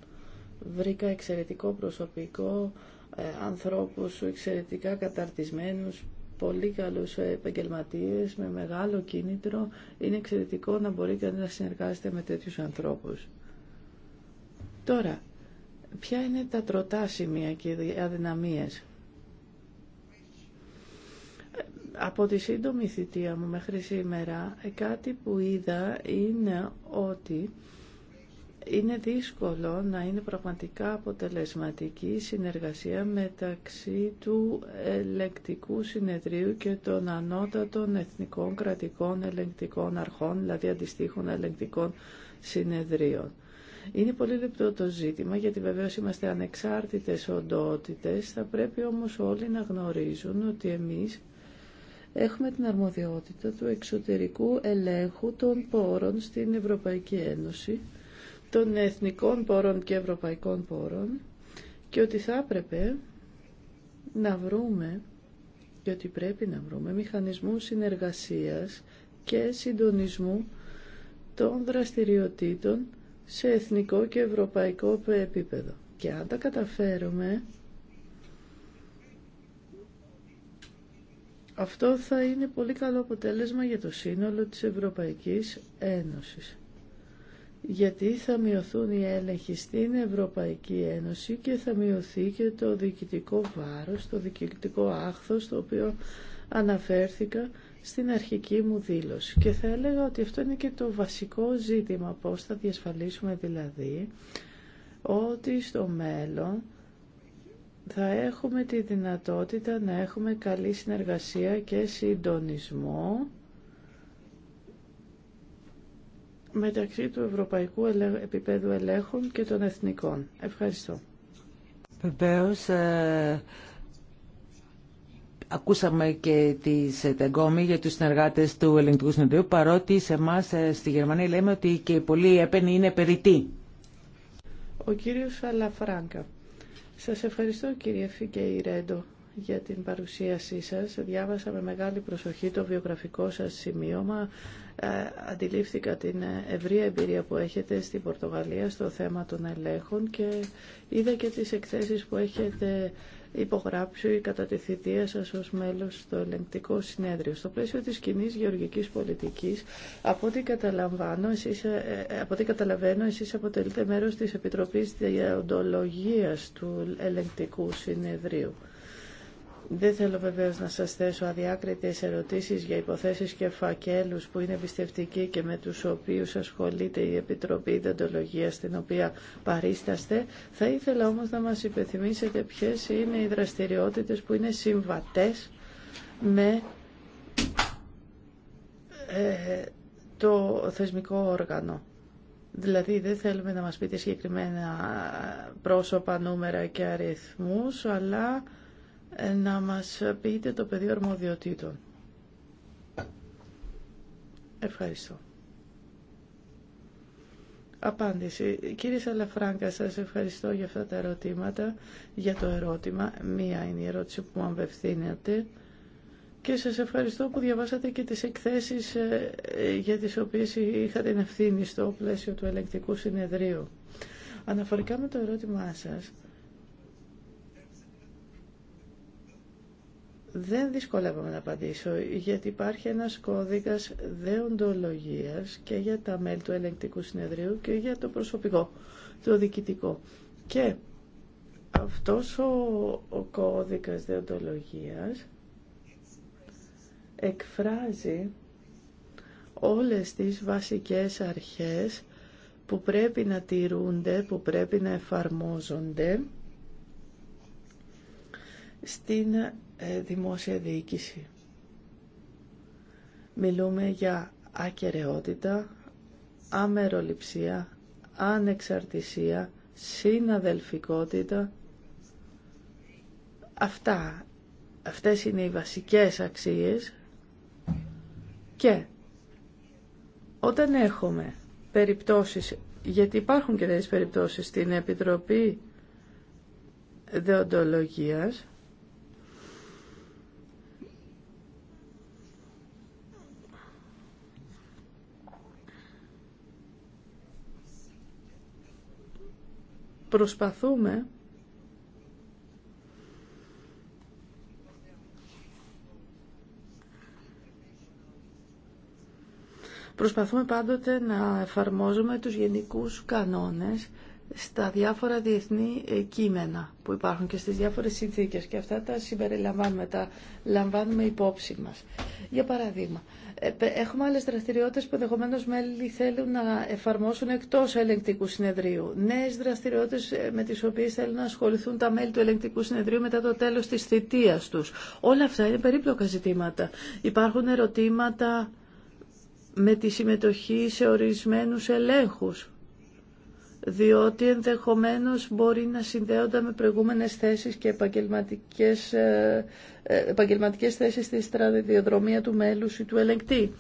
Βρήκα εξαιρετικό προσωπικό, ε, ανθρώπους εξαιρετικά καταρτισμένους, πολύ καλούς επαγγελματίες, με μεγάλο κίνητρο. Είναι εξαιρετικό να μπορεί κανείς να συνεργάζεται με τέτοιους ανθρώπους. Τώρα, ποια είναι τα τροτά σημεία και οι αδυναμίες. Από τη σύντομη θητεία μου μέχρι σήμερα, κάτι που είδα είναι ότι είναι δύσκολο να είναι πραγματικά αποτελεσματική η συνεργασία μεταξύ του ελεκτικού συνεδρίου και των ανώτατων εθνικών κρατικών ελεγκτικών αρχών, δηλαδή αντιστοίχων ελεγκτικών συνεδρίων. Είναι πολύ λεπτό το ζήτημα γιατί βεβαίω είμαστε ανεξάρτητες οντότητε. Θα πρέπει όμως όλοι να γνωρίζουν ότι εμείς έχουμε την αρμοδιότητα του εξωτερικού ελέγχου των πόρων στην Ευρωπαϊκή Ένωση, των εθνικών πόρων και ευρωπαϊκών πόρων και ότι θα έπρεπε να βρούμε και ότι πρέπει να βρούμε μηχανισμού συνεργασίας και συντονισμού των δραστηριοτήτων σε εθνικό και ευρωπαϊκό επίπεδο. Και αν τα καταφέρουμε, αυτό θα είναι πολύ καλό αποτέλεσμα για το σύνολο της Ευρωπαϊκής Ένωσης. Γιατί θα μειωθούν οι έλεγχοι στην Ευρωπαϊκή Ένωση και θα μειωθεί και το διοικητικό βάρος, το διοικητικό άχθος, το οποίο αναφέρθηκα στην αρχική μου δήλωση. Και θα έλεγα ότι αυτό είναι και το βασικό ζήτημα, πώς θα διασφαλίσουμε δηλαδή ότι στο μέλλον θα έχουμε τη δυνατότητα να έχουμε καλή συνεργασία και συντονισμό μεταξύ του ευρωπαϊκού επίπεδου ελέγχων και των εθνικών. Ευχαριστώ. Ε, Ακούσαμε και τις ε, τεγκόμοι για τους συνεργάτες του Ελληνικού Συνεδρίου, παρότι σε εμά ε, στη Γερμανία λέμε ότι και πολλοί έπαινοι είναι περιττοί. Ο κύριος Αλαφράγκα. Σας ευχαριστώ κύριε Φικέη Ρέντο για την παρουσίασή σας. Διάβασα με μεγάλη προσοχή το βιογραφικό σας σημείωμα. Ε, αντιλήφθηκα την ευρία εμπειρία που έχετε στην Πορτογαλία στο θέμα των ελέγχων και είδα και τις εκθέσεις που έχετε υπογράψει κατά τη θητεία σα ω μέλος στο ελεγκτικό συνέδριο. Στο πλαίσιο τη κοινή γεωργική πολιτική, από ό,τι, καταλαβαίνω, εσείς, ε, ε, από ό,τι καταλαβαίνω, εσείς αποτελείτε μέρο της Επιτροπής Διαοντολογία του Ελεγκτικού Συνεδρίου. Δεν θέλω βεβαίω να σας θέσω αδιάκριτες ερωτήσεις για υποθέσεις και φακέλους που είναι εμπιστευτικοί και με τους οποίους ασχολείται η Επιτροπή δεντολογία στην οποία παρίσταστε. Θα ήθελα όμως να μας υπενθυμίσετε ποιε είναι οι δραστηριότητε που είναι συμβατές με ε, το θεσμικό όργανο. Δηλαδή δεν θέλουμε να μας πείτε συγκεκριμένα πρόσωπα, νούμερα και αριθμούς, αλλά ε, να μας πείτε το πεδίο αρμοδιοτήτων. Ευχαριστώ. Απάντηση. Κύριε Σαλαφράγκα, σας ευχαριστώ για αυτά τα ερωτήματα, για το ερώτημα. Μία είναι η ερώτηση που μου αμπευθύνεται Και σας ευχαριστώ που διαβάσατε και τις εκθέσεις ε, για τις οποίες είχατε την ευθύνη στο πλαίσιο του ελεγκτικού συνεδρίου. Αναφορικά με το ερώτημά σας, δεν δυσκολεύομαι να απαντήσω, γιατί υπάρχει ένας κώδικας δεοντολογίας και για τα μέλη του ελεγκτικού συνεδρίου και για το προσωπικό, το διοικητικό. Και αυτός ο, ο κώδικας δεοντολογίας εκφράζει όλες τις βασικές αρχές που πρέπει να τηρούνται, που πρέπει να εφαρμόζονται στην ε, δημόσια διοίκηση. Μιλούμε για ακαιρεότητα, αμεροληψία, ανεξαρτησία, συναδελφικότητα. Αυτά, αυτές είναι οι βασικές αξίες και όταν έχουμε περιπτώσεις, γιατί υπάρχουν και τέτοιες περιπτώσεις στην Επιτροπή Δεοντολογίας, προσπαθούμε Προσπαθούμε πάντοτε να εφαρμόζουμε τους γενικούς κανόνες στα διάφορα διεθνή ε, κείμενα που υπάρχουν και στις διάφορες συνθήκες και αυτά τα συμπεριλαμβάνουμε, τα λαμβάνουμε υπόψη μας. Για παράδειγμα, ε, έχουμε άλλες δραστηριότητες που ενδεχομένω μέλη θέλουν να εφαρμόσουν εκτός ελεγκτικού συνεδρίου. Νέες δραστηριότητες ε, με τις οποίες θέλουν να ασχοληθούν τα μέλη του ελεγκτικού συνεδρίου μετά το τέλος της θητείας τους. Όλα αυτά είναι περίπλοκα ζητήματα. Υπάρχουν ερωτήματα με τη συμμετοχή σε ορισμένους ελέγχους διότι ενδεχομένως μπορεί να συνδέονται με προηγούμενες θέσεις και επαγγελματικές, ε, ε, επαγγελματικές θέσεις στη στρατιδιοδρομία του μέλους ή του ελεγκτή.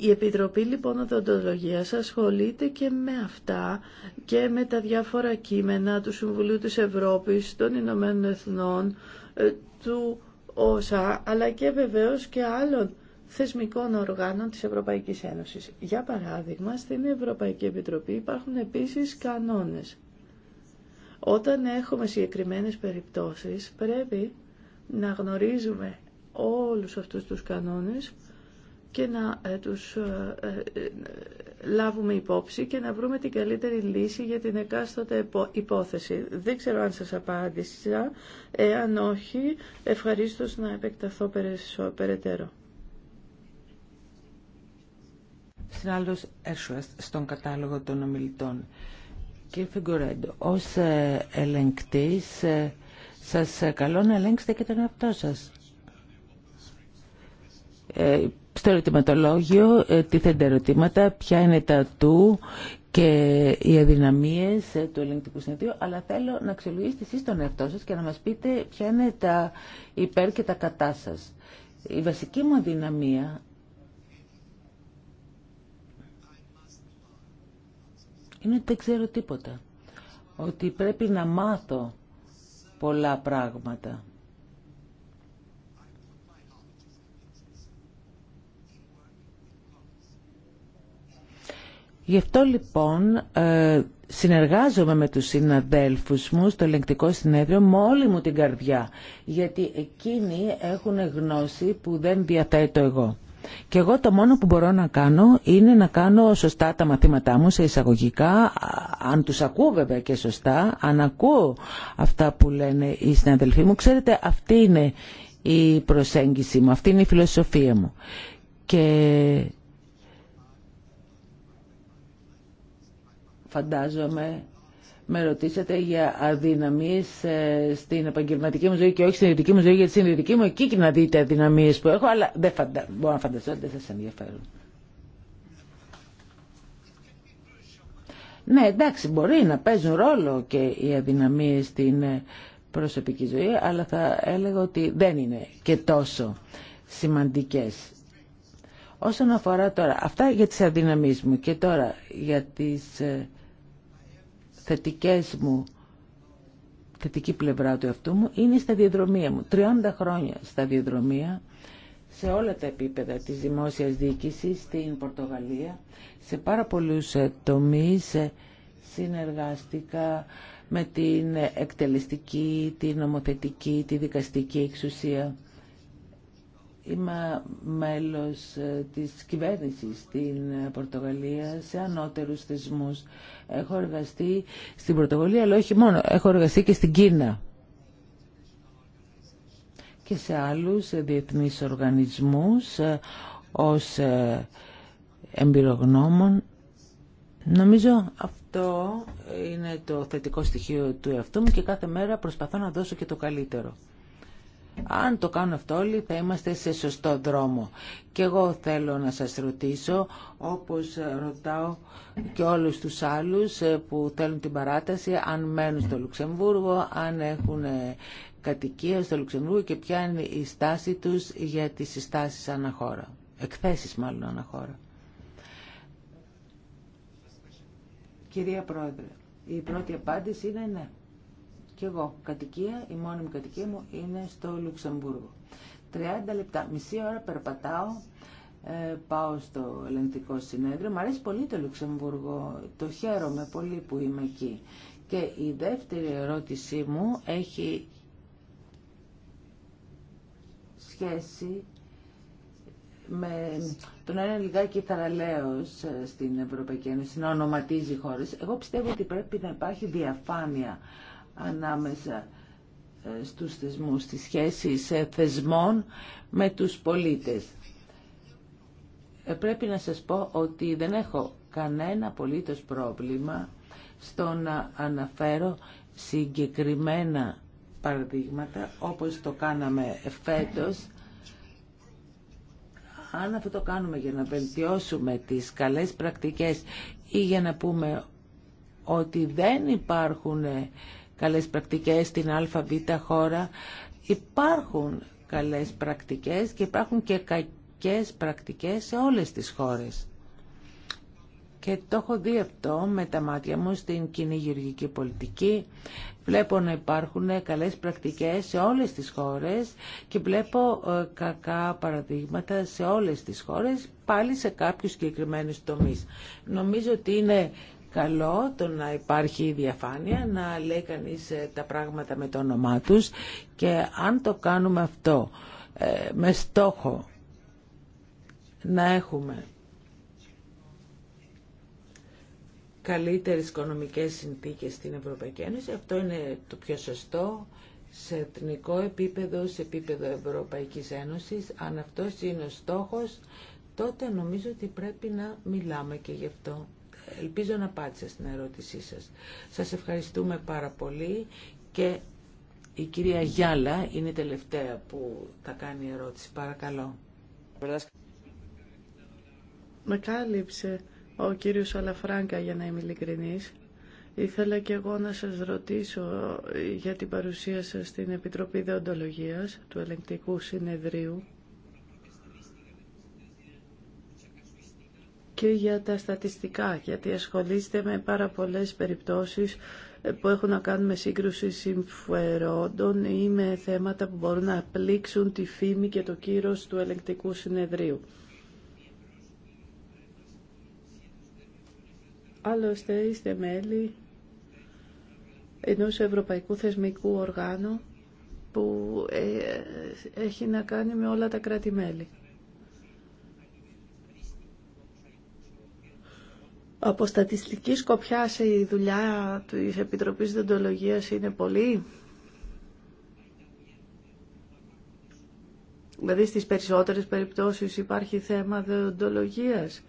Η Επιτροπή λοιπόν Οδοντολογίας ασχολείται και με αυτά και με τα διάφορα κείμενα του Συμβουλίου της Ευρώπης, των Ηνωμένων Εθνών, ε, του ΩΣΑ, αλλά και βεβαίως και άλλων θεσμικών οργάνων της Ευρωπαϊκής Ένωσης. Για παράδειγμα, στην Ευρωπαϊκή Επιτροπή υπάρχουν επίσης κανόνες. Όταν έχουμε συγκεκριμένες περιπτώσεις, πρέπει να γνωρίζουμε όλους αυτούς τους κανόνες και να ε, τους ε, ε, λάβουμε υπόψη και να βρούμε την καλύτερη λύση για την εκάστοτε υπόθεση. Δεν ξέρω αν σας απάντησα. Εάν όχι, ευχαρίστως να επεκταθώ περαιτέρω. συνάδελφος Έρσουαστ στον κατάλογο των ομιλητών. Κύριε Φιγκουρέντο, ως ε, ελεγκτής ε, σας ε, καλώ να ελέγξετε και τον εαυτό σας. στο ερωτηματολόγιο τίθενται ερωτήματα, ποια είναι τα του και οι αδυναμίες του ελεγκτικού συνεδρίου, αλλά θέλω να αξιολογήσετε εσείς τον εαυτό σας και να μας πείτε ποια είναι τα υπέρ και τα κατά σας. Η βασική μου αδυναμία είναι ότι δεν ξέρω τίποτα. Ότι πρέπει να μάθω πολλά πράγματα. Γι' αυτό λοιπόν ε, συνεργάζομαι με τους συναδέλφους μου στο ελεγκτικό συνέδριο με όλη μου την καρδιά, γιατί εκείνοι έχουν γνώση που δεν διαθέτω εγώ. Και εγώ το μόνο που μπορώ να κάνω είναι να κάνω σωστά τα μαθήματά μου σε εισαγωγικά, αν τους ακούω βέβαια και σωστά, αν ακούω αυτά που λένε οι συναδελφοί μου. Ξέρετε, αυτή είναι η προσέγγιση μου, αυτή είναι η φιλοσοφία μου. Και φαντάζομαι με ρωτήσατε για αδυναμίες ε, στην επαγγελματική μου ζωή και όχι στην ιδιωτική μου ζωή, γιατί στην ιδιωτική μου εκεί και να δείτε αδυναμίες που έχω, αλλά δεν φαντα... μπορώ να φανταστώ ότι δεν θα σας ενδιαφέρουν. Ναι, εντάξει, μπορεί να παίζουν ρόλο και οι αδυναμίες στην ε, προσωπική ζωή, αλλά θα έλεγα ότι δεν είναι και τόσο σημαντικές. Όσον αφορά τώρα, αυτά για τις αδυναμίες μου και τώρα για τις ε, θετικές μου, θετική πλευρά του εαυτού μου είναι στα διαδρομία μου. 30 χρόνια στα διαδρομία σε όλα τα επίπεδα της δημόσιας διοίκησης στην Πορτογαλία, σε πάρα πολλούς ε, τομείς ε, συνεργάστηκα με την εκτελεστική, την νομοθετική, τη δικαστική εξουσία. Είμαι μέλος ε, της κυβέρνησης στην ε, Πορτογαλία σε ανώτερους θεσμούς. Έχω εργαστεί στην Πορτογαλία, αλλά όχι μόνο. Έχω εργαστεί και στην Κίνα και σε άλλους ε, διεθνείς οργανισμούς ως εμπειρογνώμων. Νομίζω αυτό είναι το θετικό στοιχείο του εαυτού μου και κάθε μέρα προσπαθώ να δώσω και το καλύτερο. Αν το κάνω αυτό όλοι θα είμαστε σε σωστό δρόμο. Και εγώ θέλω να σας ρωτήσω, όπως ρωτάω και όλους τους άλλους ε, που θέλουν την παράταση, αν μένουν στο Λουξεμβούργο, αν έχουν ε, κατοικία στο Λουξεμβούργο και ποια είναι η στάση τους για τις συστάσεις αναχώρα. Εκθέσεις μάλλον αναχώρα. Κυρία Πρόεδρε, η πρώτη απάντηση είναι ναι. Και εγώ, κατοικία, η μόνη μου κατοικία μου είναι στο Λουξεμβούργο. 30 λεπτά, μισή ώρα περπατάω, ε, πάω στο ελεγκτικό συνέδριο. Μ' αρέσει πολύ το Λουξεμβούργο, το χαίρομαι πολύ που είμαι εκεί. Και η δεύτερη ερώτησή μου έχει σχέση με τον ένα λιγάκι θαραλέος ε, στην Ευρωπαϊκή Ένωση να ονοματίζει χώρες. Εγώ πιστεύω ότι πρέπει να υπάρχει διαφάνεια ανάμεσα ε, στους θεσμούς, στις σχέσεις ε, θεσμών με τους πολίτες. Ε, πρέπει να σας πω ότι δεν έχω κανένα απολύτως πρόβλημα στο να αναφέρω συγκεκριμένα παραδείγματα όπως το κάναμε φέτος αν αυτό το κάνουμε για να βελτιώσουμε τις καλές πρακτικές ή για να πούμε ότι δεν υπάρχουν καλές πρακτικές στην ΑΒ χώρα. Υπάρχουν καλές πρακτικές και υπάρχουν και κακές πρακτικές σε όλες τις χώρες. Και το έχω δει αυτό με τα μάτια μου στην κοινή γεωργική πολιτική. Βλέπω να υπάρχουν καλές πρακτικές σε όλες τις χώρες και βλέπω ε, κακά παραδείγματα σε όλες τις χώρες, πάλι σε κάποιους συγκεκριμένους τομείς. Νομίζω ότι είναι καλό το να υπάρχει διαφάνεια, να λέει κανείς ε, τα πράγματα με το όνομά τους και αν το κάνουμε αυτό ε, με στόχο να έχουμε καλύτερες οικονομικές συνθήκες στην Ευρωπαϊκή Ένωση, αυτό είναι το πιο σωστό σε εθνικό επίπεδο, σε επίπεδο Ευρωπαϊκής Ένωσης. Αν αυτός είναι ο στόχος, τότε νομίζω ότι πρέπει να μιλάμε και γι' αυτό. Ελπίζω να απάντησα στην ερώτησή σας. Σας ευχαριστούμε πάρα πολύ και η κυρία Γιάλα είναι η τελευταία που θα κάνει ερώτηση. Παρακαλώ. Με κάλυψε ο κύριος Αλαφράγκα για να είμαι ειλικρινής. Ήθελα και εγώ να σας ρωτήσω ε, για την παρουσία σας στην Επιτροπή Δεοντολογίας του Ελεγκτικού Συνεδρίου και για τα στατιστικά, γιατί ασχολείστε με πάρα πολλές περιπτώσεις ε, που έχουν να κάνουν με σύγκρουση συμφερόντων ή με θέματα που μπορούν να πλήξουν τη φήμη και το κύρος του ελεγκτικού συνεδρίου. Άλλωστε είστε μέλη ενός ευρωπαϊκού θεσμικού οργάνου που ε, έχει να κάνει με όλα τα κράτη-μέλη. Από στατιστική σκοπιά η δουλειά της Επιτροπής Δεντολογίας είναι πολύ. Δηλαδή στις περισσότερες περιπτώσεις υπάρχει θέμα δεοντολογίας.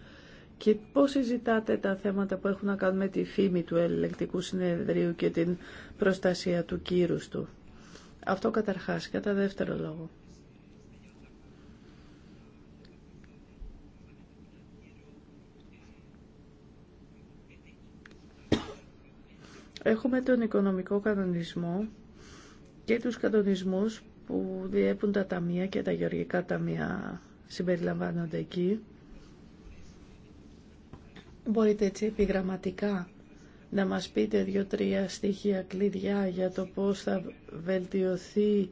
Και πώς συζητάτε τα θέματα που έχουν να κάνουν με τη φήμη του ελεκτικού συνεδρίου και την προστασία του κύρους του. Αυτό καταρχάς, κατά δεύτερο λόγο. Έχουμε τον οικονομικό κανονισμό και τους κανονισμούς που διέπουν τα ταμεία και τα γεωργικά ταμεία συμπεριλαμβάνονται εκεί. Μπορείτε έτσι επιγραμματικά να μας πείτε δύο-τρία στοιχεία κλειδιά για το πώς θα βελτιωθεί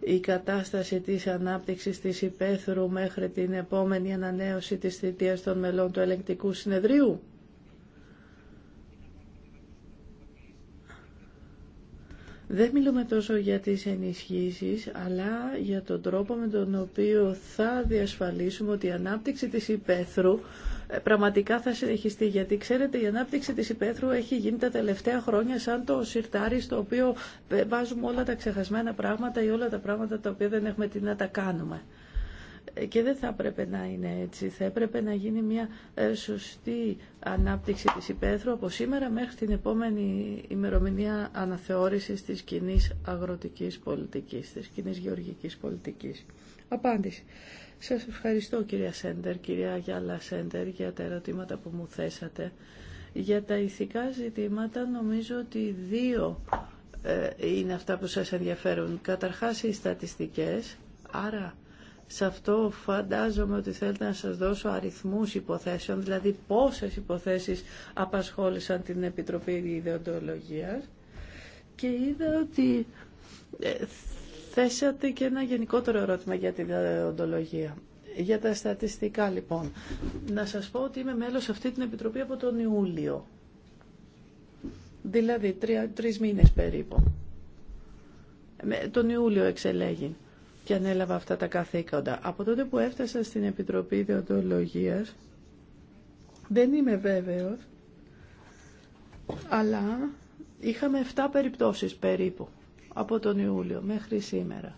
η κατάσταση της ανάπτυξης της υπαίθρου μέχρι την επόμενη ανανέωση της θητείας των μελών του ελεγκτικού συνεδρίου. Δεν μιλούμε τόσο για τις ενισχύσεις, αλλά για τον τρόπο με τον οποίο θα διασφαλίσουμε ότι η ανάπτυξη της υπαίθρου ε, πραγματικά θα συνεχιστεί. Γιατί ξέρετε, η ανάπτυξη της υπαίθρου έχει γίνει τα τελευταία χρόνια σαν το σιρτάρι στο οποίο βάζουμε όλα τα ξεχασμένα πράγματα ή όλα τα πράγματα τα οποία δεν έχουμε τι να τα κάνουμε και δεν θα έπρεπε να είναι έτσι. Θα έπρεπε να γίνει μια ε, σωστή ανάπτυξη της υπαίθρου από σήμερα μέχρι την επόμενη ημερομηνία αναθεώρησης της κοινή αγροτικής πολιτικής, της κοινή γεωργικής πολιτικής. Απάντηση. Σας ευχαριστώ κυρία Σέντερ, κυρία Γιάλα Σέντερ για τα ερωτήματα που μου θέσατε. Για τα ηθικά ζητήματα νομίζω ότι δύο ε, είναι αυτά που σας ενδιαφέρουν. Καταρχάς οι στατιστικές, άρα σε αυτό φαντάζομαι ότι θέλετε να σας δώσω αριθμούς υποθέσεων, δηλαδή πόσες υποθέσεις απασχόλησαν την Επιτροπή Ιδεοντολογίας και είδα ότι ε, θέσατε και ένα γενικότερο ερώτημα για την ιδεοντολογία. Για τα στατιστικά λοιπόν. Να σας πω ότι είμαι μέλος αυτή την Επιτροπή από τον Ιούλιο. Δηλαδή τρία, τρεις μήνες περίπου. Τον Ιούλιο εξελέγει και ανέλαβα αυτά τα καθήκοντα. Από τότε που έφτασα στην Επιτροπή Διοντολογίας, δεν είμαι βέβαιος, αλλά είχαμε 7 περιπτώσεις περίπου από τον Ιούλιο μέχρι σήμερα.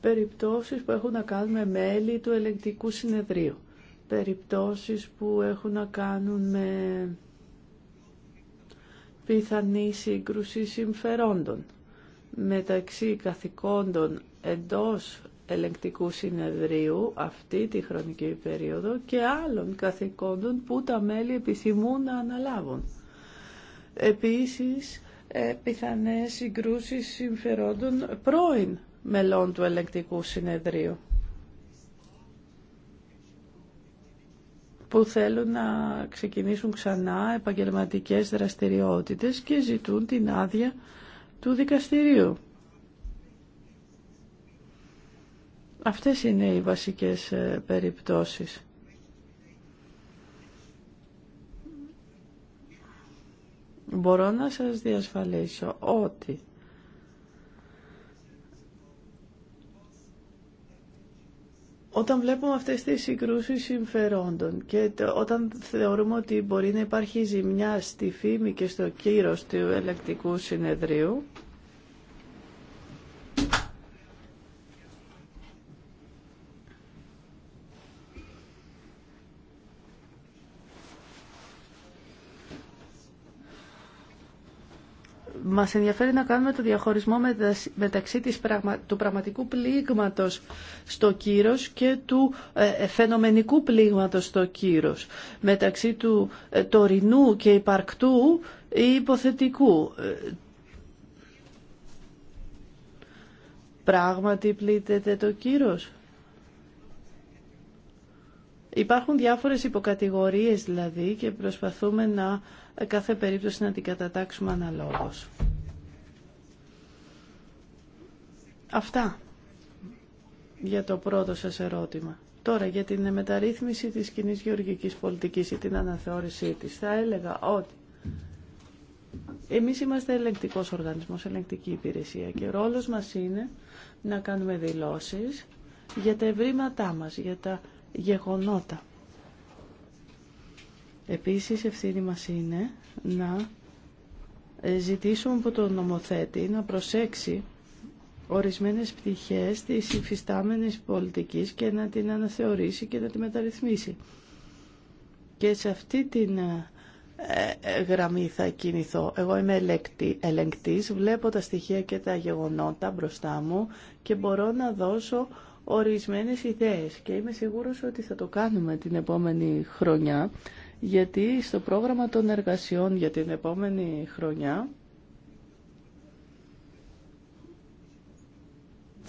Περιπτώσεις που έχουν να κάνουν με μέλη του ελεγκτικού συνεδρίου. Περιπτώσεις που έχουν να κάνουν με πιθανή σύγκρουση συμφερόντων μεταξύ καθηκόντων εντός ελεγκτικού συνεδρίου αυτή τη χρονική περίοδο και άλλων καθηκόντων που τα μέλη επιθυμούν να αναλάβουν. Επίσης, ε, πιθανές συγκρούσεις συμφερόντων πρώην μελών του ελεγκτικού συνεδρίου που θέλουν να ξεκινήσουν ξανά επαγγελματικές δραστηριότητες και ζητούν την άδεια του δικαστηρίου. Αυτές είναι οι βασικές ε, περιπτώσεις. Μπορώ να σας διασφαλίσω ότι Όταν βλέπουμε αυτές τις συγκρούσεις συμφερόντων και όταν θεωρούμε ότι μπορεί να υπάρχει ζημιά στη φήμη και στο κύρος του ελεκτικού συνεδρίου, Μας ενδιαφέρει να κάνουμε το διαχωρισμό μεταξύ της του πραγματικού πλήγματος στο κύρος και του ε, ε, φαινομενικού πλήγματος στο κύρος, μεταξύ του ε, τωρινού και υπαρκτού ή υποθετικού. Ε, πράγματι πλήττεται το κύρος. Υπάρχουν διάφορες υποκατηγορίες δηλαδή και προσπαθούμε να κάθε περίπτωση να την κατατάξουμε αναλόγως. Αυτά για το πρώτο σας ερώτημα. Τώρα για την μεταρρύθμιση της κοινή γεωργικής πολιτικής ή την αναθεώρησή της θα έλεγα ότι εμείς είμαστε ελεγκτικός οργανισμός, ελεγκτική υπηρεσία και ο ρόλος μας είναι να κάνουμε δηλώσεις για τα ευρήματά μας, για τα γεγονότα. Επίσης ευθύνη μας είναι να ζητήσουμε από τον νομοθέτη να προσέξει ορισμένες πτυχές της υφιστάμενης πολιτικής και να την αναθεωρήσει και να τη μεταρρυθμίσει. Και σε αυτή την ε, ε, γραμμή θα κινηθώ. Εγώ είμαι ελεγκτής, βλέπω τα στοιχεία και τα γεγονότα μπροστά μου και μπορώ να δώσω ορισμένες ιδέες και είμαι σίγουρος ότι θα το κάνουμε την επόμενη χρονιά γιατί στο πρόγραμμα των εργασιών για την επόμενη χρονιά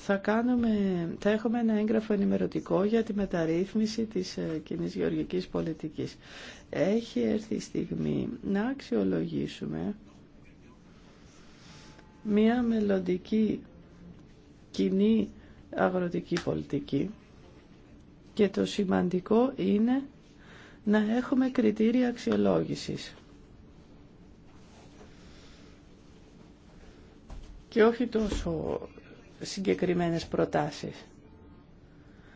θα, κάνουμε, θα έχουμε ένα έγγραφο ενημερωτικό για τη μεταρρύθμιση της ε, κοινή γεωργικής πολιτικής. Έχει έρθει η στιγμή να αξιολογήσουμε μία μελλοντική κοινή αγροτική πολιτική και το σημαντικό είναι να έχουμε κριτήρια αξιολόγησης. Και όχι τόσο συγκεκριμένες προτάσεις.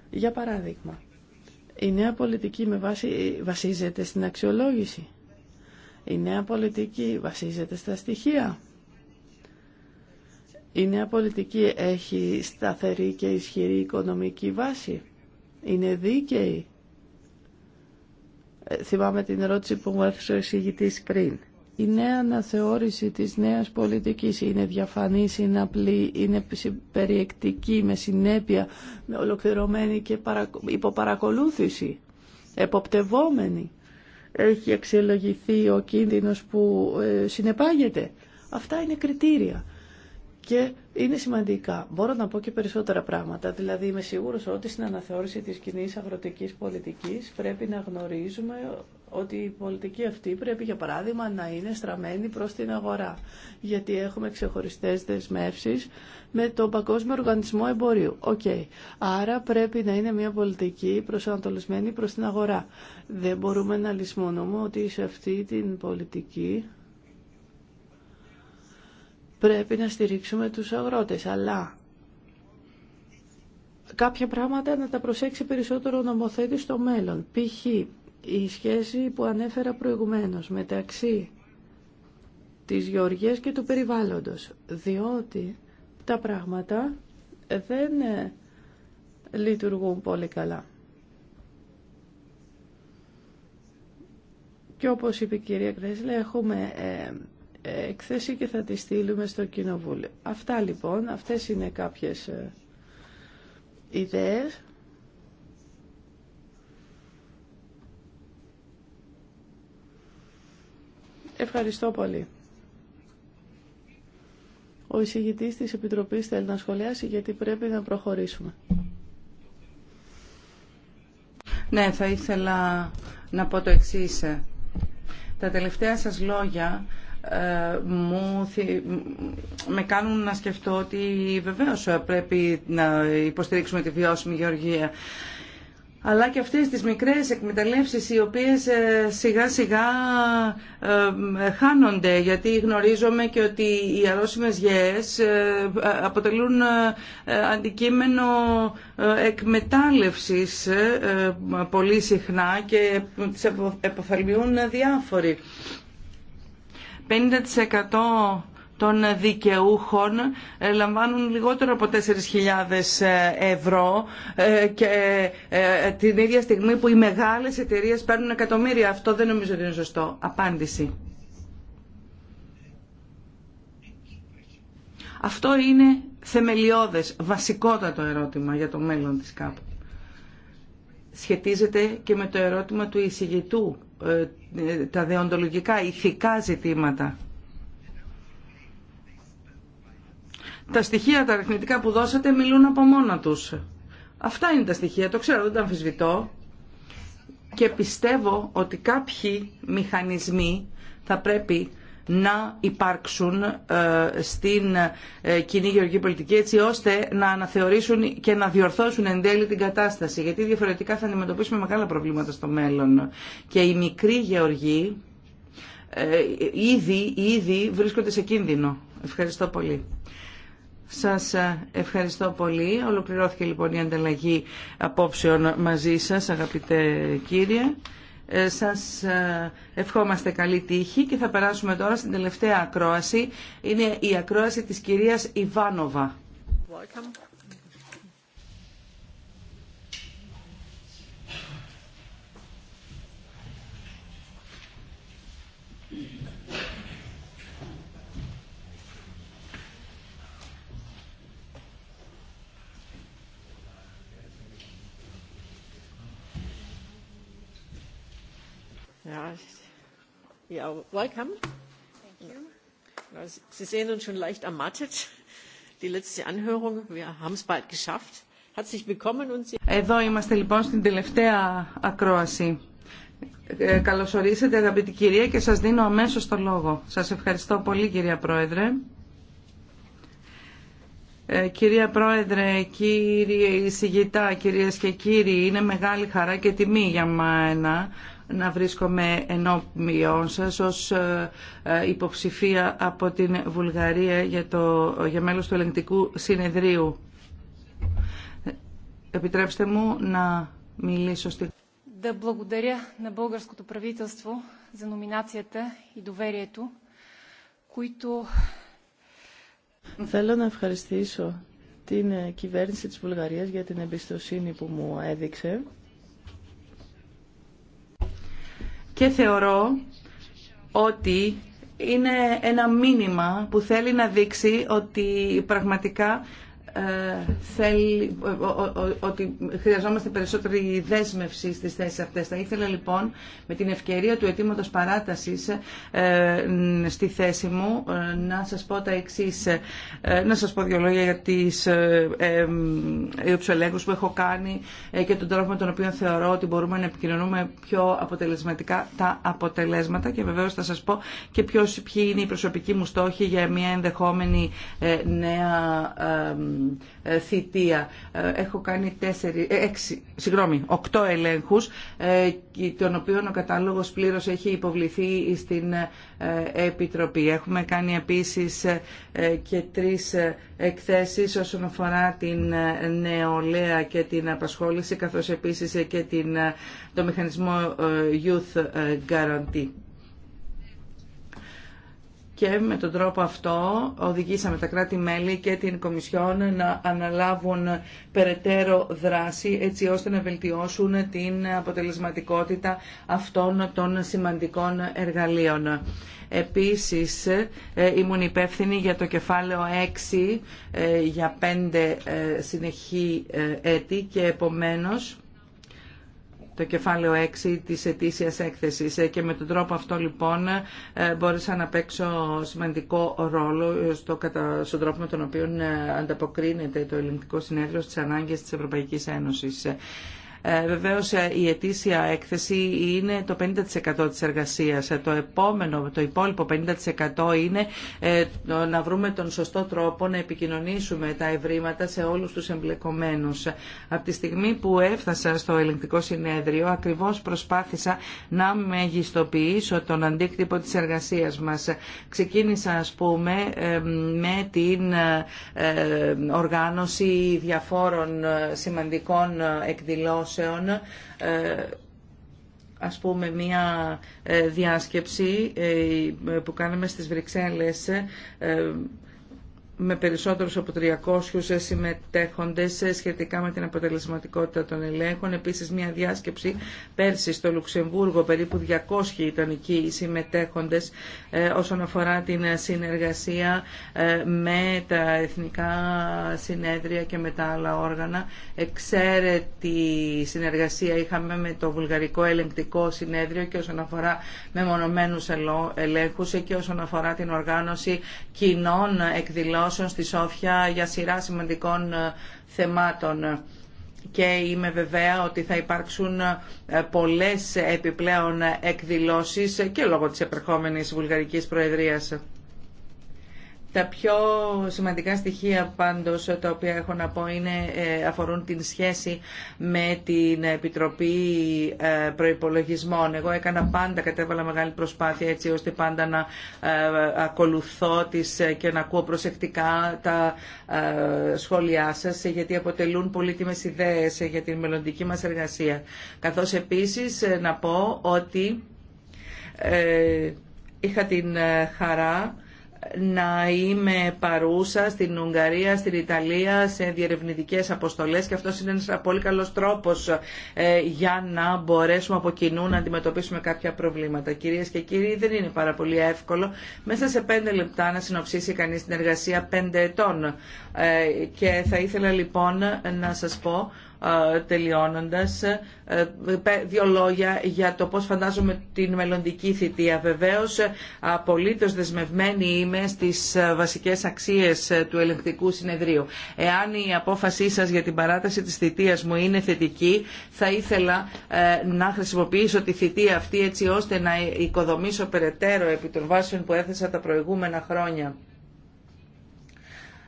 Για παράδειγμα, η νέα πολιτική με βάση, βασίζεται στην αξιολόγηση. Η νέα πολιτική βασίζεται στα στοιχεία. Η νέα πολιτική έχει σταθερή και ισχυρή οικονομική βάση. Είναι δίκαιη. Ε, θυμάμαι την ερώτηση που μου έθεσε ο εισηγητής πριν. Η νέα αναθεώρηση της νέας πολιτικής είναι διαφανής, είναι απλή, είναι περιεκτική, με συνέπεια, με ολοκληρωμένη και υποπαρακολούθηση, εποπτευόμενη. Έχει αξιολογηθεί ο κίνδυνος που ε, συνεπάγεται. Αυτά είναι κριτήρια και είναι σημαντικά. Μπορώ να πω και περισσότερα πράγματα. Δηλαδή είμαι σίγουρος ότι στην αναθεώρηση της κοινή αγροτικής πολιτικής πρέπει να γνωρίζουμε ότι η πολιτική αυτή πρέπει για παράδειγμα να είναι στραμμένη προς την αγορά γιατί έχουμε ξεχωριστές δεσμεύσεις με τον Παγκόσμιο Οργανισμό Εμπορίου. Οκ. Okay. Άρα πρέπει να είναι μια πολιτική προσανατολισμένη προς την αγορά. Δεν μπορούμε να λησμονούμε ότι σε αυτή την πολιτική πρέπει να στηρίξουμε τους αγρότες. Αλλά κάποια πράγματα να τα προσέξει περισσότερο ο νομοθέτης στο μέλλον. Π.χ η σχέση που ανέφερα προηγουμένως μεταξύ της γεωργίας και του περιβάλλοντος, διότι τα πράγματα δεν ε, λειτουργούν πολύ καλά. Και όπως είπε η κυρία Κρέσλε, έχουμε ε, εκθέση και θα τη στείλουμε στο Κοινοβούλιο. Αυτά λοιπόν, αυτές είναι κάποιες ε, ιδέες Ευχαριστώ πολύ. Ο εισηγητή της Επιτροπή θέλει να σχολιάσει γιατί πρέπει να προχωρήσουμε. Ναι, θα ήθελα να πω το εξή. Τα τελευταία σας λόγια ε, μου, με κάνουν να σκεφτώ ότι βεβαίως πρέπει να υποστηρίξουμε τη βιώσιμη γεωργία αλλά και αυτές τις μικρές εκμεταλλεύσεις οι οποίες ε, σιγά σιγά ε, ε, χάνονται γιατί γνωρίζομαι και ότι οι αρρώσιμες γεές αποτελούν αντικείμενο εκμετάλλευσης πολύ συχνά και τις εποφαλμιούν διάφοροι των δικαιούχων ε, λαμβάνουν λιγότερο από 4.000 ε, ευρώ ε, και την ίδια στιγμή που οι μεγάλες εταιρείες παίρνουν εκατομμύρια. Αυτό δεν νομίζω ότι είναι σωστό. Απάντηση. Αυτό είναι θεμελιώδες, βασικότατο ερώτημα για το μέλλον της ΚΑΠ. Σχετίζεται και με το ερώτημα του εισηγητού, τα δεοντολογικά, ηθικά ζητήματα. Τα στοιχεία, τα αριθμητικά που δώσατε μιλούν από μόνα τους. Αυτά είναι τα στοιχεία, το ξέρω, δεν τα αμφισβητώ. Και πιστεύω ότι κάποιοι μηχανισμοί θα πρέπει να υπάρξουν ε, στην ε, κοινή γεωργική πολιτική έτσι ώστε να αναθεωρήσουν και να διορθώσουν εν τέλει την κατάσταση γιατί διαφορετικά θα αντιμετωπίσουμε μεγάλα προβλήματα στο μέλλον και οι μικροί γεωργοί ε, ήδη, ήδη βρίσκονται σε κίνδυνο. Ευχαριστώ πολύ. Σας ε, ευχαριστώ πολύ. Ολοκληρώθηκε λοιπόν η ανταλλαγή απόψεων μαζί σας, αγαπητέ κύριε. Ε, σας ε, ευχόμαστε καλή τύχη και θα περάσουμε τώρα στην τελευταία ακρόαση. Είναι η ακρόαση της κυρίας Ιβάνοβα. Εδώ είμαστε λοιπόν στην τελευταία ακρόαση. Καλωσορίσετε καλωσορίσατε αγαπητή κυρία και σας δίνω αμέσως το λόγο. Σας ευχαριστώ πολύ κυρία Πρόεδρε. Ε, κυρία Πρόεδρε, κύριε Ισηγητά, κυρίες και κύριοι, είναι μεγάλη χαρά και τιμή για μένα να βρίσκομαι ενώπιον σας ως ε, ε, υποψηφία από την Βουλγαρία για, το, για μέλος του ελεγκτικού συνεδρίου. Επιτρέψτε μου να μιλήσω στη... Да благодаря на българското правителство за номинацията и доверието, които... Θέλω να ευχαριστήσω την κυβέρνηση της Βουλγαρίας για την εμπιστοσύνη που μου έδειξε και θεωρώ ότι είναι ένα μήνυμα που θέλει να δείξει ότι πραγματικά ε, θέλει, ότι χρειαζόμαστε περισσότερη δέσμευση στις θέσεις αυτές. Θα ήθελα λοιπόν με την ευκαιρία του αιτήματο παράτασης ε, στη θέση μου ε, να σας πω τα εξής, να σας πω δύο λόγια για τις υψηλέγγους που έχω κάνει και τον τρόπο με τον οποίο θεωρώ ότι μπορούμε να επικοινωνούμε πιο αποτελεσματικά τα αποτελέσματα και βεβαίως θα σας πω και ποιος, ποιοι είναι οι προσωπικοί μου στόχοι για μια ενδεχόμενη νέα ε, θητεία. Ε, έχω κάνει τέσσερι, ε, έξι, συγγνώμη, οκτώ ελέγχους, των οποίων ο κατάλογος πλήρως έχει υποβληθεί στην Επιτροπή. Έχουμε κάνει επίσης και τρεις εκθέσεις όσον αφορά την νεολαία και την απασχόληση, καθώς επίσης και την, το μηχανισμό Youth Guarantee και με τον τρόπο αυτό οδηγήσαμε τα κράτη-μέλη και την Κομισιόν να αναλάβουν περαιτέρω δράση έτσι ώστε να βελτιώσουν την αποτελεσματικότητα αυτών των σημαντικών εργαλείων. Επίσης ε, ήμουν υπεύθυνη για το κεφάλαιο 6 ε, για 5 ε, συνεχή έτη και επομένως το κεφάλαιο 6 της ετήσιας έκθεσης ε, και με τον τρόπο αυτό λοιπόν ε, μπόρεσα να παίξω σημαντικό ρόλο ε, στο κατα... στον τρόπο με τον οποίο ανταποκρίνεται το ελληνικό συνέδριο στις ανάγκες της Ευρωπαϊκής Ένωσης. Ε, Βεβαίω, ε, η ετήσια έκθεση είναι το 50% της εργασίας. Ε, το επόμενο, το υπόλοιπο 50% είναι να βρούμε τον σωστό τρόπο να επικοινωνήσουμε τα ευρήματα σε όλους τους εμπλεκομένους. Από τη στιγμή που έφτασα στο ελληνικό συνέδριο ακριβώς προσπάθησα να μεγιστοποιήσω τον αντίκτυπο της εργασίας μας. Ξεκίνησα ας πούμε με την οργάνωση διαφόρων σημαντικών εκδηλώσεων ε, ας πούμε μια ε, διάσκεψη ε, ε, που κάναμε στις Βρυξέλλες με περισσότερους από 300 συμμετέχοντες σχετικά με την αποτελεσματικότητα των ελέγχων. Επίσης μια διάσκεψη πέρσι στο Λουξεμβούργο, περίπου 200 ήταν εκεί οι συμμετέχοντες ε, όσον αφορά την συνεργασία ε, με τα εθνικά συνέδρια και με τα άλλα όργανα. Εξαίρετη συνεργασία είχαμε με το Βουλγαρικό Ελεγκτικό Συνέδριο και όσον αφορά μεμονωμένους ελέγχους και όσον αφορά την οργάνωση κοινών εκδηλώσεων οργανώσεων στη Σόφια για σειρά σημαντικών ε, θεμάτων και είμαι βεβαία ότι θα υπάρξουν ε, πολλές επιπλέον εκδηλώσεις και λόγω της επερχόμενης Βουλγαρικής Προεδρίας. Τα πιο σημαντικά στοιχεία πάντως τα οποία έχω να πω είναι, ε, αφορούν την σχέση με την Επιτροπή ε, Προϋπολογισμών. Εγώ έκανα πάντα, κατέβαλα μεγάλη προσπάθεια έτσι ώστε πάντα να ε, ακολουθώ τις και να ακούω προσεκτικά τα σχόλιά σας γιατί αποτελούν πολύτιμες ιδέες για την μελλοντική μας εργασία. Καθώς επίσης να πω ότι είχα την χαρά να είμαι παρούσα στην Ουγγαρία, στην Ιταλία, σε διερευνητικές αποστολές και αυτό είναι ένας πολύ καλός τρόπος ε, για να μπορέσουμε από κοινού να αντιμετωπίσουμε κάποια προβλήματα. Κυρίες και κύριοι, δεν είναι πάρα πολύ εύκολο μέσα σε πέντε λεπτά να συνοψίσει κανείς την εργασία πέντε ετών. Ε, και θα ήθελα λοιπόν να σας πω τελειώνοντας ε, δύο λόγια για το πώς φαντάζομαι την μελλοντική θητεία. Βεβαίως απολύτως δεσμευμένη είμαι στις ε, βασικές αξίες ε, του ελεγκτικού συνεδρίου. Εάν η απόφασή σας για την παράταση της θητείας μου είναι θετική θα ήθελα να χρησιμοποιήσω τη θητεία αυτή έτσι ώστε να οικοδομήσω περαιτέρω επί των βάσεων που έθεσα τα προηγούμενα χρόνια.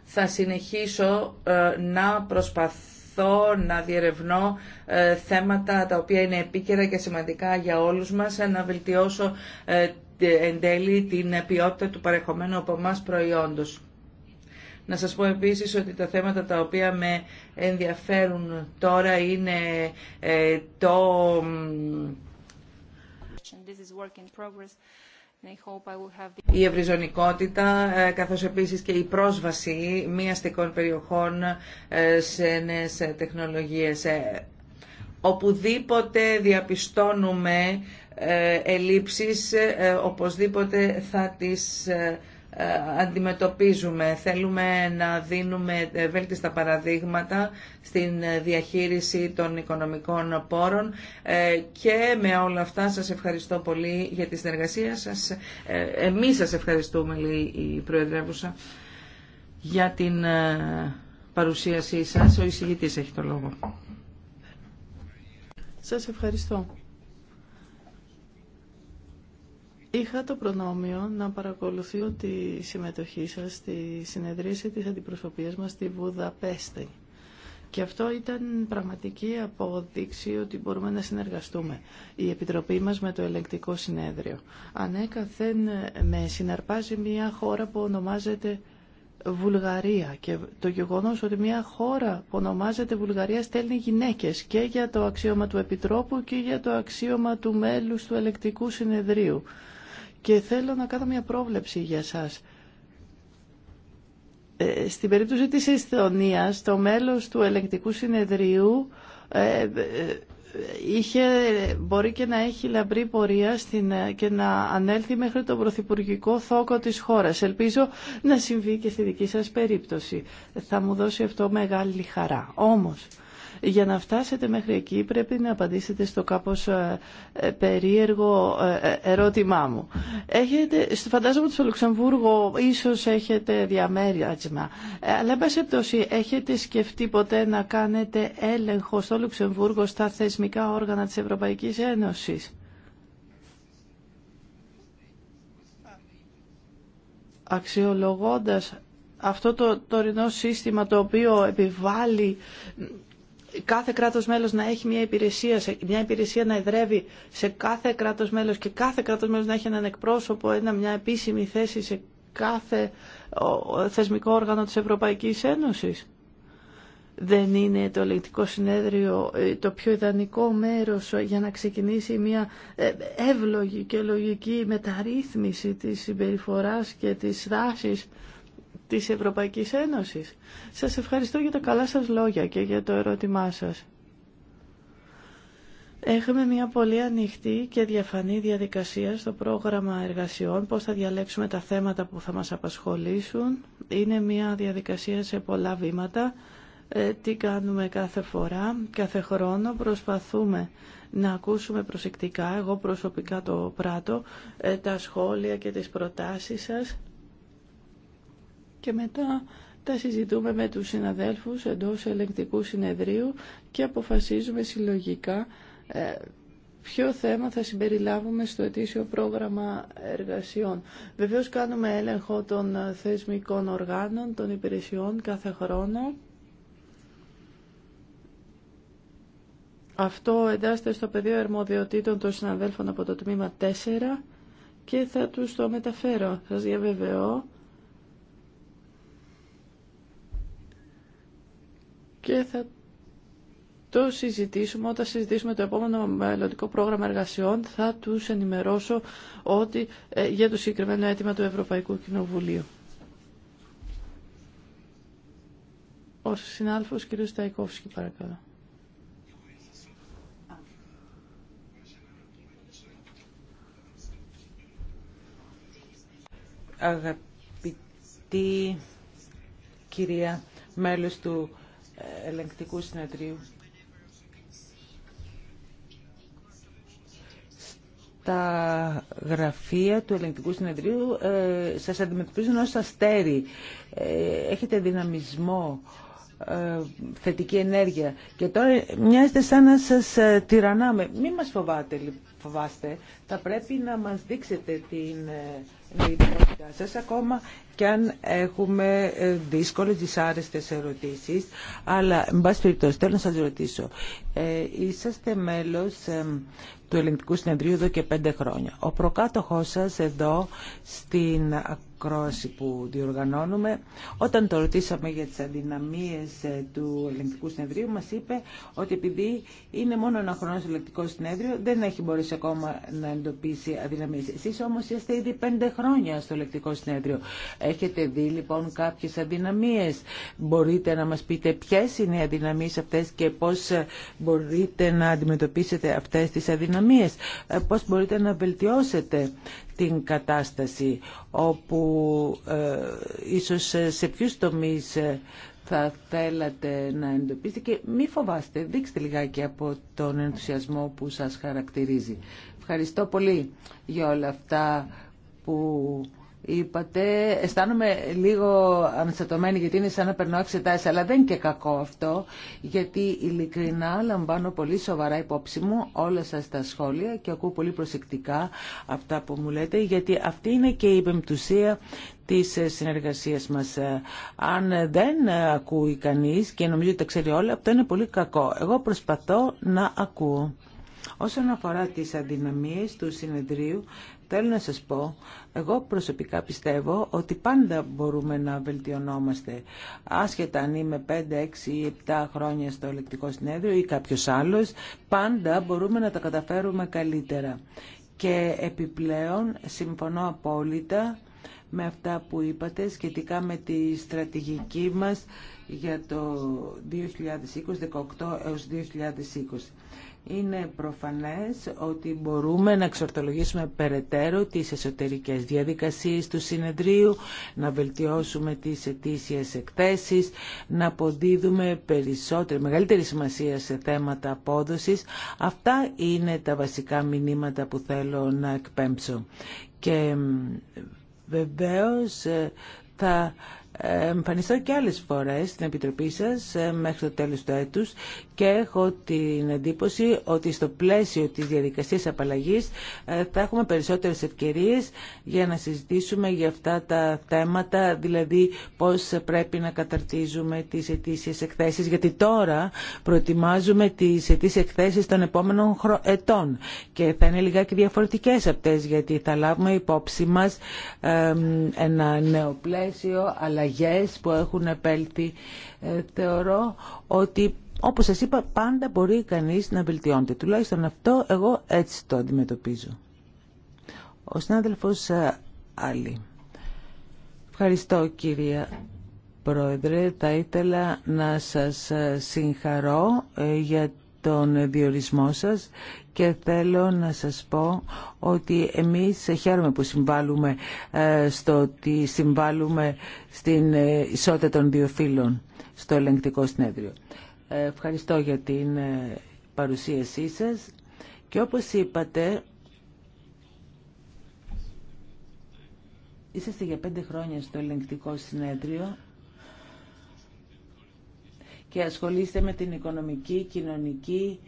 Θα συνεχίσω να προσπαθώ να διερευνώ ε, θέματα τα οποία είναι επίκαιρα και σημαντικά για όλους μας, ε, να βελτιώσω ε, εν τέλει την ποιότητα του παρεχομένου από εμά προϊόντος. Να σας πω επίσης ότι τα θέματα τα οποία με ενδιαφέρουν τώρα είναι το η ευρυζωνικότητα ε, καθώς επίσης και η πρόσβαση μη αστικών περιοχών ε, σε νέες ε, τεχνολογίες. Οπουδήποτε διαπιστώνουμε ελλείψεις, οπωσδήποτε θα τις ε, αντιμετωπίζουμε. Θέλουμε να δίνουμε ε, βέλτιστα παραδείγματα στην ε, διαχείριση των οικονομικών πόρων και με όλα αυτά σας ευχαριστώ πολύ για τη συνεργασία σας. Εμείς σας ευχαριστούμε, λέει η Προεδρεύουσα, για την παρουσίασή σας. Ο εισηγητής έχει το λόγο. Σας ευχαριστώ. Είχα το προνόμιο να παρακολουθήσω τη συμμετοχή σας στη συνεδρίαση της αντιπροσωπείας μας στη Βουδαπέστη. Και αυτό ήταν πραγματική απόδειξη ότι μπορούμε να συνεργαστούμε. Η Επιτροπή μας με το Ελεγκτικό Συνέδριο. Ανέκαθεν ε, με συναρπάζει μια χώρα που ονομάζεται Βουλγαρία και το γεγονός ότι μια χώρα που ονομάζεται Βουλγαρία στέλνει γυναίκες και για το αξίωμα του Επιτρόπου και για το αξίωμα του μέλους του Ελεκτικού Συνεδρίου. Και θέλω να κάνω μια πρόβλεψη για σας. Ε, στην περίπτωση της Εσθονίας, το μέλος του ελεγκτικού συνεδρίου ε, ε, είχε, μπορεί και να έχει λαμπρή πορεία στην, και να ανέλθει μέχρι τον πρωθυπουργικό θόκο της χώρας. Ελπίζω να συμβεί και στη δική σας περίπτωση. Θα μου δώσει αυτό μεγάλη χαρά. Όμως, για να φτάσετε μέχρι εκεί πρέπει να απαντήσετε στο κάπως ε, ε, περίεργο ε, ερώτημά μου. Έχετε, φαντάζομαι ότι στο Λουξεμβούργο ίσως έχετε διαμέρισμα, αλλά εν πάση έχετε σκεφτεί ποτέ να κάνετε έλεγχο στο Λουξεμβούργο στα θεσμικά όργανα της Ευρωπαϊκής Ένωσης. αξιολογώντας αυτό το τωρινό σύστημα το οποίο επιβάλλει κάθε κράτος μέλος να έχει μια υπηρεσία, μια υπηρεσία να εδρεύει σε κάθε κράτος μέλος και κάθε κράτος μέλος να έχει έναν εκπρόσωπο, ένα, μια επίσημη θέση σε κάθε θεσμικό όργανο της Ευρωπαϊκής Ένωσης. Δεν είναι το ελεγκτικό συνέδριο ε, το πιο ιδανικό μέρος για να ξεκινήσει μια ε, εύλογη και λογική μεταρρύθμιση της συμπεριφοράς και της δράση της Ευρωπαϊκής Ένωσης. Σας ευχαριστώ για τα καλά σας λόγια και για το ερώτημά σας. Έχουμε μια πολύ ανοιχτή και διαφανή διαδικασία στο πρόγραμμα εργασιών, πώς θα διαλέξουμε τα θέματα που θα μας απασχολήσουν. Είναι μια διαδικασία σε πολλά βήματα. Ε, τι κάνουμε κάθε φορά, κάθε χρόνο προσπαθούμε να ακούσουμε προσεκτικά, εγώ προσωπικά το πράτο, ε, τα σχόλια και τις προτάσεις σας και μετά τα συζητούμε με τους συναδέλφους εντός ελεγκτικού συνεδρίου και αποφασίζουμε συλλογικά ε, ποιο θέμα θα συμπεριλάβουμε στο ετήσιο πρόγραμμα εργασιών. Βεβαίως κάνουμε έλεγχο των θεσμικών οργάνων, των υπηρεσιών κάθε χρόνο. Αυτό εντάσσεται στο πεδίο ερμοδιοτήτων των συναδέλφων από το τμήμα 4 και θα τους το μεταφέρω. Σας διαβεβαιώ και θα το συζητήσουμε όταν συζητήσουμε το επόμενο μελλοντικό πρόγραμμα εργασιών θα τους ενημερώσω ότι, ε, για το συγκεκριμένο αίτημα του Ευρωπαϊκού Κοινοβουλίου. Ο συνάλφος κ. Σταϊκόφσκι παρακαλώ. Αγαπητή κυρία μέλος του ελεγκτικού συνεδρίου. τα γραφεία του ελεγκτικού συνεδρίου ε, σας αντιμετωπίζουν ως αστέρι. Ε, έχετε δυναμισμό ε, θετική ενέργεια. Και τώρα μοιάζεται σαν να σας ε, τυραννάμε. Μην μας φοβάτε, φοβάστε. Θα πρέπει να μας δείξετε την ενεργητικότητά σας ακόμα και αν έχουμε ε, δύσκολες, δυσάρεστες ερωτήσεις. Αλλά, εν πάση περιπτώσει, θέλω να σας ρωτήσω. Ε, είσαστε μέλος του Ελληνικού Συνεδρίου εδώ και πέντε χρόνια. Ο προκάτοχός σας εδώ στην ακρόαση που διοργανώνουμε. Όταν το ρωτήσαμε για τις αδυναμίες ε, του ελεγκτικού συνεδρίου, μας είπε ότι επειδή είναι μόνο ένα χρόνο στο ελεγκτικό συνέδριο, δεν έχει μπορέσει ακόμα να εντοπίσει αδυναμίες. Εσείς όμως είστε ήδη πέντε χρόνια στο ελεγκτικό συνέδριο. Έχετε δει λοιπόν κάποιες αδυναμίες. Μπορείτε να μας πείτε ποιες είναι οι αδυναμίες αυτές και πώς ε, μπορείτε να αντιμετωπίσετε αυτές τις αδυναμίες. Ε, πώς μπορείτε να βελτιώσετε την κατάσταση όπου ε, ίσως σε ποιους τομείς ε, θα θέλατε να εντοπίσετε και μη φοβάστε, δείξτε λιγάκι από τον ενθουσιασμό που σας χαρακτηρίζει. Ευχαριστώ πολύ για όλα αυτά που είπατε, αισθάνομαι λίγο αναστατωμένη γιατί είναι σαν να περνώ εξετάσει, αλλά δεν είναι και κακό αυτό, γιατί ειλικρινά λαμβάνω πολύ σοβαρά υπόψη μου όλα σας τα σχόλια και ακούω πολύ προσεκτικά αυτά που μου λέτε, γιατί αυτή είναι και η πεμπτουσία της συνεργασίας μας. Αν δεν ακούει κανείς και νομίζω ότι τα ξέρει όλα, αυτό είναι πολύ κακό. Εγώ προσπαθώ να ακούω. Όσον αφορά τις αδυναμίες του συνεδρίου, Θέλω να σας πω, εγώ προσωπικά πιστεύω ότι πάντα μπορούμε να βελτιωνόμαστε. Άσχετα αν είμαι 5, 6 ή 7 χρόνια στο ελεκτικό συνέδριο ή κάποιος άλλος, πάντα μπορούμε να τα καταφέρουμε καλύτερα. Και επιπλέον συμφωνώ απόλυτα με αυτά που είπατε σχετικά με τη στρατηγική μας για το 2020, 18 έως 2020 είναι προφανές ότι μπορούμε να εξορτολογήσουμε περαιτέρω τις εσωτερικές διαδικασίες του συνεδρίου, να βελτιώσουμε τις ετήσιες εκθέσεις, να αποδίδουμε περισσότερη, μεγαλύτερη σημασία σε θέματα απόδοσης. Αυτά είναι τα βασικά μηνύματα που θέλω να εκπέμψω. Και βεβαίως ε, θα ε, εμφανιστώ και άλλες φορές στην Επιτροπή σας ε, μέχρι το τέλος του έτους και έχω την εντύπωση ότι στο πλαίσιο της διαδικασίας απαλλαγής ε, θα έχουμε περισσότερες ευκαιρίες για να συζητήσουμε για αυτά τα θέματα, δηλαδή πώς πρέπει να καταρτίζουμε τις αιτήσει εκθέσεις, γιατί τώρα προετοιμάζουμε τις αιτήσει εκθέσεις των επόμενων ετών και θα είναι λιγάκι διαφορετικές αυτές, γιατί θα λάβουμε υπόψη μας ένα νέο πλαίσιο, αλλά αλλαγές που έχουν επέλθει. Ε, θεωρώ ότι όπως σας είπα πάντα μπορεί κανείς να βελτιώνεται. Τουλάχιστον αυτό εγώ έτσι το αντιμετωπίζω. Ο συνάδελφος ε, Άλλη. Ευχαριστώ κυρία Πρόεδρε. Θα ήθελα να σας ε, συγχαρώ για τον διορισμό σας και θέλω να σας πω ότι εμείς χαίρομαι που συμβάλλουμε ε, στο ότι συμβάλλουμε στην ε, ισότητα των δύο φίλων στο ελεγκτικό συνέδριο. Ε, ευχαριστώ για την παρουσίασή σας και όπως είπατε είσαστε για πέντε χρόνια στο ελεγκτικό συνέδριο και ασχολείστε με την οικονομική, κοινωνική,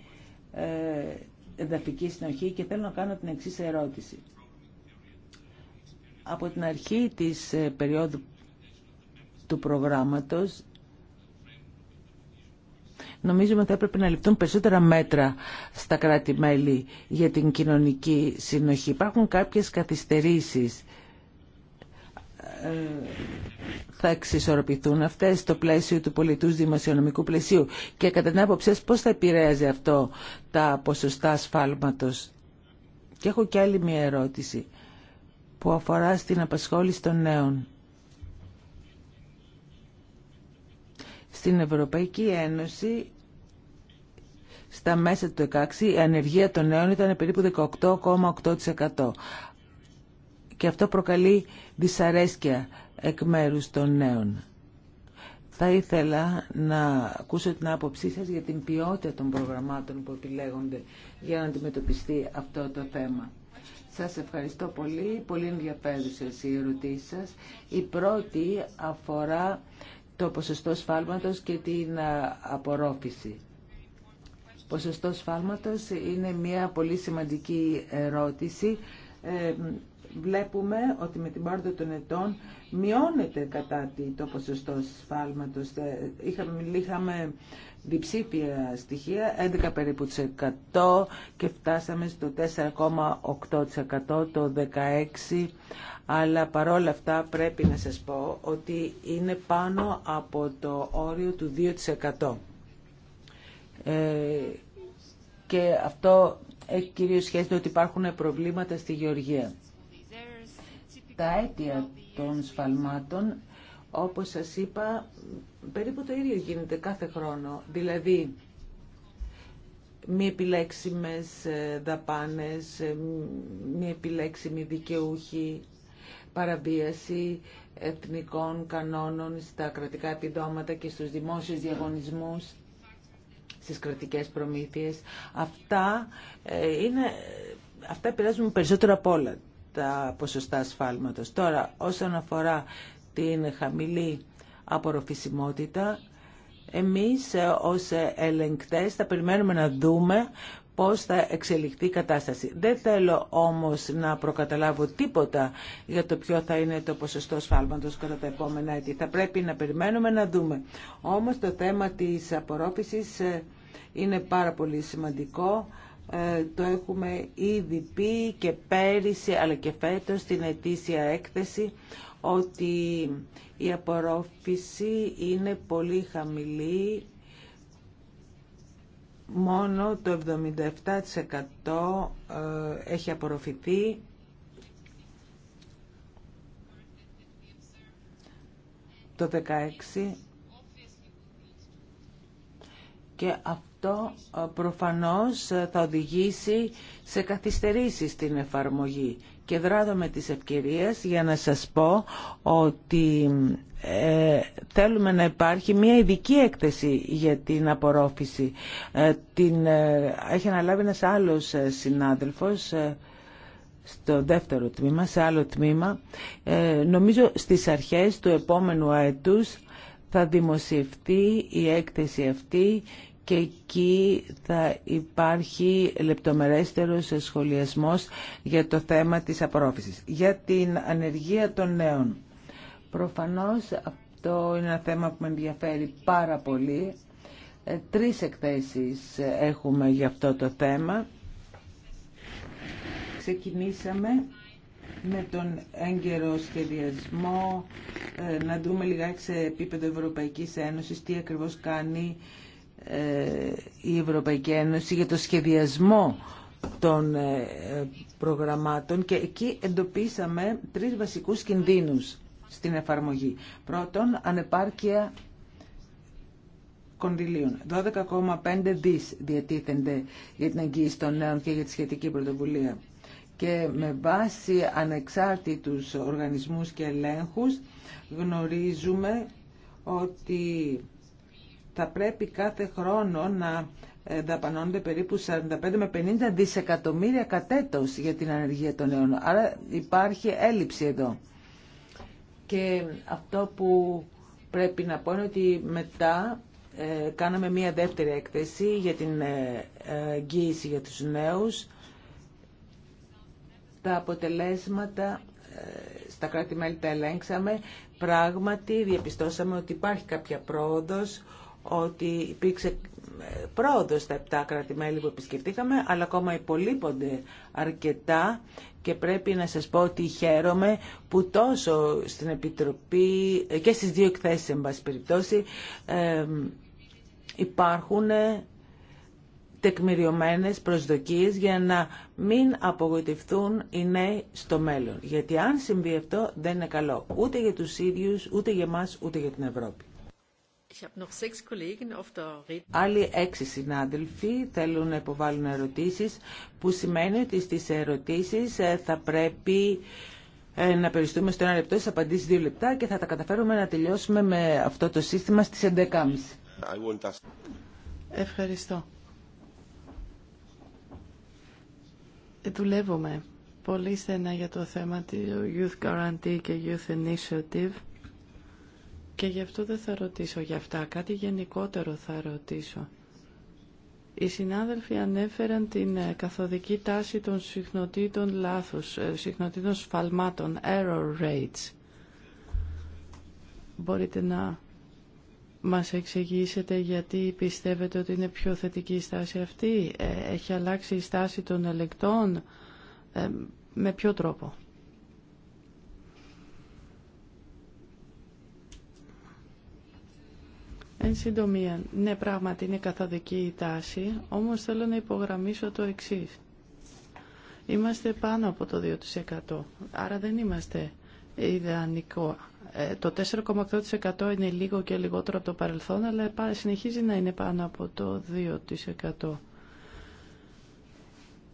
εδαφική συνοχή και θέλω να κάνω την εξής ερώτηση. Από την αρχή της ε, περίοδου του προγράμματος νομίζουμε ότι θα έπρεπε να ληφθούν περισσότερα μέτρα στα κράτη-μέλη για την κοινωνική συνοχή. Υπάρχουν κάποιες καθυστερήσεις θα εξισορροπηθούν αυτές στο πλαίσιο του πολιτούς δημοσιονομικού πλαισίου και κατά την άποψή σας πώς θα επηρέαζε αυτό τα ποσοστά ασφάλματος Και έχω και άλλη μια ερώτηση που αφορά στην απασχόληση των νέων. Στην Ευρωπαϊκή Ένωση στα μέσα του 16 η ανεργία των νέων ήταν περίπου 18,8%. Και αυτό προκαλεί δυσαρέσκεια εκ μέρους των νέων. Θα ήθελα να ακούσω την άποψή σας για την ποιότητα των προγραμμάτων που επιλέγονται για να αντιμετωπιστεί αυτό το θέμα. Σας ευχαριστώ πολύ. Πολύ ενδιαφέρουσες οι ερωτήσεις σας. Η πρώτη αφορά το ποσοστό σφάλματος και την απορρόφηση. Ποσοστό σφάλματος είναι μια πολύ σημαντική ερώτηση ε, βλέπουμε ότι με την πάρδο των ετών μειώνεται κατά το ποσοστό σφάλματος. Ε, είχαμε, είχαμε διψήφια στοιχεία, 11 περίπου 100 και φτάσαμε στο 4,8% το 16%. Αλλά παρόλα αυτά πρέπει να σας πω ότι είναι πάνω από το όριο του 2%. Ε, και αυτό έχει κυρίως σχέση με ότι υπάρχουν προβλήματα στη γεωργία τα αίτια των σφαλμάτων, όπως σας είπα, περίπου το ίδιο γίνεται κάθε χρόνο. Δηλαδή, μη επιλέξιμες ε, δαπάνες, ε, μη επιλέξιμη δικαιούχη παραβίαση εθνικών κανόνων στα κρατικά επιδόματα και στους δημόσιους διαγωνισμούς, στις κρατικές προμήθειες. Αυτά, ε, είναι, αυτά επηρεάζουν περισσότερο από όλα τα ποσοστά ασφάλματος. Τώρα, όσον αφορά την χαμηλή απορροφησιμότητα, εμείς ε, ως ελεγκτές θα περιμένουμε να δούμε πώς θα εξελιχθεί η κατάσταση. Δεν θέλω όμως να προκαταλάβω τίποτα για το ποιο θα είναι το ποσοστό σφάλματος κατά τα επόμενα έτη. Θα πρέπει να περιμένουμε να δούμε. Όμως το θέμα της απορρόφησης ε, είναι πάρα πολύ σημαντικό. Ε, το έχουμε ήδη πει και πέρυσι αλλά και φέτος στην ετήσια έκθεση ότι η απορρόφηση είναι πολύ χαμηλή μόνο το 77% ε, έχει απορροφηθεί το 16% και αυτό αυτό ε, προφανώς ε, θα οδηγήσει σε καθυστερήσεις στην εφαρμογή. Και δράδω με τις ευκαιρίες για να σας πω ότι ε, θέλουμε να υπάρχει μια ειδική έκθεση για την απορρόφηση. την, έχει αναλάβει ένας άλλος συνάδελφος στο δεύτερο τμήμα, σε άλλο τμήμα. Νομίζω στις αρχές του επόμενου αετούς θα δημοσιευτεί η έκθεση αυτή και εκεί θα υπάρχει λεπτομερέστερος σχολιασμός για το θέμα της απορρόφησης. Για την ανεργία των νέων. Προφανώς αυτό είναι ένα θέμα που με ενδιαφέρει πάρα πολύ. Ε, τρεις εκθέσεις έχουμε για αυτό το θέμα. Ξεκινήσαμε με τον έγκαιρο σχεδιασμό, ε, να δούμε λιγάκι σε επίπεδο Ευρωπαϊκής Ένωσης τι ακριβώς κάνει ε, η Ευρωπαϊκή Ένωση για το σχεδιασμό των ε, προγραμμάτων και εκεί εντοπίσαμε τρεις βασικούς κινδύνους στην εφαρμογή. Πρώτον, ανεπάρκεια κονδυλίων. 12,5 δις διατίθενται για την αγγίηση των νέων και για τη σχετική πρωτοβουλία. Και με βάση ανεξάρτητους οργανισμούς και ελέγχους γνωρίζουμε ότι θα πρέπει κάθε χρόνο να ε, δαπανώνται περίπου 45 με 50 δισεκατομμύρια κατέτος για την ανεργία των νέων. Άρα υπάρχει έλλειψη εδώ. Και αυτό που πρέπει να πω είναι ότι μετά ε, κάναμε μία δεύτερη έκθεση για την ε, εγγύηση για τους νέους. Τα αποτελέσματα στα κράτη-μέλη τα ελέγξαμε. Πράγματι διαπιστώσαμε ότι υπάρχει κάποια πρόοδος ότι υπήρξε ε, πρόοδο στα επτα κράτη-μέλη που επισκεφτήκαμε, αλλά ακόμα υπολείπονται αρκετά και πρέπει να σας πω ότι χαίρομαι που τόσο στην Επιτροπή ε, και στις δύο εκθέσεις, εν πάση περιπτώσει, υπάρχουν ε, τεκμηριωμένες προσδοκίες για να μην απογοητευτούν οι νέοι στο μέλλον. Γιατί αν συμβεί αυτό δεν είναι καλό ούτε για τους ίδιους, ούτε για μας, ούτε για την Ευρώπη. Άλλοι έξι συνάδελφοι θέλουν να υποβάλουν ερωτήσεις, που σημαίνει ότι στις ερωτήσεις ε, θα πρέπει ε, να περιστούμε στο ένα λεπτό, στις απαντήσεις δύο λεπτά και θα τα καταφέρουμε να τελειώσουμε με αυτό το σύστημα στις 11.30. Ευχαριστώ. Ε, Δουλεύουμε πολύ στενά για το θέμα του Youth Guarantee και Youth Initiative. Και γι' αυτό δεν θα ρωτήσω για αυτά. Κάτι γενικότερο θα ρωτήσω. Οι συνάδελφοι ανέφεραν την ε, καθοδική τάση των συχνοτήτων λάθους, ε, συχνοτήτων σφαλμάτων, error rates. Μπορείτε να μας εξηγήσετε γιατί πιστεύετε ότι είναι πιο θετική η στάση αυτή. Ε, έχει αλλάξει η στάση των ελεκτών. Με ποιο τρόπο. Εν συντομία, ναι πράγματι είναι καθοδική η τάση, όμως θέλω να υπογραμμίσω το εξής. Είμαστε πάνω από το 2%, άρα δεν είμαστε ιδανικό. Ε, το 4,8% είναι λίγο και λιγότερο από το παρελθόν, αλλά συνεχίζει να είναι πάνω από το 2%.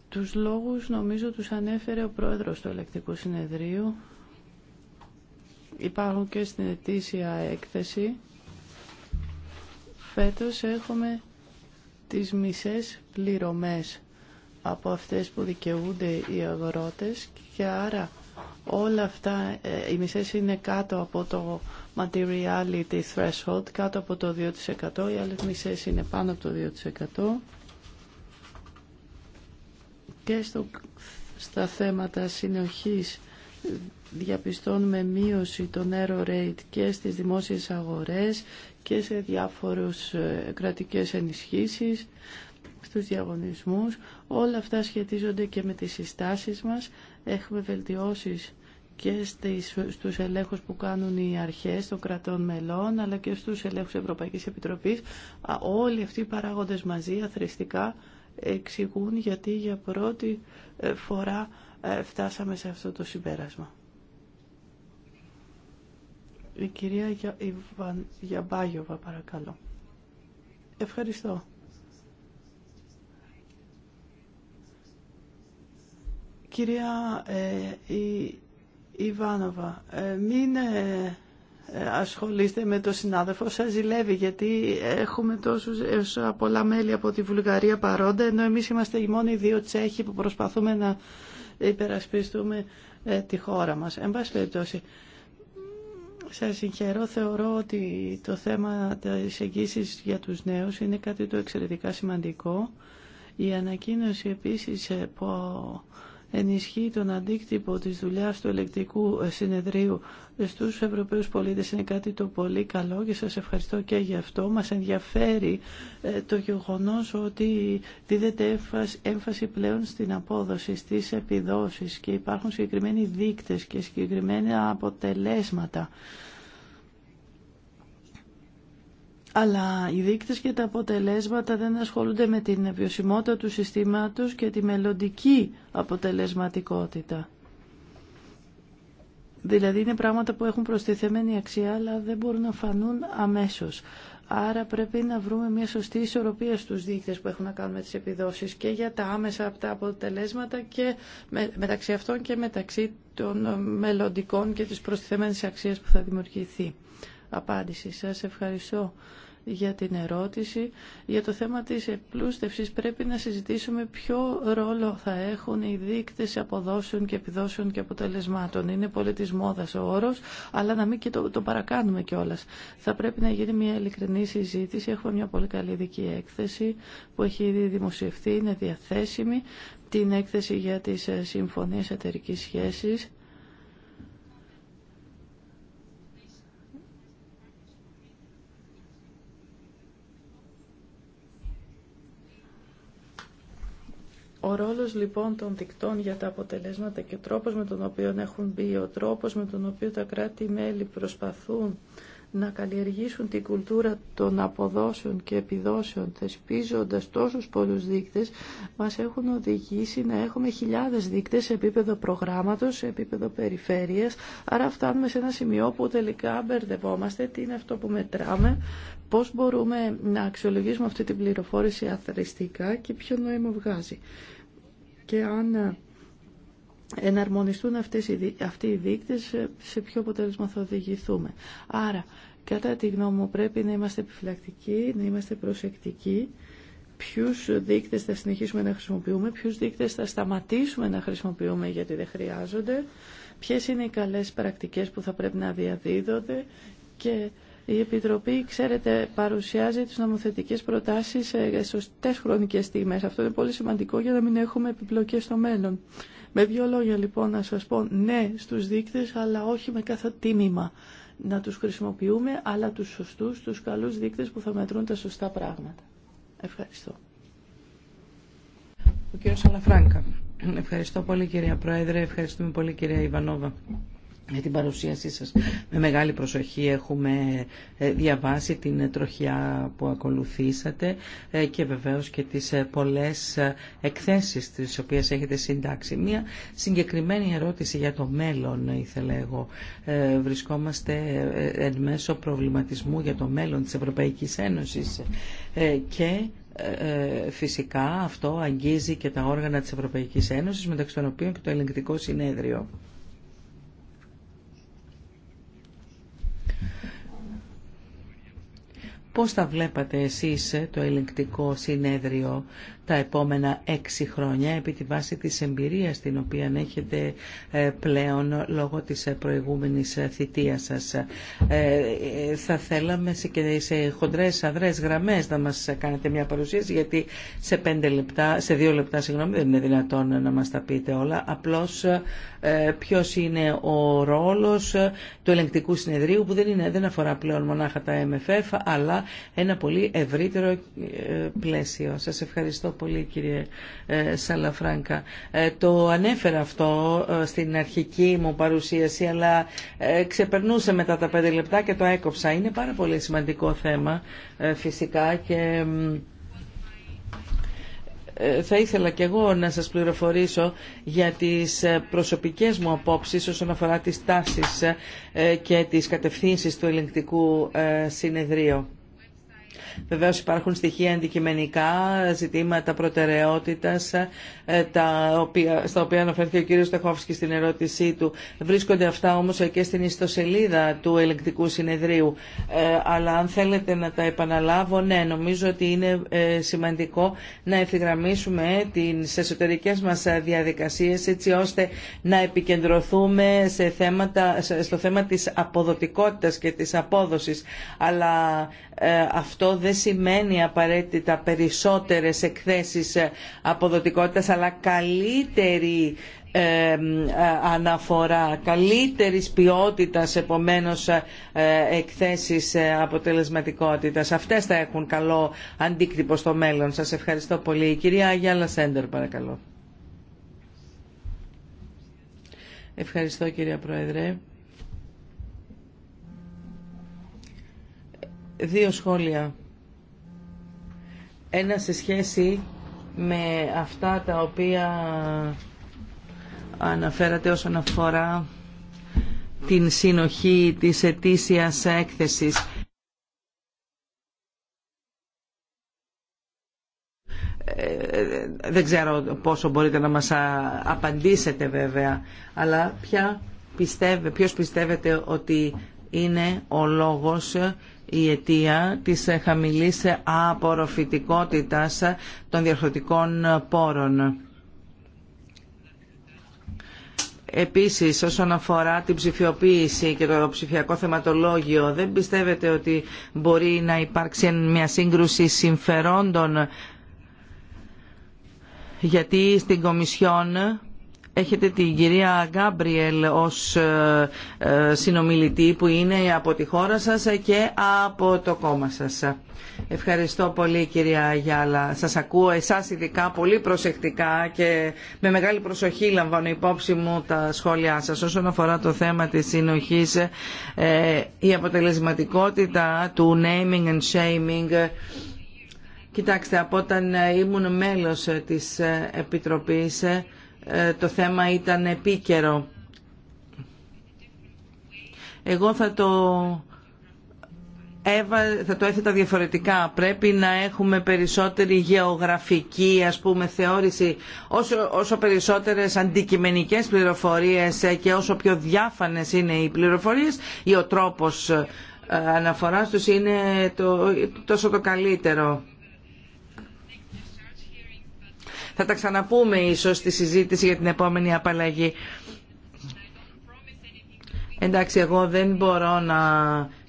Τους λόγους νομίζω τους ανέφερε ο πρόεδρος του ελεκτικού συνεδρίου. Υπάρχουν και στην ετήσια έκθεση Φέτος έχουμε τις μισές πληρωμές από αυτές που δικαιούνται οι αγρότες και άρα όλα αυτά, ε, οι μισές είναι κάτω από το materiality threshold, κάτω από το 2%, οι άλλες μισές είναι πάνω από το 2% και στο, στα θέματα συνοχής ε, διαπιστώνουμε μείωση των error rate και στις δημόσιες αγορές και σε διάφορους ε, κρατικές ενισχύσεις, στους διαγωνισμούς. Όλα αυτά σχετίζονται και με τις συστάσεις μας. Έχουμε βελτιώσεις και στις, στους ελέγχους που κάνουν οι αρχές των κρατών μελών αλλά και στους ελέγχους Ευρωπαϊκής Επιτροπής όλοι αυτοί οι παράγοντες μαζί αθρηστικά εξηγούν γιατί για πρώτη ε, φορά ε, φτάσαμε σε αυτό το συμπέρασμα. Η κυρία Γιαμπάγιοβα, παρακαλώ. Ευχαριστώ. Κυρία ε, η, Ιβάνοβα, ε, μην ε, ε, ασχολείστε με το συνάδελφο, σας ζηλεύει γιατί έχουμε τόσους πολλά μέλη από τη Βουλγαρία παρόντα, ενώ εμείς είμαστε οι μόνοι δύο Τσέχοι που προσπαθούμε να υπερασπιστούμε τη χώρα μας. Εν πάση περιπτώσει, Σα συγχαίρω. Θεωρώ ότι το θέμα της εγγύησης για τους νέους είναι κάτι το εξαιρετικά σημαντικό. Η ανακοίνωση επίσης ε, που ενισχύει τον αντίκτυπο της δουλειάς του ελεκτικού ε, συνεδρίου στους Ευρωπαίους πολίτες είναι κάτι το πολύ καλό και σας ευχαριστώ και γι' αυτό. Μας ενδιαφέρει ε, το γεγονός ότι δίδεται έμφαση πλέον στην απόδοση, στις επιδόσεις και υπάρχουν συγκεκριμένοι δείκτες και συγκεκριμένα αποτελέσματα αλλά οι δείκτες και τα αποτελέσματα δεν ασχολούνται με την βιωσιμότητα του συστήματος και τη μελλοντική αποτελεσματικότητα. Δηλαδή είναι πράγματα που έχουν προστιθέμενη αξία αλλά δεν μπορούν να φανούν αμέσως. Άρα πρέπει να βρούμε μια σωστή ισορροπία στους δείκτες που έχουν να κάνουν με τις επιδόσεις και για τα άμεσα τα αποτελέσματα και μεταξύ αυτών και μεταξύ των μελλοντικών και της προστιθέμενης αξίας που θα δημιουργηθεί απάντηση. Σας ευχαριστώ για την ερώτηση. Για το θέμα της επλούστευσης πρέπει να συζητήσουμε ποιο ρόλο θα έχουν οι δείκτες αποδόσεων και επιδόσεων και αποτελεσμάτων. Είναι πολύ της μόδας ο όρος, αλλά να μην και το, το παρακάνουμε κιόλας. Θα πρέπει να γίνει μια ειλικρινή συζήτηση. Έχουμε μια πολύ καλή δική έκθεση που έχει ήδη δημοσιευθεί, είναι διαθέσιμη την έκθεση για τις ε, συμφωνίες εταιρικής σχέσης Ο ρόλος λοιπόν των δικτών για τα αποτελέσματα και ο τρόπος με τον οποίο έχουν μπει, ο τρόπος με τον οποίο τα κράτη-μέλη προσπαθούν να καλλιεργήσουν την κουλτούρα των αποδόσεων και επιδόσεων θεσπίζοντας τόσους πολλούς δείκτες μας έχουν οδηγήσει να έχουμε χιλιάδες δείκτες σε επίπεδο προγράμματος, σε επίπεδο περιφέρειας άρα φτάνουμε σε ένα σημείο που τελικά μπερδευόμαστε τι είναι αυτό που μετράμε πώς μπορούμε να αξιολογήσουμε αυτή την πληροφόρηση αθρηστικά και ποιο νόημα βγάζει. Και αν εναρμονιστούν αυτές οι, αυτοί οι δείκτες, ε, σε ποιο αποτέλεσμα θα οδηγηθούμε. Άρα, κατά τη γνώμη μου, πρέπει να είμαστε επιφυλακτικοί, να είμαστε προσεκτικοί ποιου δείκτες θα συνεχίσουμε να χρησιμοποιούμε, ποιου δείκτες θα σταματήσουμε να χρησιμοποιούμε γιατί δεν χρειάζονται, ποιε είναι οι καλές πρακτικές που θα πρέπει να διαδίδονται και η Επιτροπή, ξέρετε, παρουσιάζει τις νομοθετικές προτάσεις σε σωστές χρονικές στιγμές. Αυτό είναι πολύ σημαντικό για να μην έχουμε επιπλοκές στο μέλλον. Με δύο λόγια λοιπόν να σας πω ναι στους δείκτες αλλά όχι με κάθε τίμημα να τους χρησιμοποιούμε αλλά τους σωστούς, τους καλούς δείκτες που θα μετρούν τα σωστά πράγματα. Ευχαριστώ. Ο κύριος Αλαφράγκα. Ευχαριστώ πολύ κυρία Πρόεδρε, ευχαριστούμε πολύ κυρία Ιβανόβα για την παρουσίασή σας. Με μεγάλη προσοχή έχουμε ε, διαβάσει την τροχιά που ακολουθήσατε ε, και βεβαίως και τις ε, πολλές εκθέσεις τις οποίες έχετε συντάξει. Μία συγκεκριμένη ερώτηση για το μέλλον ήθελα εγώ. Βρισκόμαστε εν μέσω προβληματισμού για το μέλλον της Ευρωπαϊκής Ένωσης και φυσικά αυτό αγγίζει και τα όργανα της Ευρωπαϊκής Ένωσης μεταξύ των οποίων και το ελεγκτικό συνέδριο. Πώς θα βλέπατε εσείς ε, το ελεγκτικό συνέδριο τα επόμενα έξι χρόνια επί τη βάση της εμπειρίας την οποία έχετε ε, πλέον λόγω της ε, προηγούμενης ε, θητείας σας. Θα θέλαμε και σε χοντρές αδρές γραμμές να μας κάνετε μια παρουσίαση γιατί σε, πέντε λεπτά, σε δύο λεπτά συγγνώμη, δεν είναι δυνατόν να μας τα πείτε όλα. Απλώς ποιος είναι ο ρόλος του ελεγκτικού συνεδρίου που δεν, είναι, δεν αφορά πλέον μονάχα τα MFF αλλά ένα πολύ ευρύτερο πλαίσιο. Σας ευχαριστώ πολύ κύριε ε, Σαλαφράγκα. Ε, το ανέφερα αυτό ε, στην αρχική μου παρουσίαση αλλά ξεπερνούσε μετά τα πέντε λεπτά και το έκοψα. Είναι πάρα πολύ σημαντικό θέμα φυσικά και θα ήθελα και εγώ να σας πληροφορήσω για τις προσωπικές μου απόψεις όσον αφορά τις τάσεις και τις κατευθύνσεις του ελεγκτικού συνεδρίου. Βεβαίω υπάρχουν στοιχεία αντικειμενικά, ζητήματα προτεραιότητα, ε, στα οποία αναφέρθηκε ο κύριος Στεχόφσκι στην ερώτησή του. Βρίσκονται αυτά όμω και στην ιστοσελίδα του ελεγκτικού συνεδρίου. Ε, αλλά αν θέλετε να τα επαναλάβω, ναι, νομίζω ότι είναι ε, σημαντικό να ευθυγραμμίσουμε τις εσωτερικές μας διαδικασίες έτσι ώστε να επικεντρωθούμε σε θέματα, στο θέμα της αποδοτικότητας και της απόδοσης. Αλλά αυτό δεν σημαίνει απαραίτητα περισσότερες εκθέσεις αποδοτικότητας αλλά καλύτερη ε, αναφορά καλύτερης ποιότητας επομένως ε, εκθέσεις ε, αποτελεσματικότητας. Αυτές θα έχουν καλό αντίκτυπο στο μέλλον. Σας ευχαριστώ πολύ. Η κυρία Αγιάλα Σέντερ παρακαλώ. Ευχαριστώ κυρία Πρόεδρε. Δύο σχόλια ένα σε σχέση με αυτά τα οποία αναφέρατε όσον αφορά την συνοχή της ετήσιας έκθεσης. Ε, δεν ξέρω πόσο μπορείτε να μας απαντήσετε βέβαια, αλλά ποια ποιος πιστεύετε ότι είναι ο λόγος η αιτία της χαμηλής απορροφητικότητας των διαρθρωτικών πόρων. Επίσης, όσον αφορά την ψηφιοποίηση και το ψηφιακό θεματολόγιο, δεν πιστεύετε ότι μπορεί να υπάρξει μια σύγκρουση συμφερόντων γιατί στην Κομισιόν Έχετε την κυρία Γκάμπριελ ως ε, ε, συνομιλητή που είναι από τη χώρα σας και από το κόμμα σας. Ευχαριστώ πολύ κυρία Γιάλα. Σας ακούω εσάς ειδικά πολύ προσεκτικά και με μεγάλη προσοχή λαμβάνω υπόψη μου τα σχόλιά σας. Όσον αφορά το θέμα της συνοχής, ε, η αποτελεσματικότητα του naming and shaming Κοιτάξτε, από όταν ήμουν μέλος της Επιτροπής ε, το θέμα ήταν επίκαιρο. Εγώ θα το θα το έθετα διαφορετικά. Πρέπει να έχουμε περισσότερη γεωγραφική ας πούμε, θεώρηση. Όσο, όσο περισσότερες αντικειμενικές πληροφορίες ε, και όσο πιο διάφανες είναι οι πληροφορίες ή ο τρόπος ε, αναφοράς τους είναι το, τόσο το καλύτερο. Θα τα ξαναπούμε ίσως στη συζήτηση για την επόμενη απαλλαγή. Εντάξει, εγώ δεν μπορώ να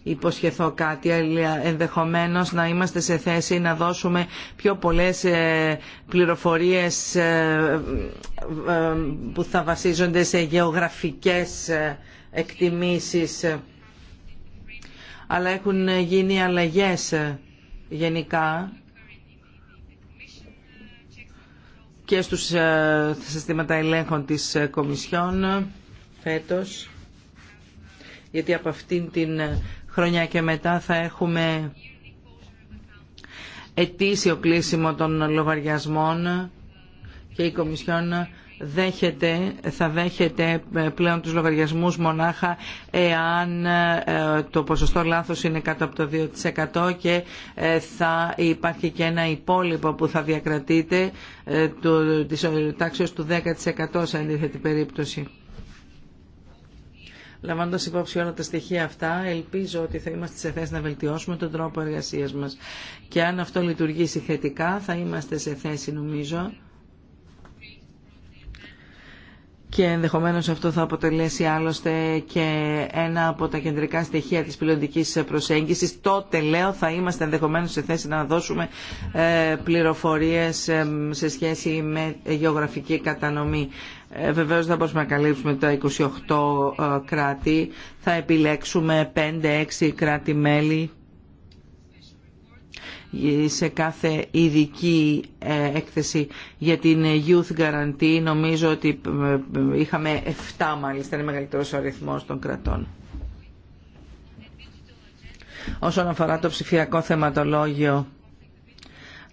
υποσχεθώ κάτι, αλλά ενδεχομένως να είμαστε σε θέση να δώσουμε πιο πολλές ε, πληροφορίες ε, ε, που θα βασίζονται σε γεωγραφικές εκτιμήσεις. Αλλά έχουν γίνει αλλαγές γενικά και στους ε, συστήματα ελέγχων της ε, Κομισιόν ε, φέτος, γιατί από αυτήν την χρονιά και μετά θα έχουμε ετήσιο κλείσιμο των λογαριασμών και η Κομισιόν δέχεται, θα δέχεται ε, πλέον τους λογαριασμούς μονάχα εάν ε, το ποσοστό λάθος είναι κάτω από το 2% και ε, θα υπάρχει και ένα υπόλοιπο που θα διακρατείται της τάξης του 10% σε αντίθετη περίπτωση. Λαμβάνοντας υπόψη όλα τα στοιχεία αυτά, ελπίζω ότι θα είμαστε σε θέση να βελτιώσουμε τον τρόπο εργασίας μας. Και αν αυτό λειτουργήσει θετικά, θα είμαστε σε θέση, νομίζω, και ενδεχομένως αυτό θα αποτελέσει άλλωστε και ένα από τα κεντρικά στοιχεία της πιλωτικής προσέγγισης. Τότε, λέω, θα είμαστε ενδεχομένως σε θέση να δώσουμε ε, πληροφορίες ε, σε σχέση με γεωγραφική κατανομή. Ε, Βεβαίω δεν μπορούμε να καλύψουμε τα 28 κράτη. Θα επιλέξουμε 5-6 κράτη-μέλη σε κάθε ειδική ε, έκθεση για την Youth Guarantee. Νομίζω ότι ε, ε, είχαμε 7 μάλιστα, είναι μεγαλύτερος ο αριθμός των κρατών. Όσον αφορά το ψηφιακό θεματολόγιο,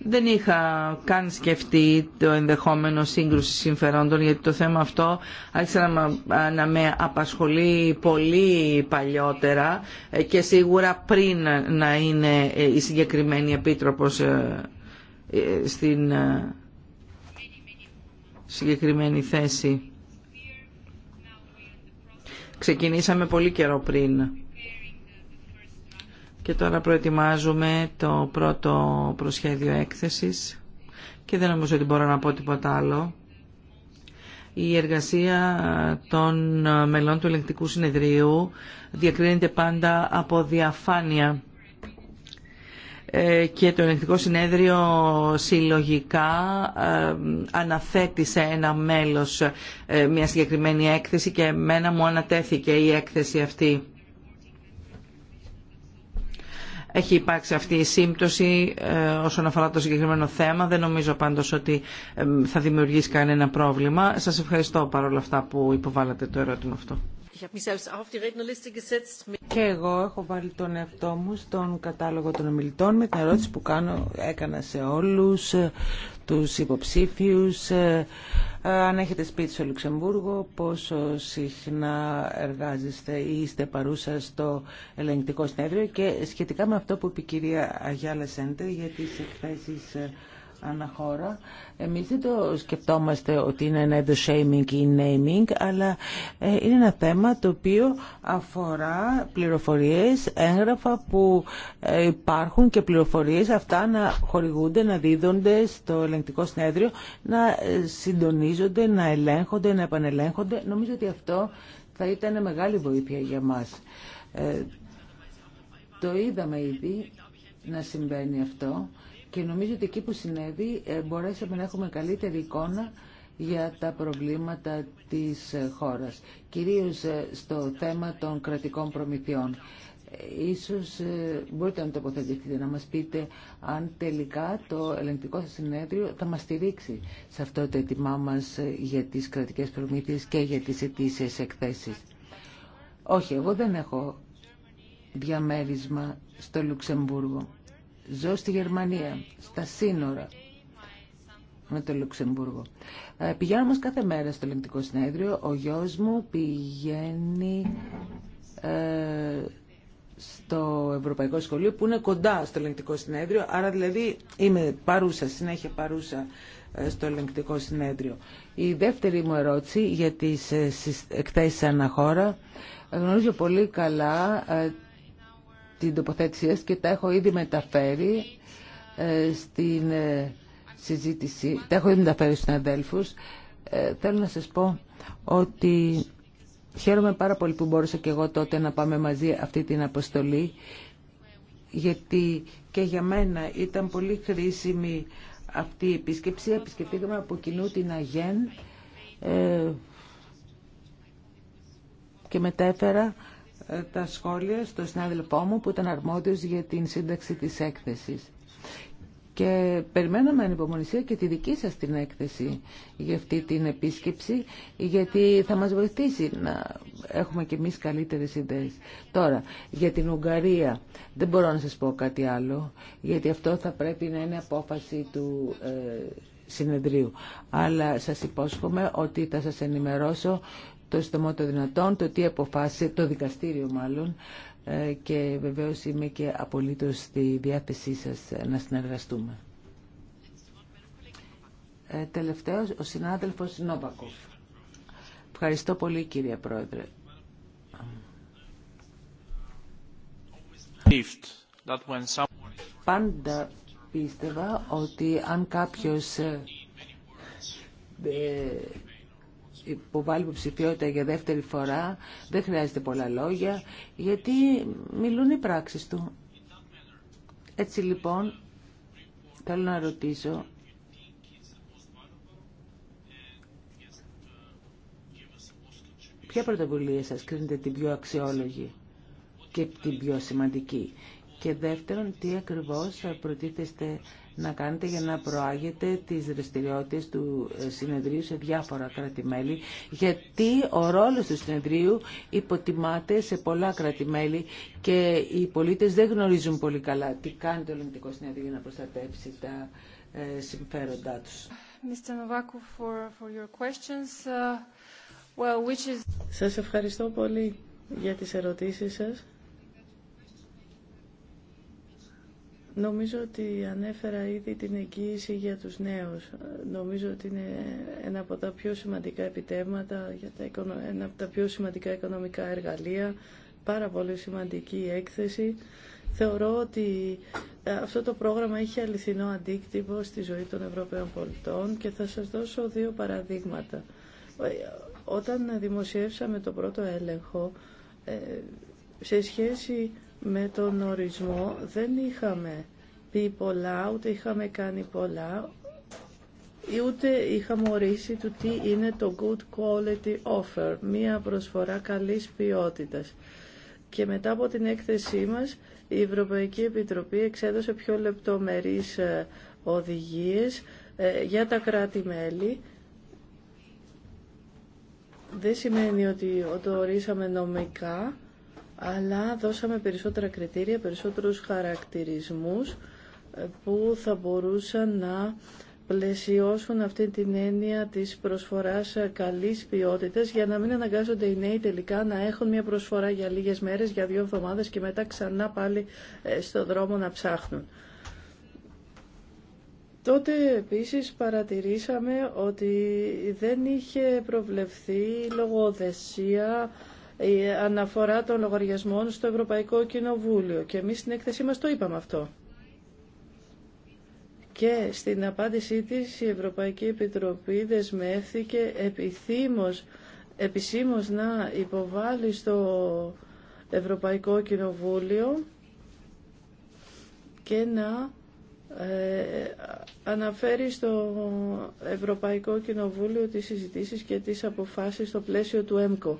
δεν είχα καν σκεφτεί το ενδεχόμενο σύγκρουση συμφερόντων γιατί το θέμα αυτό άρχισε να με απασχολεί πολύ παλιότερα και σίγουρα πριν να είναι ε, η συγκεκριμένη επίτροπος ε, ε, στην συγκεκριμένη θέση. Ξεκινήσαμε πολύ καιρό πριν και τώρα προετοιμάζουμε το πρώτο προσχέδιο έκθεσης και δεν νομίζω ότι μπορώ να πω τίποτα άλλο. Η εργασία των μελών του ελεγκτικού συνεδρίου διακρίνεται πάντα από διαφάνεια ε, και το ελεγκτικό συνέδριο συλλογικά ε, αναθέτει ένα μέλος ε, μια συγκεκριμένη έκθεση και μένα μου ανατέθηκε η έκθεση αυτή έχει υπάρξει αυτή η σύμπτωση ε, όσον αφορά το συγκεκριμένο θέμα. Δεν νομίζω πάντως ότι ε, θα δημιουργήσει κανένα πρόβλημα. Σας ευχαριστώ παρόλα αυτά που υποβάλλατε το ερώτημα αυτό. Και εγώ έχω βάλει τον εαυτό μου στον κατάλογο των ομιλητών με την ερώτηση που κάνω, έκανα σε όλους ε, τους υποψήφιους, ε, ε, αν έχετε σπίτι στο Λουξεμβούργο, πόσο συχνά εργάζεστε ή είστε παρούσα στο ελεγκτικό συνέδριο και σχετικά με αυτό που είπε η κυρία Αγιάλα Σέντερ για τις εκθέσεις ε, αναχώρα. Εμείς δεν το σκεφτόμαστε οτι ότι είναι endo-shaming ή naming, αλλά ε, είναι ένα θέμα το οποίο αφορά πληροφορίες, έγγραφα που ε, υπάρχουν και πληροφορίες αυτά να χορηγούνται, να δίδονται στο ελεγκτικό συνέδριο, να ε, συντονίζονται, να ελέγχονται, να επανελέγχονται. Νομίζω ότι αυτό θα ήταν μεγάλη βοήθεια για μας. το είδαμε ήδη να συμβαίνει αυτό και νομίζω ότι εκεί που συνέβη ε, μπορέσαμε να έχουμε καλύτερη εικόνα για τα προβλήματα της ε, χώρας, κυρίως ε, στο θέμα των κρατικών προμηθειών. Ίσως μπορείτε να τοποθετηθείτε, να μας πείτε αν τελικά το ελεγκτικό συνέδριο θα μας στηρίξει σε αυτό το έτοιμά μας για τις κρατικές προμήθειες και για τις αιτήσεις εκθέσεις. Όχι, εγώ δεν έχω διαμέρισμα στο Λουξεμβούργο. Ζω στη Γερμανία, στα σύνορα με το Λουξεμβούργο. Ε, πηγαίνω όμως κάθε μέρα στο Ελληνικό συνέδριο. Ο γιος μου πηγαίνει ε, στο Ευρωπαϊκό Σχολείο που είναι κοντά στο ελεγκτικό συνέδριο. Άρα δηλαδή είμαι παρούσα, συνέχεια παρούσα ε, στο ελεγκτικό συνέδριο. Η δεύτερη μου ερώτηση για τις ε, εκθέσεις αναχώρα. Γνωρίζω πολύ καλά τοποθέτησή και τα έχω ήδη μεταφέρει ε, στην ε, συζήτηση. Τα έχω ήδη μεταφέρει στους αδέλφους. Ε, θέλω να σας πω ότι χαίρομαι πάρα πολύ που μπόρεσα και εγώ τότε να πάμε μαζί αυτή την αποστολή γιατί και για μένα ήταν πολύ χρήσιμη αυτή η επίσκεψη. Επισκεφτήκαμε από κοινού την Αγέν και μετέφερα ε, τα σχόλια στο συνάδελφό μου που ήταν αρμόδιος για την σύνταξη της έκθεσης. Και περιμέναμε ανυπομονησία και τη δική σας την έκθεση για αυτή την επίσκεψη, γιατί θα μας βοηθήσει να έχουμε και εμείς καλύτερες ιδέες. Τώρα, για την Ουγγαρία δεν μπορώ να σας πω κάτι άλλο, γιατί αυτό θα πρέπει να είναι απόφαση του ε, συνεδρίου. Αλλά σας υπόσχομαι ότι θα σας ενημερώσω το των δυνατών, το τι αποφάσισε το δικαστήριο μάλλον ε, και βεβαίως είμαι και απολύτως στη διάθεσή σας ε, να συνεργαστούμε. Ε, τελευταίος, ο συνάδελφος Νόβακοφ. Ευχαριστώ πολύ κύριε Πρόεδρε. Πάντα πίστευα ότι αν κάποιος ε, υποβάλει υποψηφιότητα για δεύτερη φορά, δεν χρειάζεται πολλά λόγια, γιατί μιλούν οι πράξεις του. Έτσι λοιπόν, θέλω να ρωτήσω, ποια πρωτοβουλία σας κρίνετε την πιο αξιόλογη και την πιο σημαντική. Και δεύτερον, τι ακριβώς προτίθεστε να κάνετε για να προάγετε τις δραστηριότητες του συνεδρίου σε διάφορα κράτη-μέλη, γιατί ο ρόλος του συνεδρίου υποτιμάται σε πολλά κράτη-μέλη και οι πολίτες δεν γνωρίζουν πολύ καλά τι κάνει το Ελληνικό Συνέδριο για να προστατεύσει τα ε, συμφέροντά τους. Uh, σας ευχαριστώ πολύ για τις ερωτήσεις σας. Νομίζω ότι ανέφερα ήδη την εγγύηση για τους νέους. Νομίζω ότι είναι ένα από τα πιο σημαντικά επιτεύγματα, ένα από τα πιο σημαντικά οικονομικά εργαλεία, πάρα πολύ σημαντική έκθεση. Θεωρώ ότι ε, αυτό το πρόγραμμα έχει αληθινό αντίκτυπο στη ζωή των Ευρωπαίων πολιτών και θα σας δώσω δύο παραδείγματα. Ε, όταν δημοσιεύσαμε το πρώτο έλεγχο, ε, σε σχέση με τον ορισμό δεν είχαμε πει πολλά, ούτε είχαμε κάνει πολλά, ούτε είχαμε ορίσει το τι είναι το good quality offer, μία προσφορά καλής ποιότητας. Και μετά από την έκθεσή μας, η Ευρωπαϊκή Επιτροπή εξέδωσε πιο λεπτομερείς ε, οδηγίες ε, για τα κράτη-μέλη, δεν σημαίνει ότι το ορίσαμε νομικά, αλλά δώσαμε περισσότερα κριτήρια, περισσότερους χαρακτηρισμούς ε, που θα μπορούσαν να πλαισιώσουν αυτή την έννοια της προσφοράς ε, καλής ποιότητας για να μην αναγκάζονται οι νέοι τελικά να έχουν μια προσφορά για λίγες μέρες, για δύο εβδομάδες και μετά ξανά πάλι ε, στο δρόμο να ψάχνουν. Τότε επίσης παρατηρήσαμε ότι δεν είχε προβλεφθεί λογοδεσία η αναφορά των λογαριασμών στο Ευρωπαϊκό Κοινοβούλιο. Και εμείς στην έκθεσή μας το είπαμε αυτό. Και στην απάντησή της η Ευρωπαϊκή Επιτροπή δεσμεύθηκε επιθύμως, επισήμως να υποβάλει στο Ευρωπαϊκό Κοινοβούλιο και να ε, αναφέρει στο Ευρωπαϊκό Κοινοβούλιο τις συζητήσεις και τις αποφάσεις στο πλαίσιο του ΕΜΚΟ.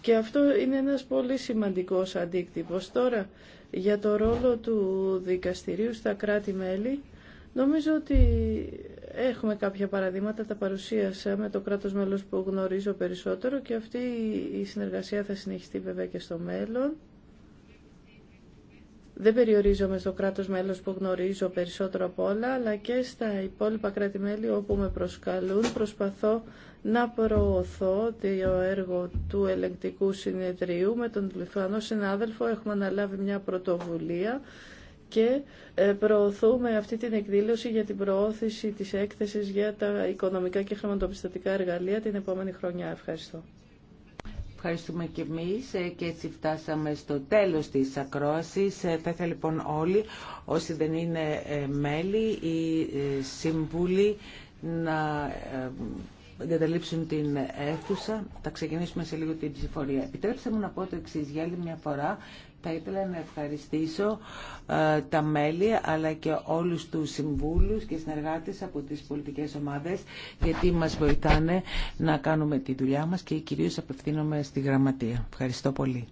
Και αυτό είναι ένας πολύ σημαντικός αντίκτυπος. Τώρα, για το ρόλο του δικαστηρίου στα κράτη-μέλη, νομίζω ότι έχουμε κάποια παραδείγματα, τα παρουσίασα με το κράτος μέλος που γνωρίζω περισσότερο και αυτή η συνεργασία θα συνεχιστεί βέβαια και στο μέλλον. Δεν περιορίζομαι στο κράτος μέλος που γνωρίζω περισσότερο από όλα, αλλά και στα υπόλοιπα κράτη-μέλη όπου με προσκαλούν προσπαθώ να προωθώ το έργο του ελεγκτικού συνεδρίου με τον Λιθουανό συνάδελφο έχουμε αναλάβει μια πρωτοβουλία και ε, προωθούμε αυτή την εκδήλωση για την προώθηση της έκθεσης για τα οικονομικά και χρηματοπιστωτικά εργαλεία την επόμενη χρονιά. Ευχαριστώ. Ευχαριστούμε και εμείς ε, και έτσι φτάσαμε στο τέλος της ακρόασης. Ε, θα ήθελα λοιπόν όλοι όσοι δεν είναι μέλη ή σύμβουλοι να εγκαταλείψουν την αίθουσα. Θα ξεκινήσουμε σε λίγο την ψηφορία. Επιτρέψτε μου να πω το εξή για άλλη μια φορά. Θα ήθελα να ευχαριστήσω ε, τα μέλη αλλά και όλους τους συμβούλους και συνεργάτες από τις πολιτικές ομάδες γιατί μας βοηθάνε να κάνουμε τη δουλειά μας και κυρίως απευθύνομαι στη γραμματεία. Ευχαριστώ πολύ.